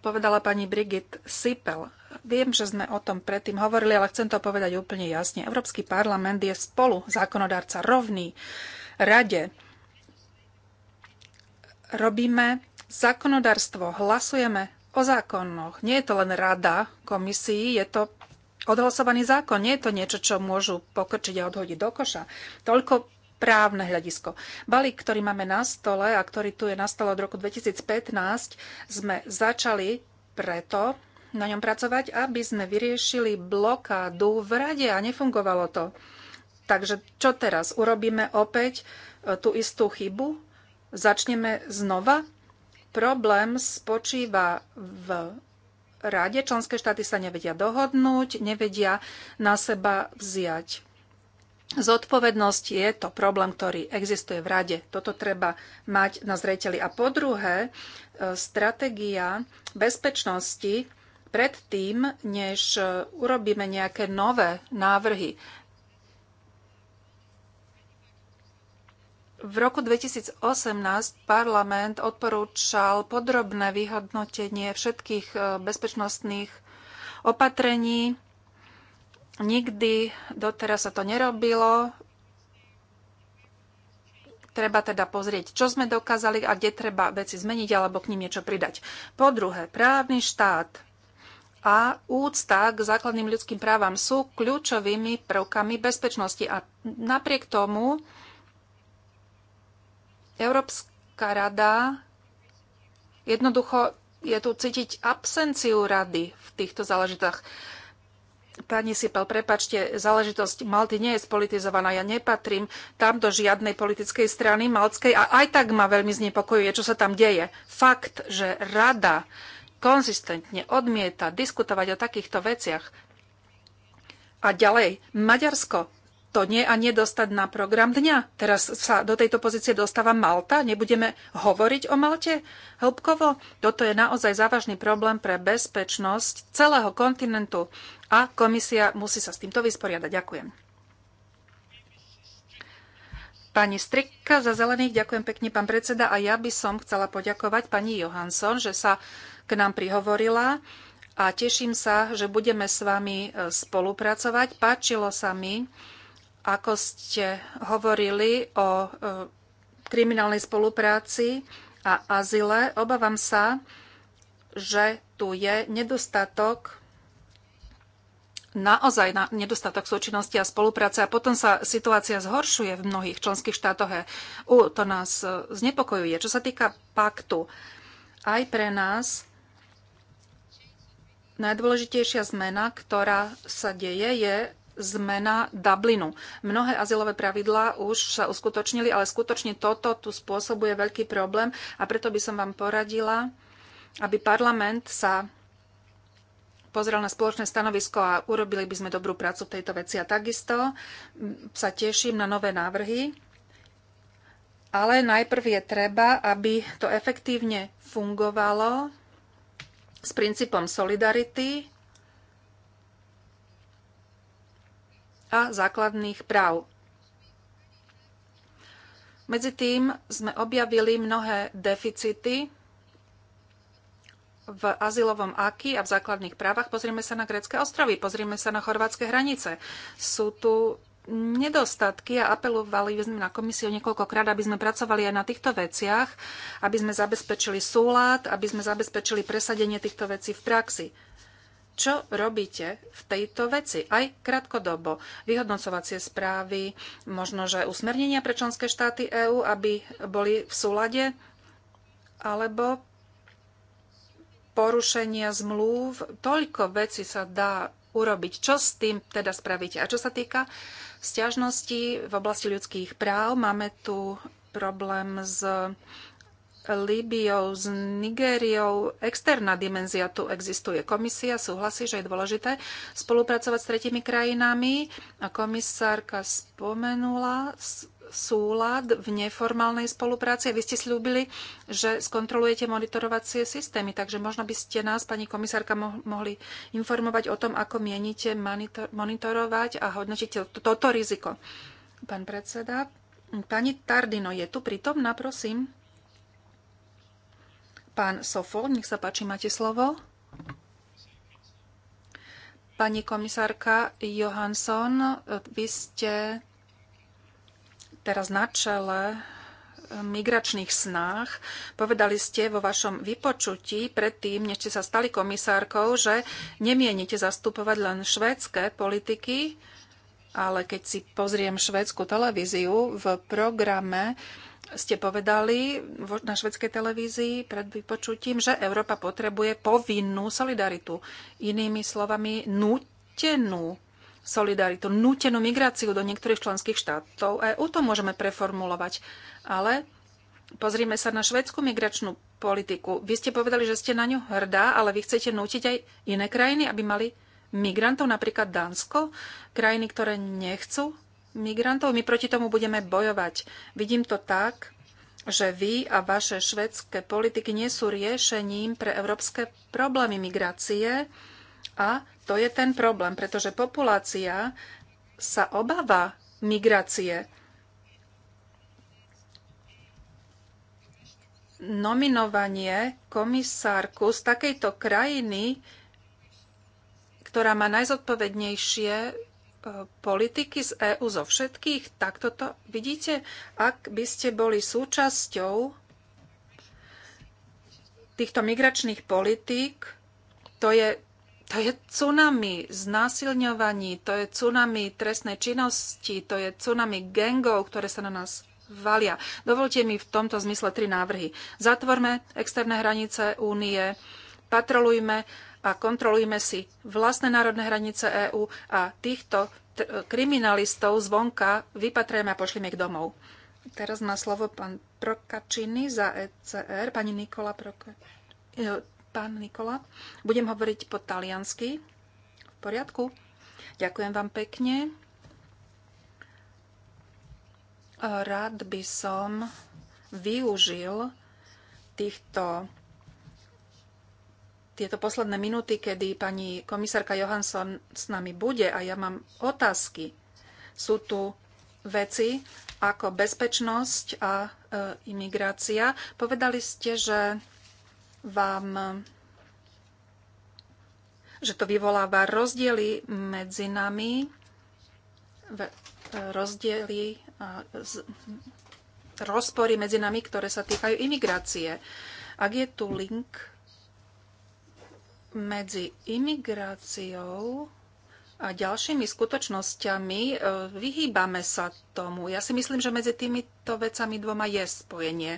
povedala pani Brigit Sipel. Viem, že sme o tom predtým hovorili, ale chcem to povedať úplne jasne. Európsky parlament je spolu zákonodárca rovný rade. Robíme zákonodárstvo, hlasujeme o zákonoch. Nie je to len rada komisii, je to odhlasovaný zákon. Nie je to niečo, čo môžu pokrčiť a odhodiť do koša. Toľko právne hľadisko. Balík, ktorý máme na stole a ktorý tu je na stole od roku 2015, sme začali preto na ňom pracovať, aby sme vyriešili blokádu v rade a nefungovalo to. Takže čo teraz? Urobíme opäť e, tú istú chybu? Začneme znova? Problém spočíva v rade. Členské štáty sa nevedia dohodnúť, nevedia na seba vziať Zodpovednosť je to problém, ktorý existuje v rade. Toto treba mať na zreteli. A po druhé, e, stratégia bezpečnosti predtým, než e, urobíme nejaké nové návrhy. V roku 2018 parlament odporúčal podrobné vyhodnotenie všetkých e, bezpečnostných opatrení Nikdy doteraz sa to nerobilo. Treba teda pozrieť, čo sme dokázali a kde treba veci zmeniť alebo k ním niečo pridať. Po druhé, právny štát a úcta k základným ľudským právam sú kľúčovými prvkami bezpečnosti. A napriek tomu Európska rada jednoducho je tu cítiť absenciu rady v týchto záležitách Pani Sipel, prepačte, záležitosť Malty nie je spolitizovaná. Ja nepatrím tam do žiadnej politickej strany maltskej a aj tak ma veľmi znepokojuje, čo sa tam deje. Fakt, že rada konzistentne odmieta diskutovať o takýchto veciach. A ďalej, Maďarsko to nie a nedostať na program dňa. Teraz sa do tejto pozície dostáva Malta. Nebudeme hovoriť o Malte hĺbkovo? Toto je naozaj závažný problém pre bezpečnosť celého kontinentu a komisia musí sa s týmto vysporiadať. Ďakujem. Pani Strikka za zelených, ďakujem pekne, pán predseda. A ja by som chcela poďakovať pani Johansson, že sa k nám prihovorila a teším sa, že budeme s vami e, spolupracovať. Páčilo sa mi, ako ste hovorili o e, kriminálnej spolupráci a azyle, obávam sa, že tu je nedostatok naozaj na nedostatok súčinnosti a spolupráce a potom sa situácia zhoršuje v mnohých členských štátoch U, To nás e, znepokojuje. Čo sa týka paktu, aj pre nás najdôležitejšia zmena, ktorá sa deje, je zmena Dublinu. Mnohé azylové pravidlá už sa uskutočnili, ale skutočne toto tu spôsobuje veľký problém a preto by som vám poradila, aby parlament sa pozrel na spoločné stanovisko a urobili by sme dobrú prácu v tejto veci. A takisto sa teším na nové návrhy, ale najprv je treba, aby to efektívne fungovalo s princípom solidarity, a základných práv. Medzi tým sme objavili mnohé deficity v azylovom AKI a v základných právach. Pozrieme sa na grécké ostrovy, pozrieme sa na chorvátske hranice. Sú tu nedostatky a apelovali sme na komisiu niekoľkokrát, aby sme pracovali aj na týchto veciach, aby sme zabezpečili súlad, aby sme zabezpečili presadenie týchto vecí v praxi čo robíte v tejto veci, aj krátkodobo. Vyhodnocovacie správy, možno, že usmernenia pre členské štáty EÚ, aby boli v súlade, alebo porušenia zmluv. Toľko vecí sa dá urobiť. Čo s tým teda spravíte? A čo sa týka stiažnosti v oblasti ľudských práv, máme tu problém s Líbiou, s Nigériou. Externá dimenzia tu existuje. Komisia súhlasí, že je dôležité spolupracovať s tretimi krajinami a komisárka spomenula súlad v neformálnej spolupráci. Vy ste slúbili, že skontrolujete monitorovacie systémy, takže možno by ste nás, pani komisárka, mohli informovať o tom, ako mienite monitorovať a hodnotiť toto riziko. Pán predseda, pani Tardino je tu prítomná, prosím. Pán Sofor, nech sa páči, máte slovo. Pani komisárka Johansson, vy ste teraz na čele migračných snách. Povedali ste vo vašom vypočutí predtým, než ste sa stali komisárkou, že nemienite zastupovať len švédske politiky, ale keď si pozriem švédsku televíziu, v programe ste povedali na švedskej televízii pred vypočutím, že Európa potrebuje povinnú solidaritu. Inými slovami, nutenú solidaritu, nutenú migráciu do niektorých členských štátov EÚ. To môžeme preformulovať. Ale pozrime sa na švedskú migračnú politiku. Vy ste povedali, že ste na ňu hrdá, ale vy chcete nútiť aj iné krajiny, aby mali migrantov, napríklad Dánsko, krajiny, ktoré nechcú migrantov. My proti tomu budeme bojovať. Vidím to tak, že vy a vaše švedské politiky nie sú riešením pre európske problémy migrácie a to je ten problém, pretože populácia sa obáva migrácie. Nominovanie komisárku z takejto krajiny, ktorá má najzodpovednejšie politiky z EÚ zo všetkých? Takto to vidíte? Ak by ste boli súčasťou týchto migračných politík, to je, to je tsunami znásilňovaní, to je tsunami trestnej činnosti, to je tsunami gengov, ktoré sa na nás valia. Dovolte mi v tomto zmysle tri návrhy. Zatvorme externé hranice únie, patrolujme a kontrolujme si vlastné národné hranice EÚ a týchto kriminalistov zvonka vypatrujeme a pošlime ich domov. Teraz má slovo pán Prokačiny za ECR, pani Nikola Proka... E, pán Nikola, budem hovoriť po taliansky. V poriadku? Ďakujem vám pekne. Rád by som využil týchto tieto posledné minúty, kedy pani komisárka Johansson s nami bude a ja mám otázky. Sú tu veci ako bezpečnosť a e, imigrácia. Povedali ste, že vám že to vyvoláva rozdiely medzi nami, e, rozdiely, rozpory medzi nami, ktoré sa týkajú imigrácie. Ak je tu link medzi imigráciou a ďalšími skutočnosťami e, vyhýbame sa tomu. Ja si myslím, že medzi týmito vecami dvoma je spojenie.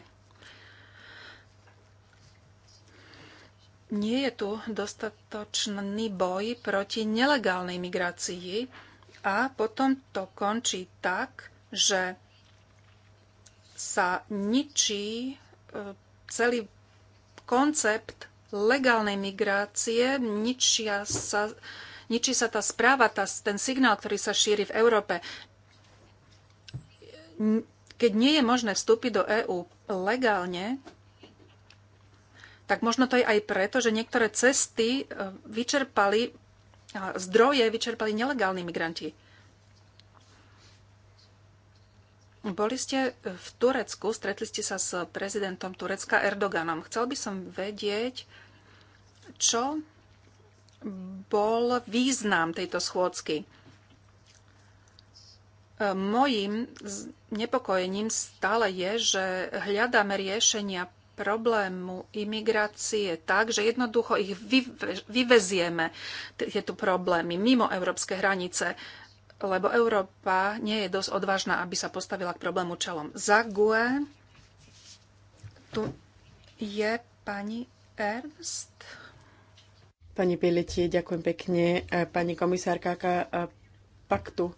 Nie je tu dostatočný boj proti nelegálnej migrácii a potom to končí tak, že sa ničí e, celý koncept legálnej migrácie ničia sa, ničí sa tá správa, tá, ten signál, ktorý sa šíri v Európe. Keď nie je možné vstúpiť do EÚ legálne, tak možno to je aj preto, že niektoré cesty e, vyčerpali, zdroje vyčerpali nelegálni migranti. Boli ste v Turecku, stretli ste sa s prezidentom Turecka Erdoganom. Chcel by som vedieť, čo bol význam tejto schôdzky. Mojím nepokojením stále je, že hľadáme riešenia problému imigrácie tak, že jednoducho ich vyvezieme, tieto problémy, mimo európske hranice lebo Európa nie je dosť odvážna, aby sa postavila k problému čelom. Za GUE tu je pani Ernst. Pani Piletie, ďakujem pekne. E, pani komisárka e, paktu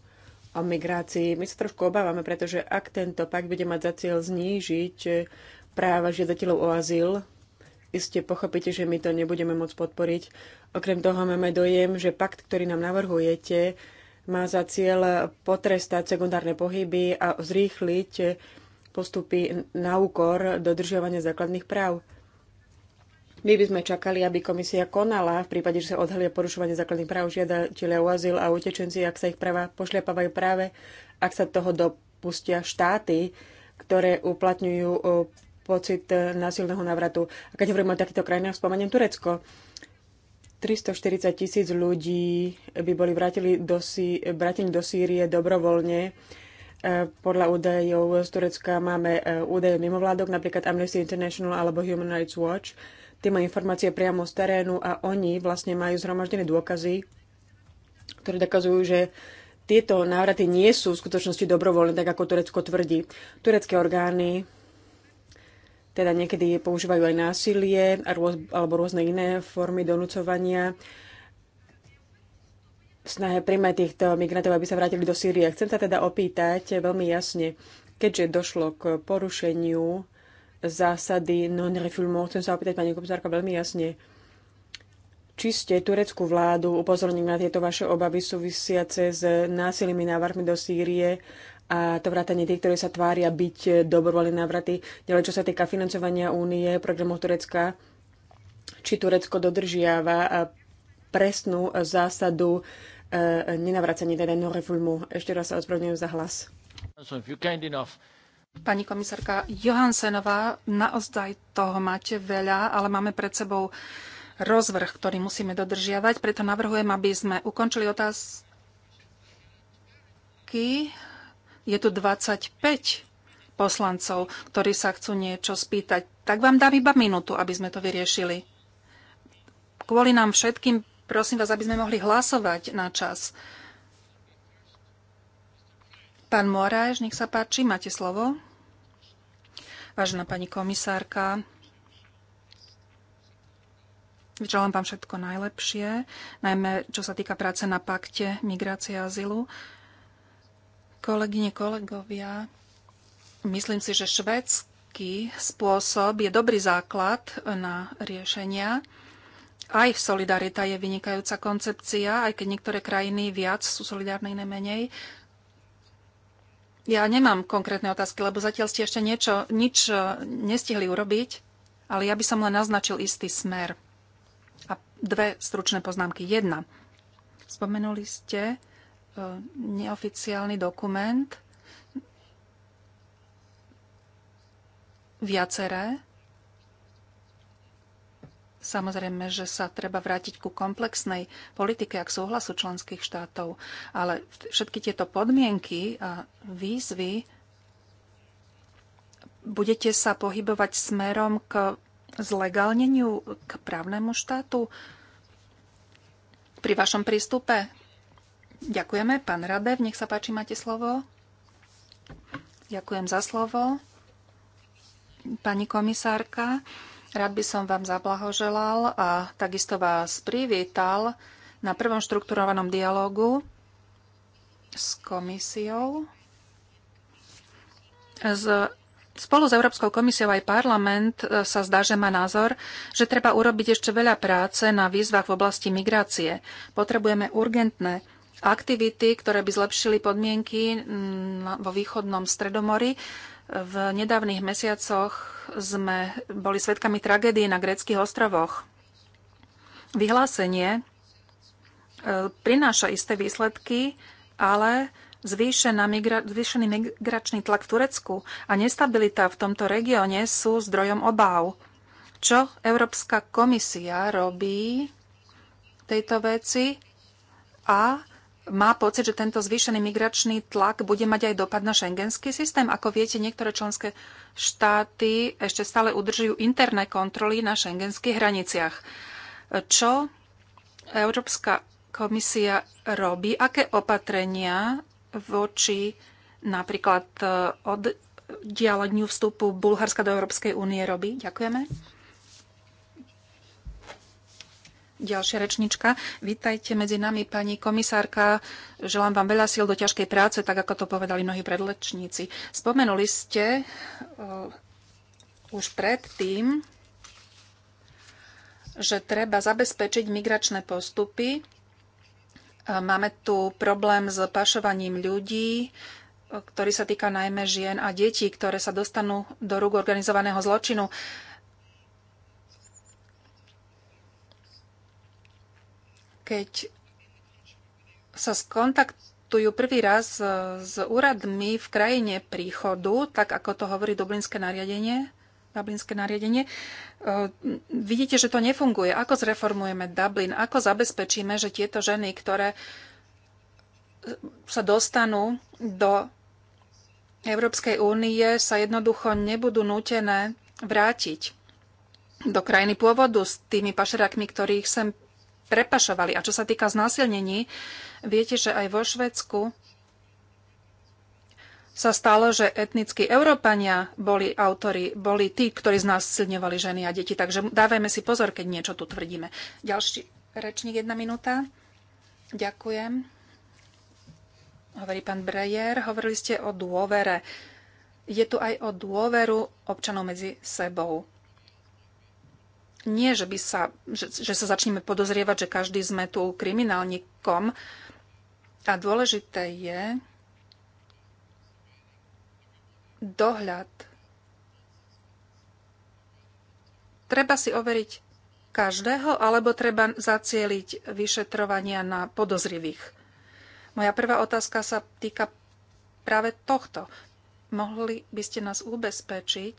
o migrácii. My sa trošku obávame, pretože ak tento pakt bude mať za cieľ znížiť e, práva žiadateľov o azyl, iste pochopíte, že my to nebudeme môcť podporiť. Okrem toho máme dojem, že pakt, ktorý nám navrhujete, má za cieľ potrestať sekundárne pohyby a zrýchliť postupy na úkor dodržiavania základných práv. My by sme čakali, aby komisia konala v prípade, že sa odhalia porušovanie základných práv žiadateľia o azyl a utečenci, ak sa ich práva pošľapávajú práve, ak sa toho dopustia štáty, ktoré uplatňujú eh, pocit násilného návratu. A keď hovorím o takýchto krajinách, spomeniem Turecko. 340 tisíc ľudí by boli vrátili do, vrátení do Sýrie dobrovoľne. E, podľa údajov z Turecka máme e, údaje mimovládok, napríklad Amnesty International alebo Human Rights Watch. Tie majú informácie priamo z terénu a oni vlastne majú zhromaždené dôkazy, ktoré dokazujú, že tieto návraty nie sú v skutočnosti dobrovoľné, tak ako Turecko tvrdí. Turecké orgány teda niekedy používajú aj násilie alebo rôzne iné formy donúcovania v snahe príjmať týchto migrantov, aby sa vrátili do Sýrie. Chcem sa teda opýtať veľmi jasne, keďže došlo k porušeniu zásady non-refoulement, chcem sa opýtať pani komisárka veľmi jasne, či ste tureckú vládu upozornili na tieto vaše obavy súvisiace s násilnými návrhmi do Sýrie a to vrátanie tých, ktoré sa tvária byť dobrovoľné návraty. Ďalej, čo sa týka financovania únie, programov Turecka, či Turecko dodržiava e, presnú zásadu e, nenavracanie teda no reformu. Ešte raz sa ospravedlňujem za hlas. Pani komisárka Johansenová, naozaj toho máte veľa, ale máme pred sebou rozvrh, ktorý musíme dodržiavať, preto navrhujem, aby sme ukončili otázky je tu 25 poslancov, ktorí sa chcú niečo spýtať. Tak vám dám iba minútu, aby sme to vyriešili. Kvôli nám všetkým, prosím vás, aby sme mohli hlasovať na čas. Pán Moráš, nech sa páči, máte slovo. Vážená pani komisárka, Želám vám všetko najlepšie, najmä čo sa týka práce na pakte migrácie a azylu. Kolegyne, kolegovia, myslím si, že švedský spôsob je dobrý základ na riešenia. Aj v Solidarita je vynikajúca koncepcia, aj keď niektoré krajiny viac sú solidárne, iné menej. Ja nemám konkrétne otázky, lebo zatiaľ ste ešte niečo, nič eh, nestihli urobiť, ale ja by som len naznačil istý smer. A dve stručné poznámky. Jedna. Spomenuli ste, neoficiálny dokument, viaceré. Samozrejme, že sa treba vrátiť ku komplexnej politike a k súhlasu členských štátov, ale všetky tieto podmienky a výzvy budete sa pohybovať smerom k zlegálneniu, k právnemu štátu pri vašom prístupe Ďakujeme. Pán Radev, nech sa páči, máte slovo. Ďakujem za slovo. Pani komisárka, rád by som vám zablahoželal a takisto vás privítal na prvom štrukturovanom dialogu s komisiou. Z Spolu s Európskou komisiou aj parlament e, sa zdá, že má názor, že treba urobiť ešte veľa práce na výzvach v oblasti migrácie. Potrebujeme urgentné aktivity, ktoré by zlepšili podmienky mm, vo východnom Stredomori. V nedávnych mesiacoch sme boli svedkami tragédie na greckých ostrovoch. Vyhlásenie e, prináša isté výsledky, ale zvýšená migra- zvýšený migračný tlak v Turecku a nestabilita v tomto regióne sú zdrojom obáv. Čo Európska komisia robí v tejto veci a má pocit, že tento zvýšený migračný tlak bude mať aj dopad na šengenský systém. Ako viete, niektoré členské štáty ešte stále udržujú interné kontroly na šengenských hraniciach. Čo Európska komisia robí? Aké opatrenia voči napríklad eh, oddialeniu vstupu Bulharska do Európskej únie robí? Ďakujeme. Ďalšia rečnička. Vítajte medzi nami, pani komisárka. Želám vám veľa síl do ťažkej práce, tak ako to povedali mnohí predlečníci. Spomenuli ste uh, už predtým, že treba zabezpečiť migračné postupy. Uh, máme tu problém s pašovaním ľudí, uh, ktorý sa týka najmä žien a detí, ktoré sa dostanú do rúk organizovaného zločinu. Uh, keď sa skontaktujú prvý raz s úradmi v krajine príchodu, tak ako to hovorí Dublinské nariadenie, Dublinské nariadenie. Eh, vidíte, že to nefunguje. Ako zreformujeme Dublin? Ako zabezpečíme, že tieto ženy, ktoré sa dostanú do Európskej únie, sa jednoducho nebudú nútené vrátiť do krajiny pôvodu s tými ktorí ktorých sem prepašovali. A čo sa týka znásilnení, viete, že aj vo Švedsku sa stalo, že etnickí Európania boli autori, boli tí, ktorí znásilňovali ženy a deti. Takže dávajme si pozor, keď niečo tu tvrdíme. Ďalší rečník, jedna minúta. Ďakujem. Hovorí pán Brejer, hovorili ste o dôvere. Je tu aj o dôveru občanov medzi sebou nie, že, by sa, že, že sa začneme podozrievať, že každý sme tu kriminálnikom. A dôležité je dohľad. Treba si overiť každého, alebo treba zacieliť vyšetrovania na podozrivých. Moja prvá otázka sa týka práve tohto. Mohli by ste nás ubezpečiť,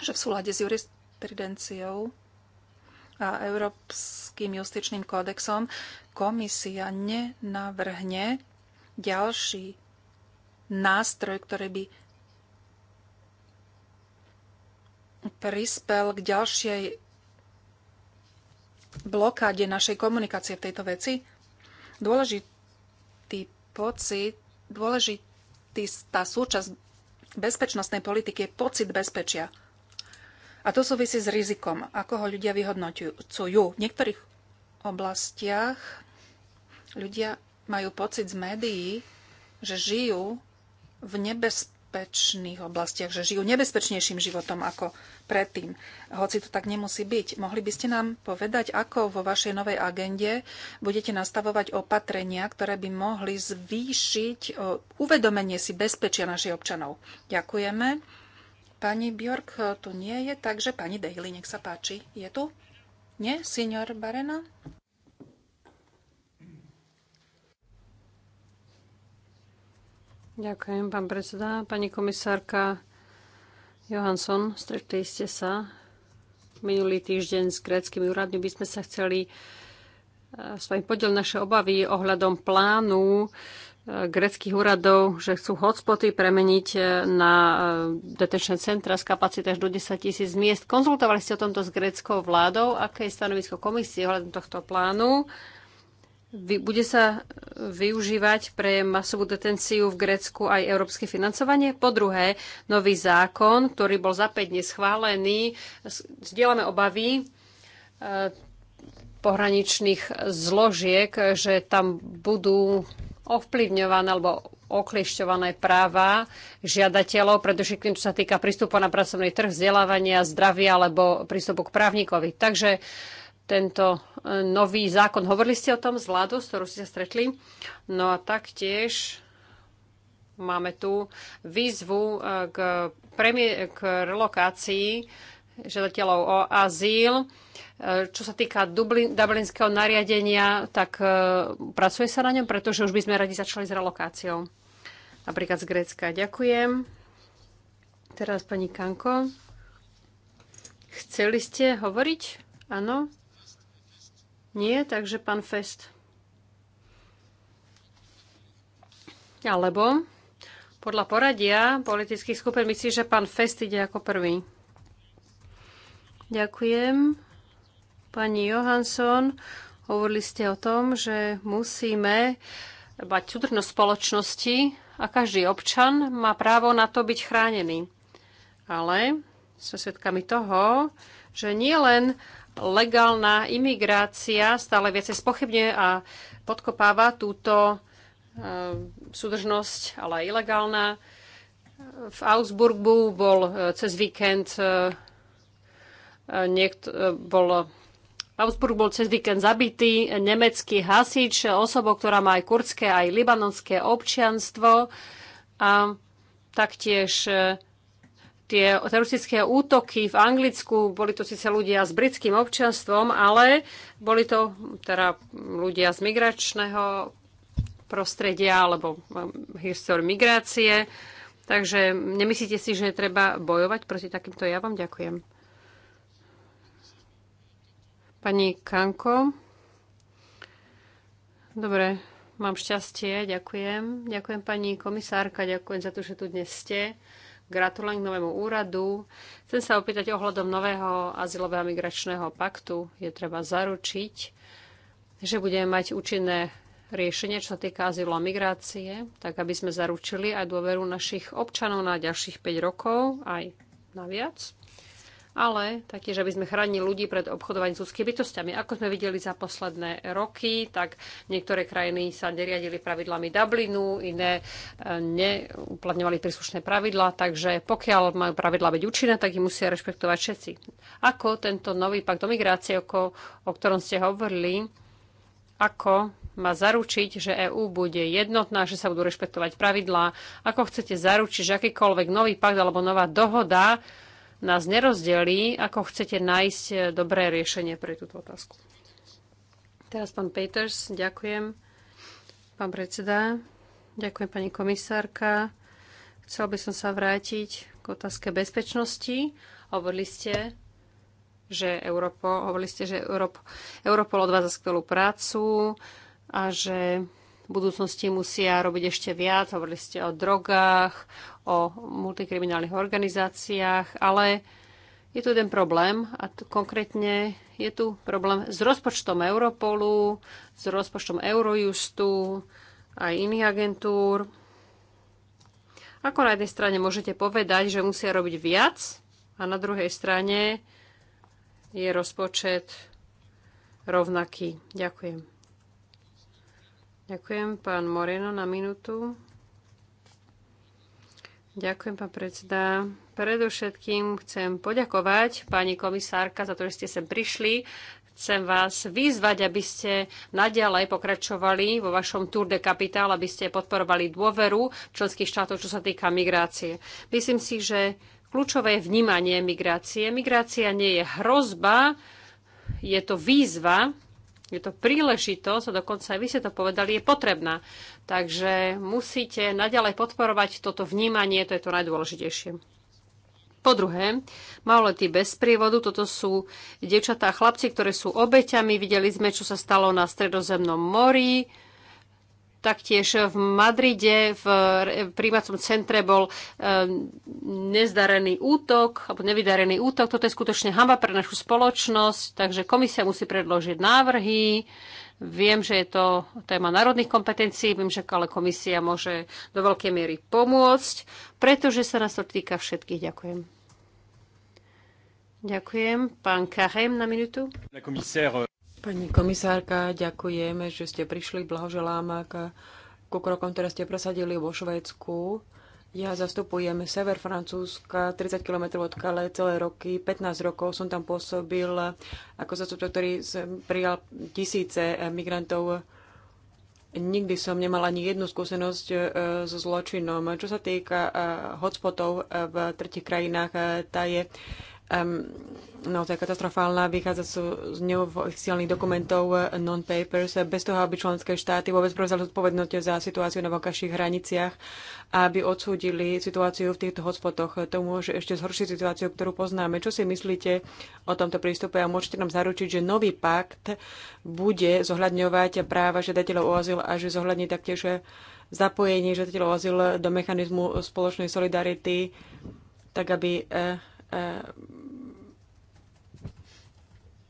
že v súlade s jurisdikciou tridenciou a Európskym justičným kódexom komisia nenavrhne ďalší nástroj, ktorý by prispel k ďalšej blokáde našej komunikácie v tejto veci. Dôležitý pocit, dôležitý tá súčasť bezpečnostnej politiky je pocit bezpečia. A to súvisí s rizikom, ako ho ľudia vyhodnocujú. V niektorých oblastiach ľudia majú pocit z médií, že žijú v nebezpečných oblastiach, že žijú nebezpečnejším životom ako predtým. Hoci to tak nemusí byť. Mohli by ste nám povedať, ako vo vašej novej agende budete nastavovať opatrenia, ktoré by mohli zvýšiť e, uvedomenie si bezpečia našich občanov. Ďakujeme. Pani Bjork e, tu nie je, takže pani Daly, nech sa páči. Je tu? Nie, senior Barena? Ďakujem, pán predseda. Pani komisárka Johansson, stretli ste sa minulý týždeň s gréckými úradmi. By sme sa chceli e, s vami podiel naše obavy ohľadom plánu greckých úradov, že chcú hotspoty premeniť e, na e, detenčné centra s kapacitou až do 10 tisíc miest. Konzultovali ste o tomto s greckou vládou? Aké je stanovisko komisie ohľadom tohto plánu? Bude sa e, využívať pre masovú detenciu v Grécku aj európske financovanie? Po druhé, nový zákon, ktorý bol za 5 dní schválený, zdieľame obavy pohraničných zložiek, že tam budú ovplyvňované alebo okliešťované práva žiadateľov, predovšetkým čo sa týka prístupu na pracovný trh, vzdelávania, zdravia alebo prístupu k právnikovi. Takže tento e, nový zákon, hovorili ste o tom z vládu, s ktorou ste sa stretli. No a taktiež máme tu výzvu e, k, premie- k relokácii žiadateľov o azyl čo sa týka Dublin, dublinského nariadenia, tak e, pracuje sa na ňom, pretože už by sme radi začali s relokáciou. Napríklad z Grécka. Ďakujem. Teraz pani Kanko. Chceli ste hovoriť? Áno? Nie? Takže pán Fest. Alebo podľa poradia politických skupín myslím, že pán Fest ide ako prvý. Ďakujem. Pani Johansson, hovorili ste o tom, že musíme mať súdrnosť spoločnosti a každý občan má právo na to byť chránený. Ale sme svedkami toho, že nie len legálna imigrácia stále viacej spochybne a podkopáva túto eh, súdržnosť, ale aj ilegálna. V Augsburgu bol eh, cez víkend eh, niekto, bol Augsburg bol cez víkend zabitý nemecký hasič, osobou, ktorá má aj kurdské, aj libanonské občianstvo. A taktiež e, tie teroristické útoky v Anglicku, boli to síce ľudia s britským občianstvom, ale boli to teda ľudia z migračného prostredia alebo e, histórii migrácie. Takže nemyslíte si, že treba bojovať proti takýmto javom? Ďakujem. Pani Kanko. Dobre, mám šťastie, ďakujem. Ďakujem pani komisárka, ďakujem za to, že tu dnes ste. Gratulujem k novému úradu. Chcem sa opýtať ohľadom nového azylového migračného paktu. Je treba zaručiť, že budeme mať účinné riešenie, čo sa týka azylu a migrácie, tak aby sme zaručili aj dôveru našich občanov na ďalších 5 rokov, aj naviac ale taktiež, aby sme chránili ľudí pred obchodovaním s ľudskými bytostiami. Ako sme videli za posledné roky, tak niektoré krajiny sa neriadili pravidlami Dublinu, iné e, neuplatňovali príslušné pravidlá, takže pokiaľ majú pravidlá byť účinné, tak ich musia rešpektovať všetci. Ako tento nový pakt o migrácie, o, o ktorom ste hovorili, ako má zaručiť, že EÚ bude jednotná, že sa budú rešpektovať pravidlá, ako chcete zaručiť, že akýkoľvek nový pakt alebo nová dohoda nás nerozdelí, ako chcete nájsť eh, dobré riešenie pre túto otázku. Teraz pán Peters, ďakujem. Pán predseda, ďakujem pani komisárka. Chcel by som sa vrátiť k otázke bezpečnosti. Hovorili ste, že Europol, hovorili ste, že Europol, Europol za skvelú prácu a že v budúcnosti musia robiť ešte viac. Hovorili ste o drogách, o multikriminálnych organizáciách, ale je tu jeden problém a konkrétne je tu problém s rozpočtom Europolu, s rozpočtom Eurojustu, a iných agentúr. Ako na jednej strane môžete povedať, že musia robiť viac a na druhej strane je rozpočet rovnaký. Ďakujem. Ďakujem, pán Moreno, na minútu. Ďakujem, pán predseda. Predovšetkým chcem poďakovať pani komisárka za to, že ste sem prišli. Chcem vás vyzvať, aby ste naďalej pokračovali vo vašom Tour de Capital, aby ste podporovali dôveru členských štátov, čo sa týka migrácie. Myslím si, že kľúčové je vnímanie migrácie. Migrácia nie je hrozba, je to výzva je to príležitosť, a dokonca aj vy ste to povedali, je potrebná. Takže musíte naďalej podporovať toto vnímanie, to je to najdôležitejšie. Po druhé, maloletí bez prievodu, toto sú dievčatá a chlapci, ktoré sú obeťami. Videli sme, čo sa stalo na Stredozemnom mori. Taktiež v Madride v príjmacom centre bol e, nezdarený útok, alebo nevydarený útok. Toto je skutočne hamba pre našu spoločnosť, takže komisia musí predložiť návrhy. Viem, že je to téma národných kompetencií, viem, že ale komisia môže do veľkej miery pomôcť, pretože sa nás to týka všetkých. Ďakujem. Ďakujem. Pán Karem na minútu. Pani komisárka, ďakujeme, že ste prišli. Blahoželám k, ku krokom, ktoré ste presadili vo Švédsku. Ja zastupujem sever Francúzska, 30 km od Kale, celé roky, 15 rokov som tam pôsobil ako zastupca, ktorý prijal tisíce migrantov. Nikdy som nemala ani jednu skúsenosť e, so zločinom. Čo sa týka e, hotspotov v tretich krajinách, e, tá je naozaj katastrofálna. Vychádza sú z neoficiálnych dokumentov eh, non-papers, bez toho, aby členské štáty vôbec prevzali zodpovednosť za situáciu na vonkajších hraniciach a aby odsúdili situáciu v týchto hotspotoch. To môže ešte zhoršiť situáciu, ktorú poznáme. Čo si myslíte o tomto prístupe a môžete nám zaručiť, že nový pakt bude zohľadňovať práva žiadateľov o azyl a že zohľadní taktiež zapojenie žiadateľov o azyl do mechanizmu spoločnej solidarity, tak aby eh, Ehm,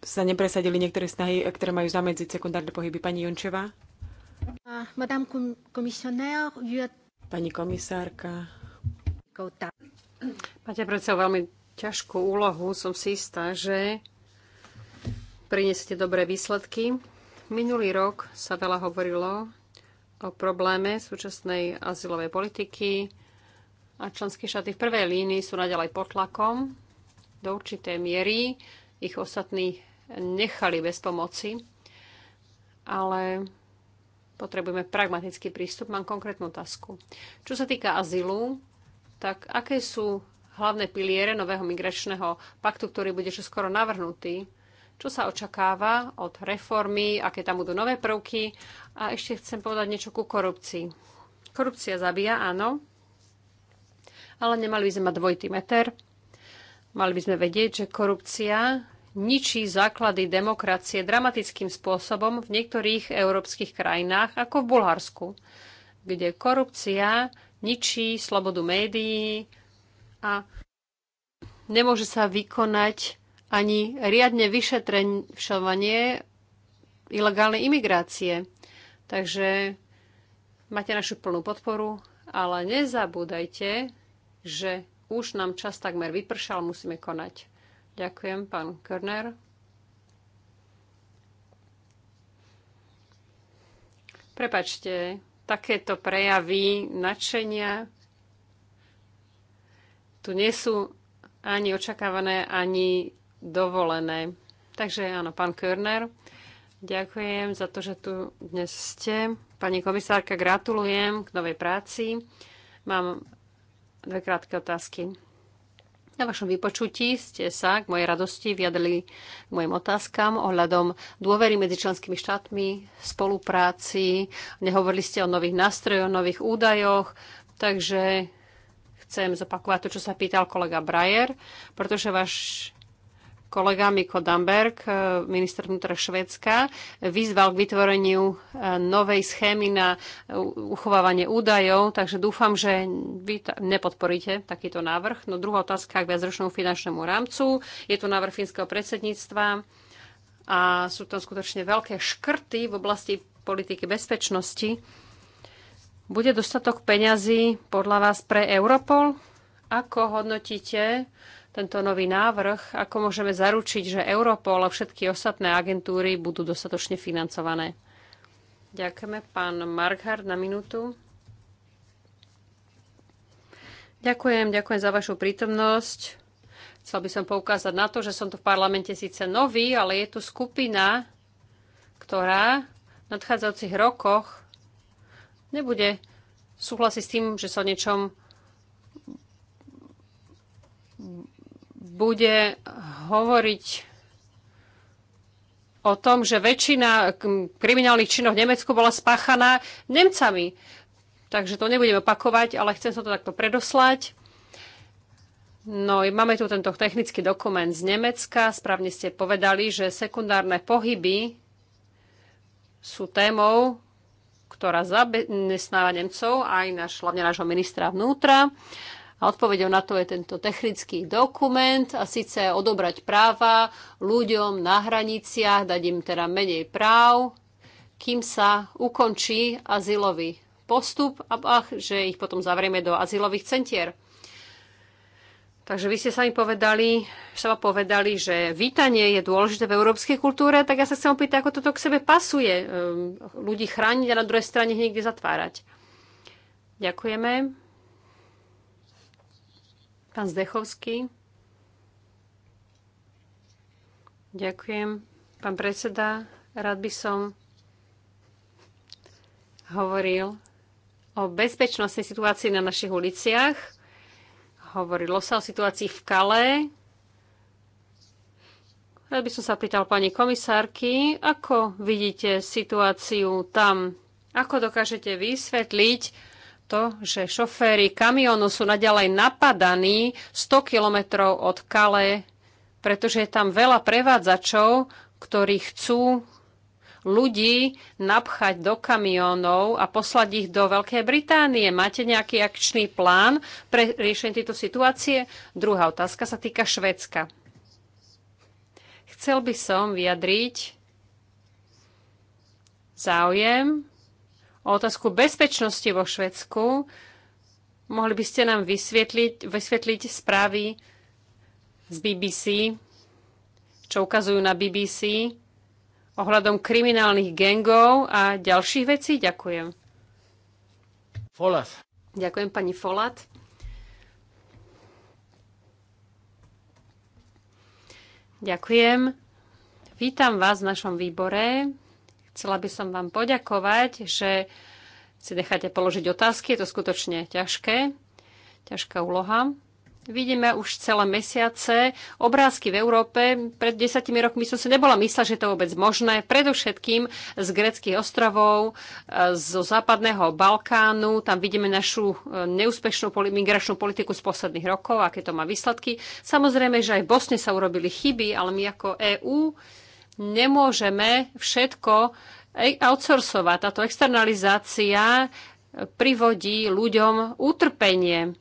sa nepresadili niektoré snahy, ktoré majú zamedziť sekundárne pohyby. Pani Jončeva? Pani komisárka. Máte predsa veľmi ťažkú úlohu. Som si istá, že prinesiete dobré výsledky. Minulý rok sa veľa hovorilo o probléme súčasnej azylovej politiky, a členské štáty v prvej línii sú naďalej pod tlakom. Do určitej miery ich ostatní nechali bez pomoci, ale potrebujeme pragmatický prístup. Mám konkrétnu otázku. Čo sa týka azylu, tak aké sú hlavné piliere nového migračného paktu, ktorý bude skoro navrhnutý? Čo sa očakáva od reformy, aké tam budú nové prvky? A ešte chcem povedať niečo ku korupcii. Korupcia zabíja, áno, ale nemali by sme mať dvojitý meter. Mali by sme vedieť, že korupcia ničí základy demokracie dramatickým spôsobom v niektorých európskych krajinách, ako v Bulharsku, kde korupcia ničí slobodu médií a nemôže sa vykonať ani riadne vyšetrovanie ilegálnej imigrácie. Takže máte našu plnú podporu, ale nezabúdajte, že už nám čas takmer vypršal, musíme konať. Ďakujem, pán Körner. Prepačte, takéto prejavy nadšenia tu nie sú ani očakávané, ani dovolené. Takže áno, pán Körner, ďakujem za to, že tu dnes ste. Pani komisárka, gratulujem k novej práci. Mám dve krátke otázky. Na vašom vypočutí ste sa k mojej radosti vyjadrili k mojim otázkam ohľadom dôvery medzi členskými štátmi, spolupráci. Nehovorili ste o nových nástrojoch, nových údajoch, takže chcem zopakovať to, čo sa pýtal kolega Brajer, pretože váš kolega Miko Damberg, eh, minister vnútra Švedska, vyzval k vytvoreniu eh, novej schémy na eh, uchovávanie údajov, takže dúfam, že vy nepodporíte takýto návrh. No druhá otázka k viacročnému finančnému rámcu. Je tu návrh fínskeho predsedníctva a sú tam skutočne veľké škrty v oblasti politiky bezpečnosti. Bude dostatok peňazí podľa vás pre Europol? Ako hodnotíte tento nový návrh, ako môžeme zaručiť, že Europol a všetky ostatné agentúry budú dostatočne financované. Ďakujeme. Pán Markhard na minútu. Ďakujem, ďakujem za vašu prítomnosť. Chcel by som poukázať na to, že som tu v parlamente síce nový, ale je tu skupina, ktorá v nadchádzajúcich rokoch nebude súhlasiť s tým, že sa o niečom bude hovoriť o tom, že väčšina kriminálnych činov v Nemecku bola spáchaná Nemcami. Takže to nebudem opakovať, ale chcem sa to takto predoslať. No, máme tu tento technický dokument z Nemecka. Správne ste povedali, že sekundárne pohyby sú témou, ktorá zamestnáva Nemcov, aj náš, hlavne nášho ministra vnútra. A odpovedou na to je tento technický dokument a síce odobrať práva ľuďom na hraniciach, dať im teda menej práv, kým sa ukončí azylový postup a ach, že ich potom zavrieme do azylových centier. Takže vy ste sa mi povedali, sa povedali, že vítanie je dôležité v európskej kultúre, tak ja sa chcem opýtať, ako toto k sebe pasuje. Ehm, ľudí chrániť a na druhej strane niekde zatvárať. Ďakujeme. Pán Zdechovský. Ďakujem. Pán predseda, rád by som hovoril o bezpečnostnej situácii na našich uliciach. Hovorilo sa o situácii v Kale. Rád by som sa pýtal pani komisárky, ako vidíte situáciu tam? Ako dokážete vysvetliť, to, že šoféry kamionu sú naďalej napadaní 100 kilometrov od Kale, pretože je tam veľa prevádzačov, ktorí chcú ľudí napchať do kamionov a poslať ich do Veľkej Británie. Máte nejaký akčný plán pre riešenie tejto situácie? Druhá otázka sa týka Švedska. Chcel by som vyjadriť záujem o otázku bezpečnosti vo Švedsku. Mohli by ste nám vysvetliť, vysvetliť správy z BBC, čo ukazujú na BBC ohľadom kriminálnych gengov a ďalších vecí? Ďakujem. Folat. Ďakujem pani Folat. Ďakujem. Vítam vás v našom výbore. Chcela by som vám poďakovať, že si necháte položiť otázky. Je to skutočne ťažké, ťažká úloha. Vidíme už celé mesiace obrázky v Európe. Pred desiatimi rokmi som si nebola myslela, že je to vôbec možné. Predovšetkým z greckých ostrovov, e, zo západného Balkánu. Tam vidíme našu e, neúspešnú migračnú politiku z posledných rokov, aké to má výsledky. Samozrejme, že aj v Bosne sa urobili chyby, ale my ako EÚ nemôžeme všetko e- outsourcovať. Táto externalizácia privodí ľuďom utrpenie.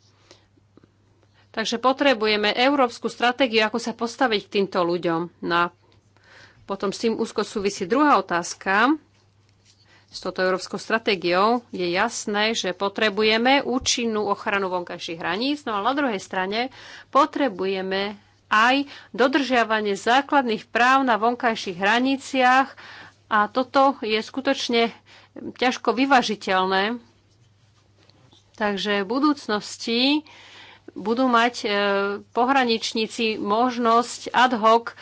Takže potrebujeme európsku stratégiu, ako sa postaviť k týmto ľuďom. No a potom s tým úzko súvisí druhá otázka. S touto európskou stratégiou je jasné, že potrebujeme účinnú ochranu vonkajších hraníc, no a na druhej strane potrebujeme aj dodržiavanie základných práv na vonkajších hraniciach a toto je skutočne ťažko vyvažiteľné. Takže v budúcnosti budú mať e, pohraničníci možnosť ad hoc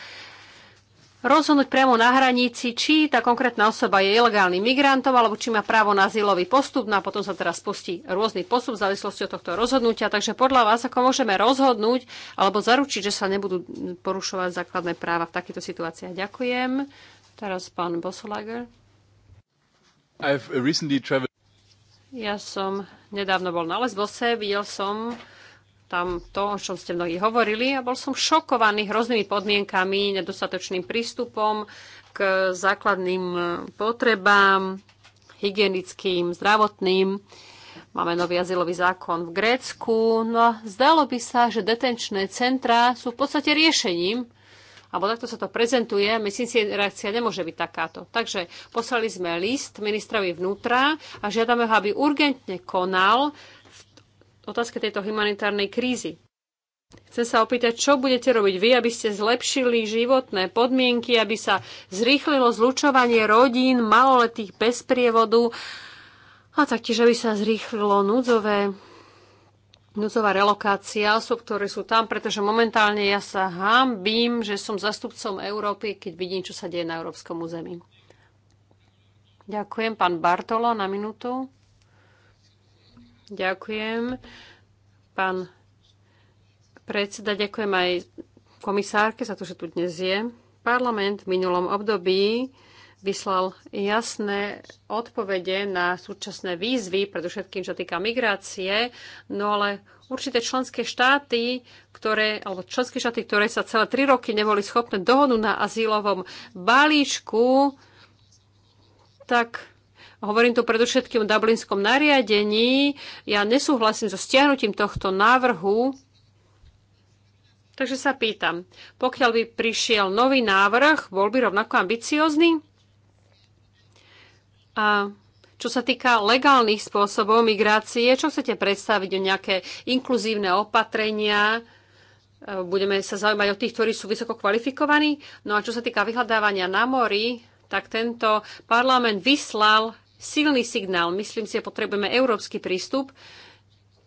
rozhodnúť priamo na hranici, či tá konkrétna osoba je ilegálnym migrantom, alebo či má právo na zílový postup. No a potom sa teraz spustí rôzny postup v závislosti od tohto rozhodnutia. Takže podľa vás, ako môžeme rozhodnúť alebo zaručiť, že sa nebudú porušovať základné práva v takýchto situáciách. Ďakujem. Teraz pán Boslager. Ja som nedávno bol na Lesbose, videl som tam to, o čom ste mnohí hovorili a bol som šokovaný hroznými podmienkami, nedostatočným prístupom k základným e, potrebám, hygienickým, zdravotným. Máme nový azylový zákon v Grécku. No a zdalo by sa, že detenčné centra sú v podstate riešením alebo takto sa to prezentuje, myslím si, reakcia nemôže byť takáto. Takže poslali sme list ministrovi vnútra a žiadame ho, aby urgentne konal otázke tejto humanitárnej krízy. Chcem sa opýtať, čo budete robiť vy, aby ste zlepšili životné podmienky, aby sa zrýchlilo zlučovanie rodín, maloletých bez prievodu a taktiež, aby sa zrýchlilo núdzové, núdzová relokácia osob, ktoré sú tam, pretože momentálne ja sa hambím, že som zastupcom Európy, keď vidím, čo sa deje na európskom území. Ďakujem. Pán Bartolo na minútu. Ďakujem. Pán predseda, ďakujem aj komisárke za to, že tu dnes je. Parlament v minulom období vyslal jasné odpovede na súčasné výzvy, predovšetkým čo týka migrácie, no ale určité členské štáty, ktoré, alebo členské štáty, ktoré sa celé tri roky neboli schopné dohodnúť na azylovom balíčku, tak Hovorím tu predovšetkým o Dublinskom nariadení. Ja nesúhlasím so stiahnutím tohto návrhu. Takže sa pýtam, pokiaľ by prišiel nový návrh, bol by rovnako ambiciózny? A čo sa týka legálnych spôsobov migrácie, čo chcete predstaviť o nejaké inkluzívne opatrenia? Budeme sa zaujímať o tých, ktorí sú vysoko kvalifikovaní. No a čo sa týka vyhľadávania na mori, tak tento parlament vyslal silný signál. Myslím si, že potrebujeme európsky prístup.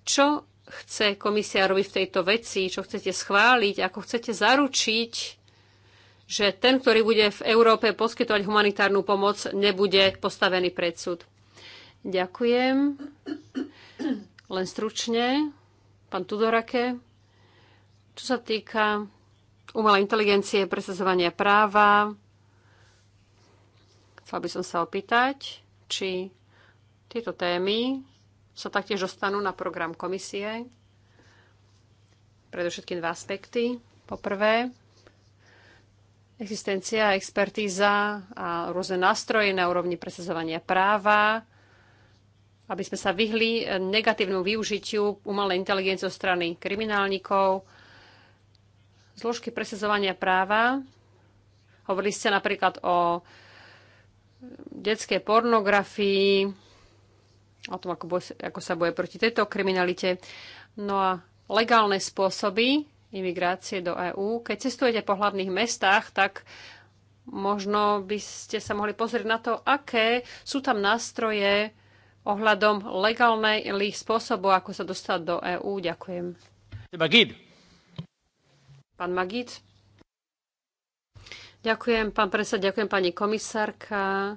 Čo chce komisia robiť v tejto veci, čo chcete schváliť, ako chcete zaručiť, že ten, ktorý bude v Európe poskytovať humanitárnu pomoc, nebude postavený pred súd. Ďakujem. Len stručne, pán Tudorake, čo sa týka umelej inteligencie, presadzovania práva, chcel by som sa opýtať, či tieto témy sa taktiež dostanú na program komisie. Predovšetkým dva aspekty. Poprvé, existencia, expertíza a rôzne nástroje na úrovni presazovania práva, aby sme sa vyhli negatívnu využitiu umelej inteligencie zo strany kriminálnikov. Zložky presazovania práva. Hovorili ste napríklad o detskej pornografii, o tom, ako, boj, ako sa boje proti tejto kriminalite. No a legálne spôsoby imigrácie do EÚ. Keď cestujete po hlavných mestách, tak možno by ste sa mohli pozrieť na to, aké sú tam nástroje ohľadom legálnych spôsobov, ako sa dostať do EÚ. Ďakujem. Magid. Pán Magid. Ďakujem, pán predseda, ďakujem pani komisárka.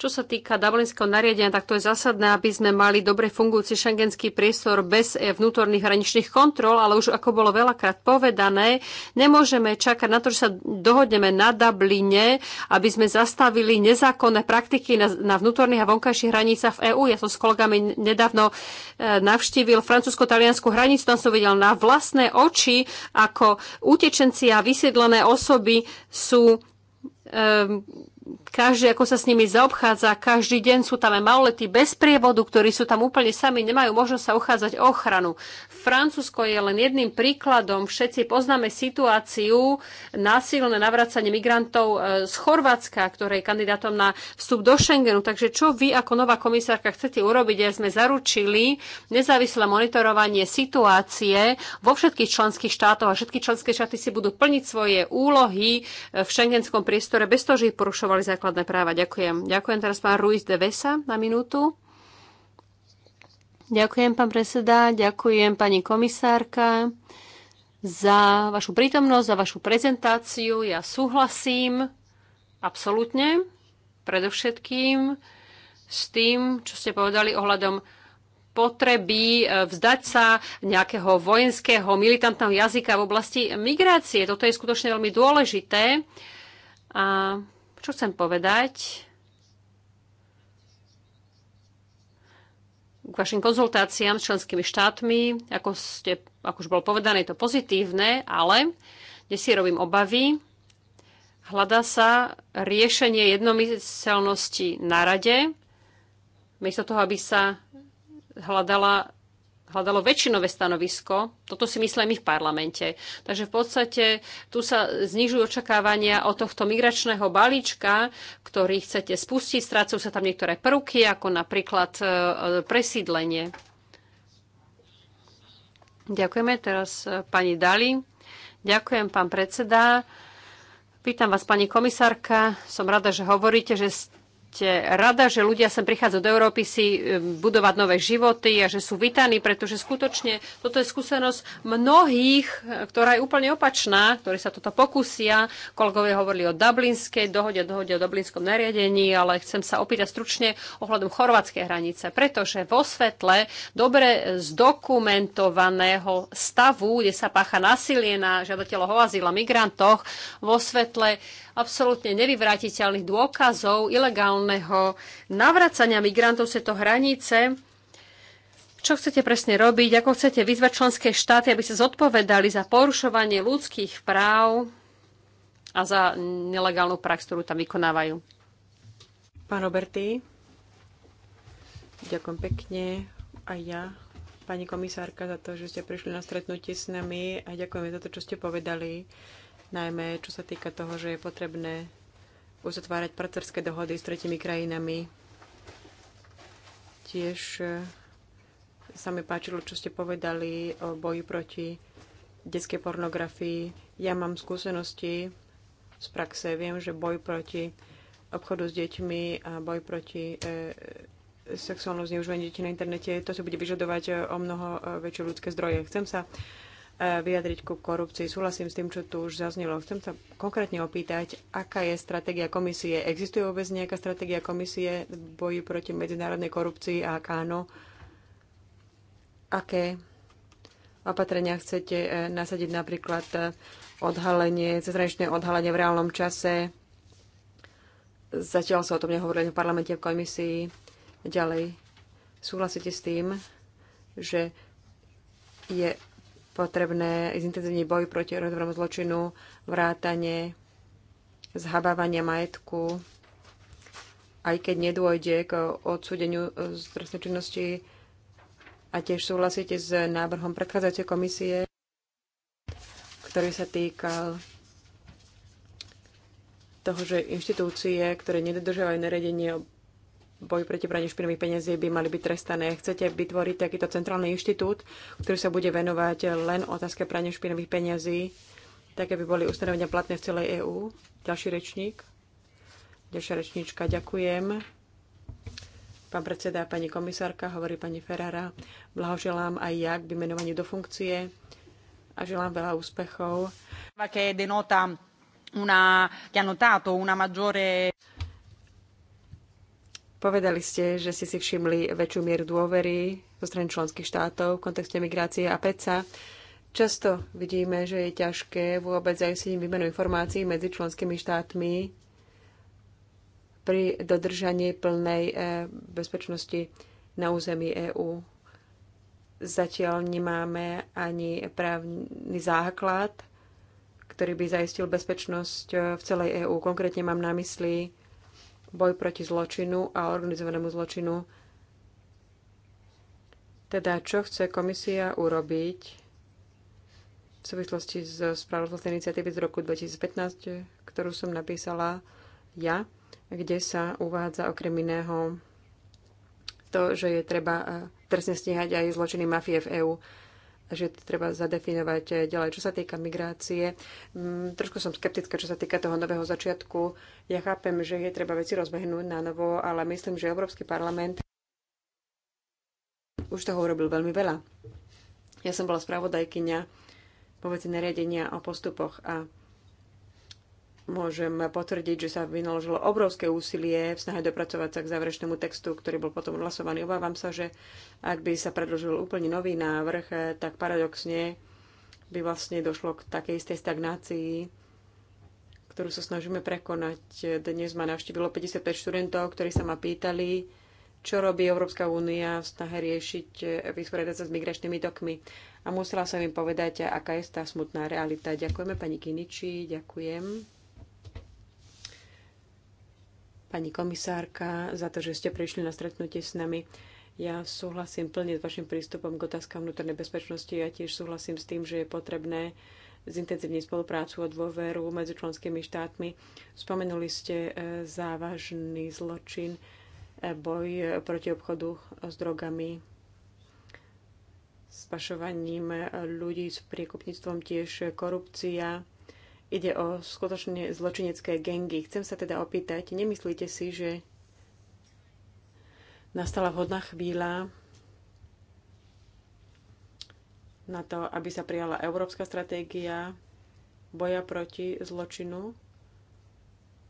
Čo sa týka dublinského nariadenia, tak to je zásadné, aby sme mali dobre fungujúci šengenský priestor bez e, vnútorných hraničných kontrol, ale už ako bolo veľakrát povedané, nemôžeme čakať na to, že sa dohodneme na Dubline, aby sme zastavili nezákonné praktiky na, na vnútorných a vonkajších hranicách v EÚ. Ja som s kolegami nedávno e, navštívil francúzsko-taliansku hranicu, tam som videl na vlastné oči, ako utečenci a vysiedlené osoby sú um, každý, ako sa s nimi zaobchádza, každý deň sú tam aj maloletí bez prievodu, ktorí sú tam úplne sami, nemajú možnosť sa uchádzať o ochranu. Francúzsko je len jedným príkladom. Všetci poznáme situáciu násilné navracanie migrantov e, z Chorvátska, ktoré je kandidátom na vstup do Schengenu. Takže čo vy ako nová komisárka chcete urobiť, aby sme zaručili nezávislé monitorovanie situácie vo všetkých členských štátoch a všetky členské štáty si budú plniť svoje úlohy e, v šengenskom priestore bez toho, že ich porušovali rešpektovali základné práva. Ďakujem. Ďakujem teraz pán Ruiz de Vesa na minútu. Ďakujem, pán predseda, ďakujem, pani komisárka, za vašu prítomnosť, za vašu prezentáciu. Ja súhlasím absolútne, predovšetkým s tým, čo ste povedali ohľadom potreby e, vzdať sa nejakého vojenského militantného jazyka v oblasti migrácie. Toto je skutočne veľmi dôležité. A čo chcem povedať? K vašim konzultáciám s členskými štátmi, ako, ste, ako už bolo povedané, je to pozitívne, ale kde si robím obavy, hľadá sa riešenie jednomyselnosti na rade, miesto toho, aby sa hľadala hľadalo väčšinové stanovisko. Toto si myslím i v parlamente. Takže v podstate tu sa znižujú očakávania od tohto migračného balíčka, ktorý chcete spustiť. Strácajú sa tam niektoré prvky, ako napríklad e, e, presídlenie. Ďakujeme teraz e, pani Dali. Ďakujem, pán predseda. Pýtam vás, pani komisárka, som rada, že hovoríte, že rada, že ľudia sem prichádzajú do Európy si e, budovať nové životy a že sú vítaní, pretože skutočne toto je skúsenosť mnohých, e, ktorá je úplne opačná, ktorí sa toto pokúsia, Kolegovia hovorili o Dublinskej dohode, dohode o Dublinskom nariadení, ale chcem sa opýtať stručne ohľadom chorvátskej hranice, pretože vo svetle dobre zdokumentovaného stavu, kde sa pácha násilie na žiadateľov o azyl a migrantoch, vo svetle absolútne nevyvratiteľných dôkazov ilegálnych nelegálneho navracania migrantov sa to hranice. Čo chcete presne robiť? Ako chcete vyzvať členské štáty, aby sa zodpovedali za porušovanie ľudských práv a za nelegálnu prax, ktorú tam vykonávajú? Pán Roberti, ďakujem pekne. A ja, pani komisárka, za to, že ste prišli na stretnutie s nami a ďakujeme za to, čo ste povedali najmä čo sa týka toho, že je potrebné uzatvárať partnerské dohody s tretimi krajinami. Tiež e, sa mi páčilo, čo ste povedali o boji proti detskej pornografii. Ja mám skúsenosti z praxe. Viem, že boj proti obchodu s deťmi a boj proti e, sexuálnom zneužívaní detí na internete, to sa bude vyžadovať e, o mnoho e, väčšie ľudské zdroje. Chcem sa E, vyjadriť ku korupcii. Súhlasím s tým, čo tu už zaznelo. Chcem sa konkrétne opýtať, aká je stratégia komisie. Existuje vôbec nejaká stratégia komisie v boji proti medzinárodnej korupcii a ak áno, aké opatrenia chcete e, nasadiť napríklad e, odhalenie, cezhraničné odhalenie v reálnom čase. Zatiaľ sa o tom nehovorili v parlamente, v komisii. Ďalej, súhlasíte s tým, že je potrebné zintenzívniť boj proti rodovrému zločinu, vrátanie, zhabávania majetku, aj keď nedôjde k odsúdeniu z trestnej činnosti a tiež súhlasíte s návrhom predchádzajúcej komisie, ktorý sa týkal toho, že inštitúcie, ktoré nedodržiavajú naredenie boj proti praniu špinavých peniazí by mali byť trestané. Chcete vytvoriť takýto centrálny inštitút, ktorý sa bude venovať len otázke praniu špinavých peniazí, tak aby boli ustanovenia platné v celej EÚ? Ďalší rečník. Ďalšia rečníčka, ďakujem. Pán predseda, pani komisárka, hovorí pani Ferrara, blahoželám aj ja k vymenovaniu do funkcie a želám veľa úspechov. Che denota una, ha notato una maggiore Povedali ste, že ste si všimli väčšiu mieru dôvery zo strany členských štátov v kontexte migrácie a PECA. často vidíme, že je ťažké vôbec aj si výmenu informácií medzi členskými štátmi pri dodržaní plnej eh, bezpečnosti na území EÚ. Zatiaľ nemáme ani právny základ, ktorý by zaistil bezpečnosť eh, v celej EÚ. Konkrétne mám na mysli boj proti zločinu a organizovanému zločinu. Teda, čo chce komisia urobiť v súvislosti s správou iniciatívy z roku 2015, ktorú som napísala ja, kde sa uvádza okrem iného to, že je treba eh, trestne stíhať aj zločiny mafie v EÚ že treba zadefinovať eh, ďalej. Čo sa týka migrácie, mm, trošku som skeptická, čo sa týka toho nového začiatku. Ja chápem, že je treba veci rozbehnúť na novo, ale myslím, že Európsky parlament už toho urobil veľmi veľa. Ja som bola spravodajkyňa vo veci nariadenia o postupoch a môžem potvrdiť, že sa vynaložilo obrovské úsilie v snahe dopracovať sa k záverečnému textu, ktorý bol potom hlasovaný. Obávam sa, že ak by sa predložil úplne nový návrh, tak paradoxne by vlastne došlo k takej istej stagnácii, ktorú sa snažíme prekonať. Dnes ma navštívilo 55 študentov, ktorí sa ma pýtali, čo robí Európska únia v snahe riešiť, vysporiadať sa s migračnými tokmi. A musela som im povedať, aká je tá smutná realita. Ďakujeme pani Kiniči, ďakujem pani komisárka, za to, že ste prišli na stretnutie s nami. Ja súhlasím plne s vašim prístupom k otázkam vnútornej bezpečnosti. Ja tiež súhlasím s tým, že je potrebné zintenzívniť spoluprácu a dôveru medzi členskými štátmi. Spomenuli ste e, závažný zločin, e, boj e, proti obchodu s drogami, s pašovaním ľudí, s priekupníctvom tiež korupcia, Ide o skutočne zločinecké gengy. Chcem sa teda opýtať, nemyslíte si, že nastala vhodná chvíľa na to, aby sa prijala európska stratégia boja proti zločinu,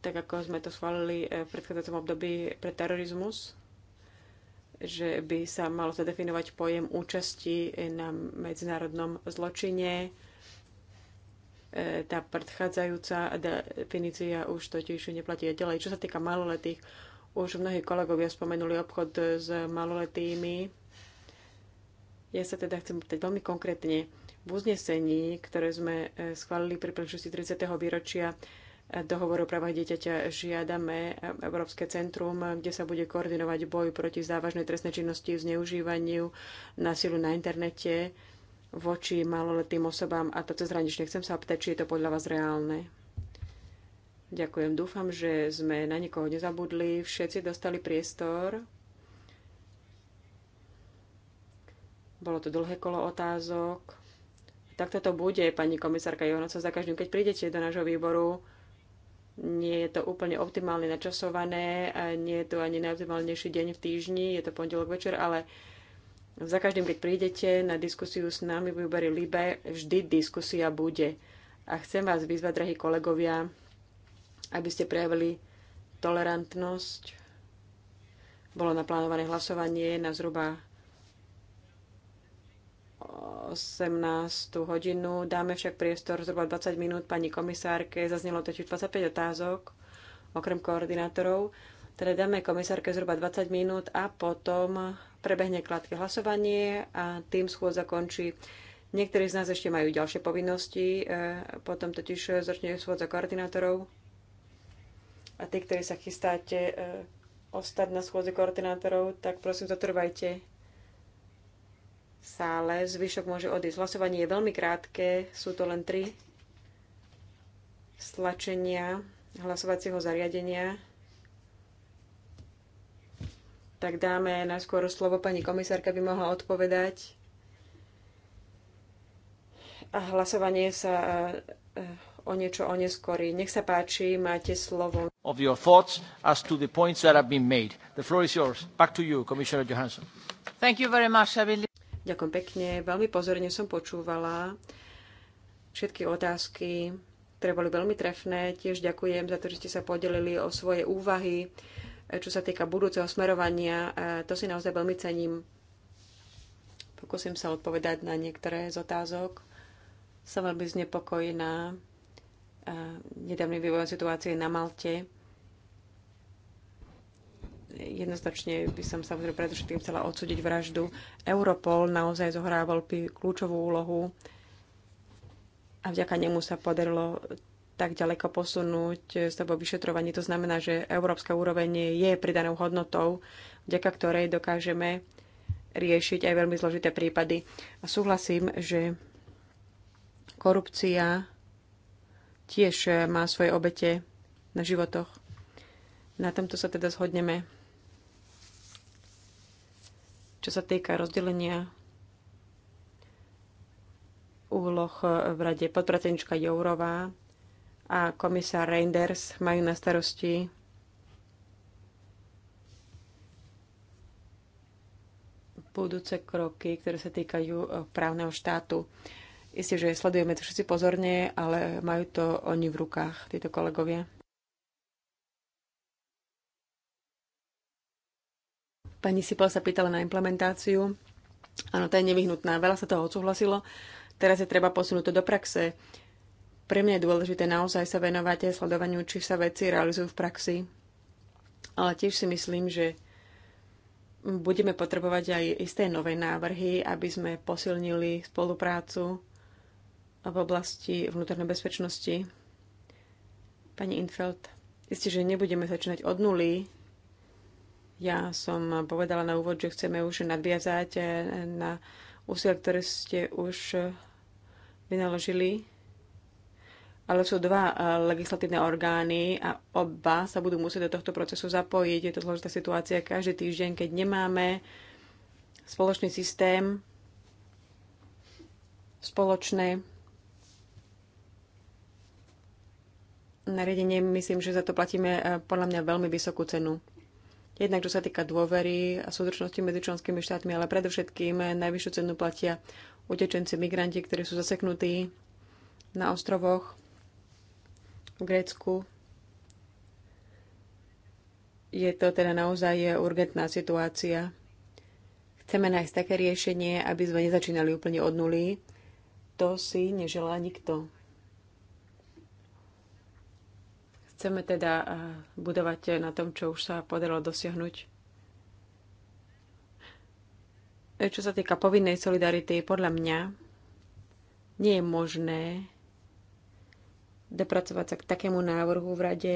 tak ako sme to schválili eh, v predchádzajúcom období pre terorizmus, že by sa malo zadefinovať pojem účasti na medzinárodnom zločine, E, tá predchádzajúca definícia už totiž neplatí ďalej. Čo sa týka maloletých, už mnohí kolegovia spomenuli obchod s maloletými. Ja sa teda chcem pýtať veľmi konkrétne. V uznesení, ktoré sme e, schválili pri príležitosti 30. výročia e, dohovoru o právach dieťaťa, žiadame Európske centrum, kde sa bude koordinovať boj proti závažnej trestnej činnosti, zneužívaniu, násilu na internete, voči maloletým osobám a to hranične. Chcem sa opýtať, či je to podľa vás reálne. Ďakujem. Dúfam, že sme na nikoho nezabudli. Všetci dostali priestor. Bolo to dlhé kolo otázok. Tak toto bude, pani komisárka Jonoca, za každým. Keď prídete do nášho výboru, nie je to úplne optimálne načasované, nie je to ani najoptimálnejší deň v týždni, je to pondelok večer, ale uh, za každým, keď prídete na diskusiu s nami v Uberi Libe, vždy diskusia bude. A chcem vás vyzvať, drahí kolegovia, aby ste prejavili tolerantnosť. Bolo naplánované hlasovanie na zhruba 18. hodinu. Dáme však priestor zhruba 20 minút pani komisárke. Zaznelo totiž 25 otázok, okrem koordinátorov. Teda dáme komisárke zhruba 20 minút a potom prebehne krátke hlasovanie a tým schôdza končí. Niektorí z nás ešte majú ďalšie povinnosti, e, potom totiž začne schôdza koordinátorov. A tí, ktorí sa chystáte e, ostať na schôdze koordinátorov, tak prosím, zatrvajte sále. Zvyšok môže odísť. Hlasovanie je veľmi krátke, sú to len tri stlačenia hlasovacieho zariadenia tak dáme najskôr slovo pani komisárka, by mohla odpovedať. A hlasovanie sa e, e, o niečo oneskorí. Nech sa páči, máte slovo. Of your thoughts as to the points that have been made. The floor is yours. Back to you, Commissioner Johansson. Thank you very much. I Ďakujem pekne. Veľmi pozorne som počúvala všetky otázky, ktoré boli veľmi trefné. Tiež ďakujem za to, že ste sa podelili o svoje úvahy E, čo sa týka budúceho smerovania. E, to si naozaj veľmi cením. Pokúsim sa odpovedať na niektoré z otázok. Som veľmi znepokojená e, nedávnym vývojom situácie na Malte. Jednoznačne by som samozrejme predovšetkým chcela odsúdiť vraždu. Europol naozaj zohrával kľúčovú úlohu a vďaka nemu sa podarilo tak ďaleko posunúť s vo vyšetrovaní. To znamená, že európska úroveň je pridanou hodnotou, vďaka ktorej dokážeme riešiť aj veľmi zložité prípady. A súhlasím, že korupcia tiež má svoje obete na životoch. Na tomto sa teda zhodneme. Čo sa týka rozdelenia úloh v rade podpredsednička Jourová a komisár Reinders majú na starosti budúce kroky, ktoré sa týkajú eh, právneho štátu. Isté, že sledujeme to všetci pozorne, ale majú to oni v rukách, títo kolegovia. Pani Sipel sa pýtala na implementáciu. Áno, tá je nevyhnutná. Veľa sa toho odsúhlasilo. Teraz je treba posunúť to do praxe. Pre mňa je dôležité naozaj sa venovať aj sledovaniu, či sa veci realizujú v praxi. Ale tiež si myslím, že budeme potrebovať aj isté nové návrhy, aby sme posilnili spoluprácu v oblasti vnútornej bezpečnosti. Pani Infeld, isté, že nebudeme začínať od nuly. Ja som povedala na úvod, že chceme už nadviazať na úsilie, ktoré ste už vynaložili ale sú dva eh, legislatívne orgány a oba sa budú musieť do tohto procesu zapojiť. Je to zložitá situácia každý týždeň, keď nemáme spoločný systém, spoločné nariadenie, myslím, že za to platíme eh, podľa mňa veľmi vysokú cenu. Jednak čo sa týka dôvery a súdržnosti medzi členskými štátmi, ale predovšetkým eh, najvyššiu cenu platia utečenci, migranti, ktorí sú zaseknutí na ostrovoch v Grécku. Je to teda naozaj urgentná situácia. Chceme nájsť také riešenie, aby sme nezačínali úplne od nuly. To si neželá nikto. Chceme teda eh, budovať na tom, čo už sa podarilo dosiahnuť. Eh, čo sa týka povinnej solidarity, podľa mňa nie je možné dopracovať sa k takému návrhu v rade,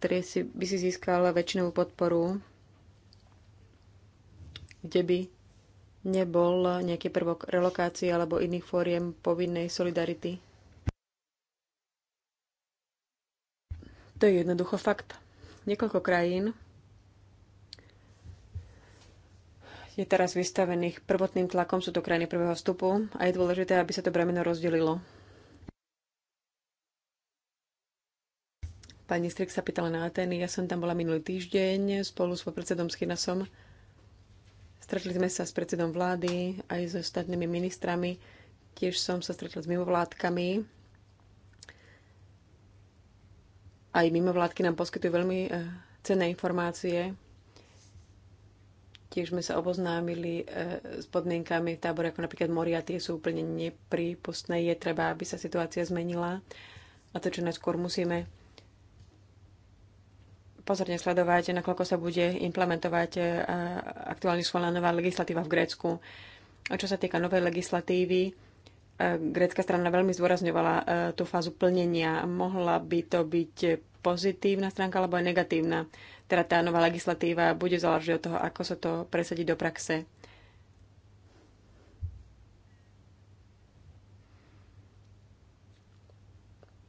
ktorý si, by si získal väčšinovú podporu, kde by nebol nejaký prvok relokácie alebo iných fóriem povinnej solidarity. To je jednoducho fakt. Niekoľko krajín je teraz vystavených prvotným tlakom, sú to krajiny prvého vstupu a je dôležité, aby sa to bremeno rozdelilo. Pani Strik sa pýtala na Atény. Ja som tam bola minulý týždeň spolu s predsedom Schinasom. Stretli sme sa s predsedom vlády aj s so ostatnými ministrami. Tiež som sa stretla s mimovládkami. Aj mimovládky nám poskytujú veľmi eh, cenné informácie. Tiež sme sa oboznámili eh, s podmienkami v tábore, ako napríklad moria, tie sú úplne neprípustné. Je treba, aby sa situácia zmenila. A to, čo najskôr musíme pozorne sledovať, nakoľko sa bude implementovať e, aktuálne schválená nová legislatíva v Grécku. A čo sa týka novej legislatívy, e, grécka strana veľmi zdôrazňovala e, tú fázu plnenia. Mohla by to byť pozitívna stránka alebo aj negatívna. Teda tá nová legislatíva bude záležiť od toho, ako sa to presadí do praxe.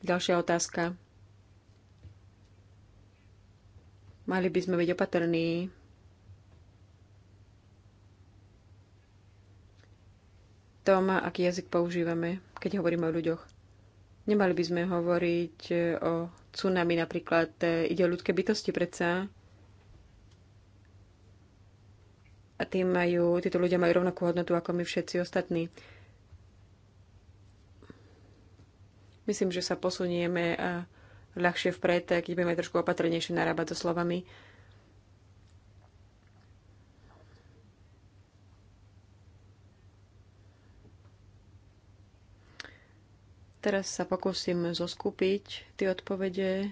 Ďalšia otázka. Mali by sme byť opatrní. tom, aký jazyk používame, keď hovoríme o ľuďoch. Nemali by sme hovoriť e, o tsunami napríklad. E, ide o ľudské bytosti predsa. A tým majú, títo ľudia majú rovnakú hodnotu ako my všetci ostatní. Myslím, že sa posunieme a ľahšie vpred, keď budeme trošku opatrnejšie narábať so slovami. Teraz sa pokúsim zoskupiť tie odpovede.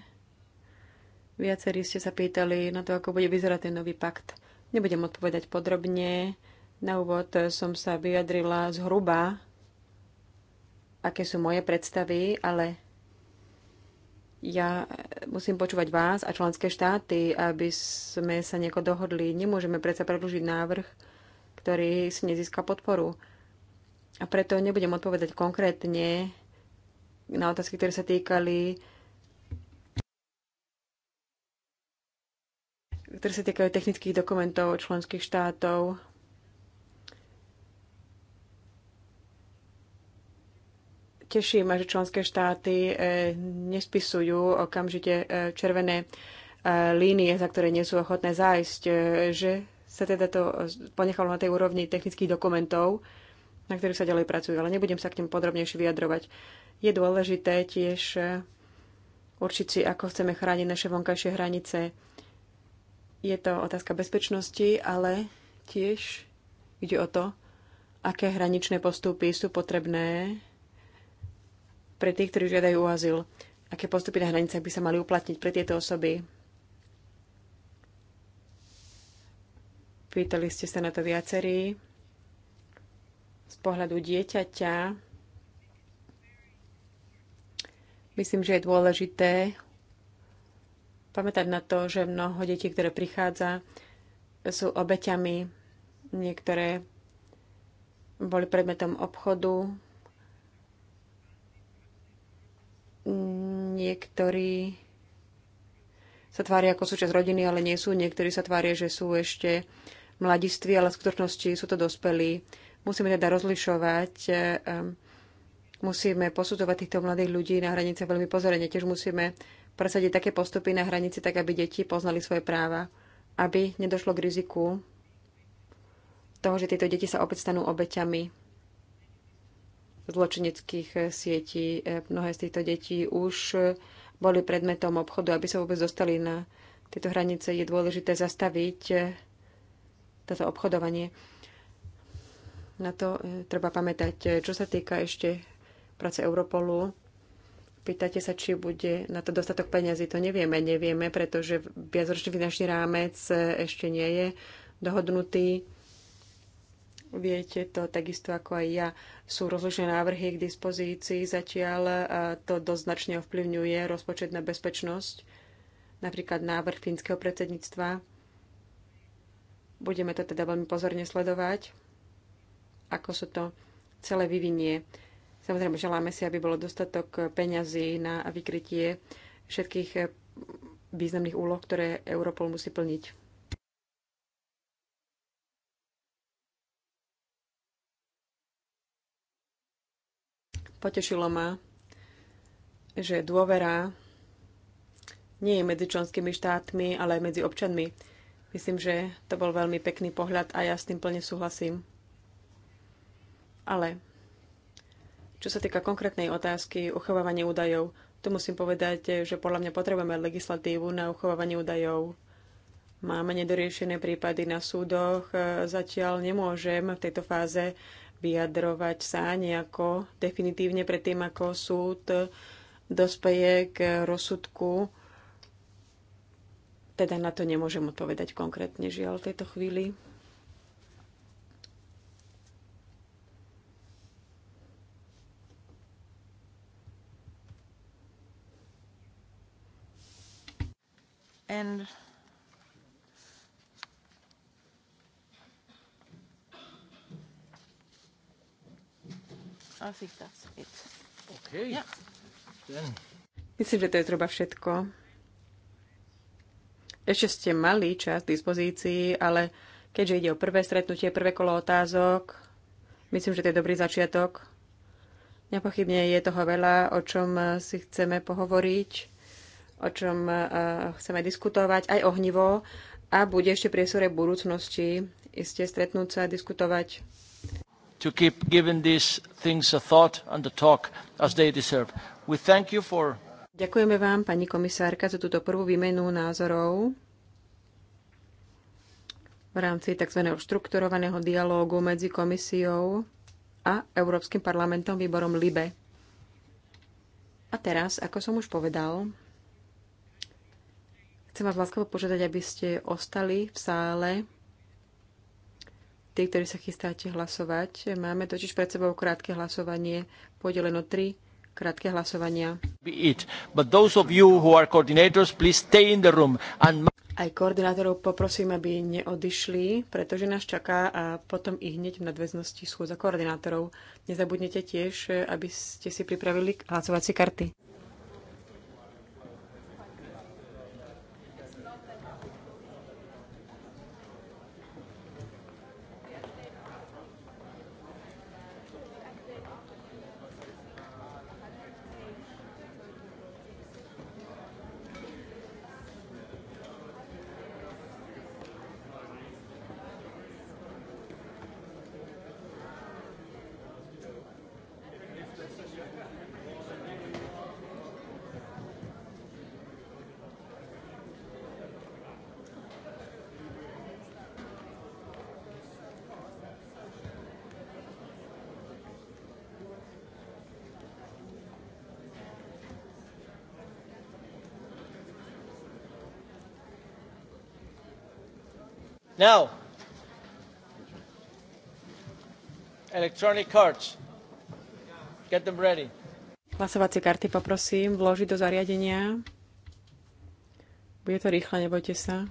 Viacerí ste sa pýtali na to, ako bude vyzerať ten nový pakt. Nebudem odpovedať podrobne. Na úvod som sa vyjadrila zhruba, aké sú moje predstavy, ale ja musím počúvať vás a členské štáty, aby sme sa nieko dohodli. Nemôžeme predsa predlžiť návrh, ktorý si nezíska podporu. A preto nebudem odpovedať konkrétne na otázky, ktoré sa týkali ktoré sa týkajú technických dokumentov členských štátov. Teší ma, že členské štáty e, nespisujú okamžite e, červené e, línie, za ktoré nie sú ochotné zájsť, že sa teda to ponechalo na tej úrovni technických dokumentov, na ktorých sa ďalej pracujú, ale nebudem sa k tým podrobnejšie vyjadrovať. Je dôležité tiež určiť si, ako chceme chrániť naše vonkajšie hranice. Je to otázka bezpečnosti, ale tiež ide o to, aké hraničné postupy sú potrebné pre tých, ktorí žiadajú o azyl? Aké postupy na hranicách by sa mali uplatniť pre tieto osoby? Pýtali ste sa na to viacerí. Z pohľadu dieťaťa myslím, že je dôležité pamätať na to, že mnoho detí, ktoré prichádza, sú obeťami. Niektoré boli predmetom obchodu, Niektorí sa tvária ako súčasť rodiny, ale nie sú. Niektorí sa tvária, že sú ešte mladiství, ale v skutočnosti sú to dospelí. Musíme teda rozlišovať, eh, musíme posudzovať týchto mladých ľudí na hranice veľmi pozorene. Tiež musíme presadiť také postupy na hranici, tak aby deti poznali svoje práva, aby nedošlo k riziku toho, že tieto deti sa opäť stanú obeťami zločineckých eh, sietí. Eh, mnohé z týchto detí už eh, boli predmetom obchodu, aby sa vôbec dostali na tieto hranice. Je dôležité zastaviť toto obchodovanie. Na to treba pamätať. Čo sa týka ešte práce Europolu, pýtate sa, či bude na to dostatok peňazí. To nevieme, nevieme, pretože viacročný finančný rámec ešte nie je dohodnutý. Viete to takisto ako aj ja. Sú rozložené návrhy k dispozícii. Zatiaľ to dosť značne ovplyvňuje rozpočet na bezpečnosť. Napríklad návrh fínskeho predsedníctva. Budeme to teda veľmi pozorne sledovať, ako sa to celé vyvinie. Samozrejme, želáme si, aby bolo dostatok peňazí na vykrytie všetkých eh, významných úloh, ktoré Europol musí plniť. Potešilo ma, že dôvera nie je medzi členskými štátmi, ale aj medzi občanmi. Myslím, že to bol veľmi pekný pohľad a ja s tým plne súhlasím. Ale čo sa týka konkrétnej otázky uchovávania údajov, tu musím povedať, že podľa mňa potrebujeme legislatívu na uchovávanie údajov. Máme nedoriešené prípady na súdoch, zatiaľ nemôžem v tejto fáze vyjadrovať sa nejako definitívne predtým, ako súd dospeje k rozsudku. Teda na to nemôžem odpovedať konkrétne, žiaľ, v tejto chvíli. And I think that's it. Okay. Yeah. Then. Myslím, že to je treba všetko. Ešte ste mali čas k dispozícii, ale keďže ide o prvé stretnutie, prvé kolo otázok, myslím, že to je dobrý začiatok. Nepochybne je toho veľa, o čom eh, si chceme pohovoriť, o čom eh, chceme diskutovať, aj ohnivo. A bude ešte priesore budúcnosti, iste stretnúť sa, a diskutovať to keep giving these things a thought and a talk as they deserve. We thank you for... Ďakujeme vám, pani komisárka, za túto prvú výmenu názorov v rámci tzv. štrukturovaného dialógu medzi komisiou a Európskym parlamentom výborom LIBE. A teraz, ako som už povedal, chcem vás láskavo požiadať, aby ste ostali v sále tí, ktorí sa chystáte hlasovať. Máme totiž pred sebou krátke hlasovanie, podeleno tri krátke hlasovania. Aj koordinátorov poprosím, aby neodišli, pretože nás čaká a potom i hneď v nadväznosti schôdza koordinátorov. Nezabudnete tiež, aby ste si pripravili hlasovacie karty. Now, electronic cards. Get them ready. Hlasovacie karty poprosím vložiť do zariadenia. Bude to rýchle, nebojte sa.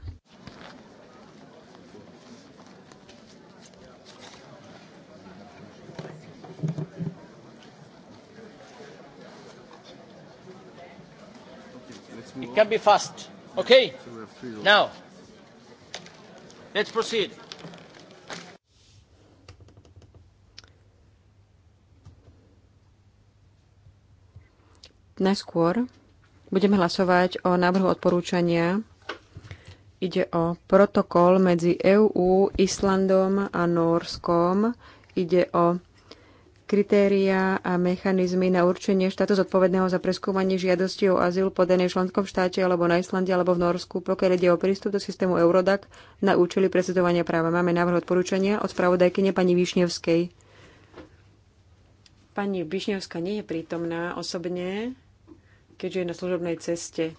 It can be fast. Okay. Now. Let's proceed. Najskôr budeme hlasovať o návrhu odporúčania. Ide o protokol medzi EU, Islandom a Norskom. Ide o kritériá a mechanizmy na určenie štátu zodpovedného za preskúmanie žiadosti o azyl podanej v členskom štáte alebo na Islande alebo v Norsku, pokiaľ ide o prístup do systému Eurodac na účely presadzovania práva. Máme návrh odporúčania od spravodajkyne pani Višňovskej. Pani Višňovská nie je prítomná osobne, keďže je na služobnej ceste.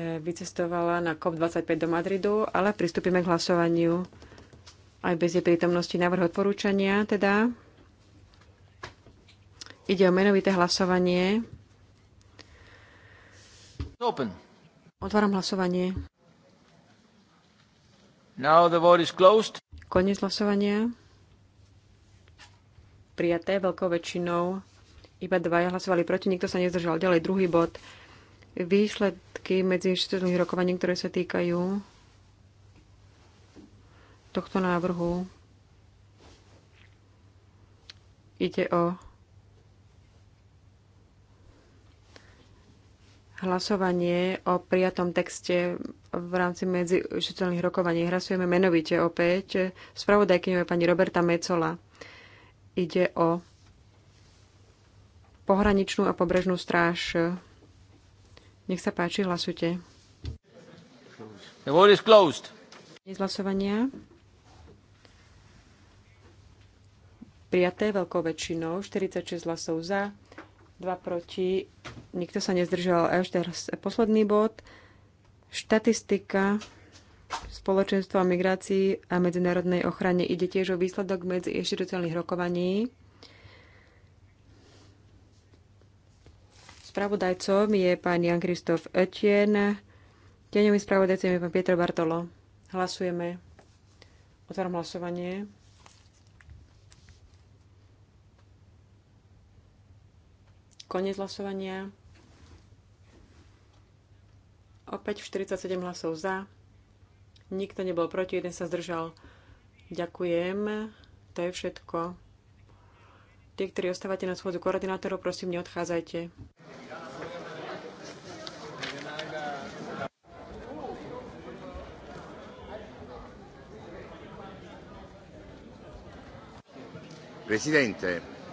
E, vycestovala na COP25 do Madridu, ale pristúpime k hlasovaniu aj bez jej prítomnosti návrh odporúčania, teda Ide o menovité hlasovanie. Open. Otváram hlasovanie. Now the vote is closed. Konec hlasovania. Prijaté veľkou väčšinou. Iba dvaja hlasovali proti, nikto sa nezdržal. Ďalej druhý bod. Výsledky medzi inštitútnych rokovaní, ktoré sa týkajú tohto návrhu. Ide o hlasovanie o prijatom texte v rámci medzi rokovaní. Hlasujeme menovite opäť. Spravodajkyňou je pani Roberta Mecola. Ide o pohraničnú a pobrežnú stráž. Nech sa páči, hlasujte. The is closed. Dnes hlasovania. Prijaté veľkou väčšinou, 46 hlasov za, 2 proti, nikto sa nezdržal. A ešte raz posledný bod. Štatistika spoločenstva o migrácii a medzinárodnej ochrane ide tiež o výsledok medzi inštitucionálnych rokovaní. Spravodajcom je pán Jan Kristof Etien, tieňovým spravodajcom je pán Pietro Bartolo. Hlasujeme. Otváram hlasovanie. Konec hlasovania. Opäť 47 hlasov za. Nikto nebol proti, jeden sa zdržal. Ďakujem. To je všetko. Tie, ktorí ostávate na schôdzu koordinátorov, prosím, neodchádzajte. Presidente.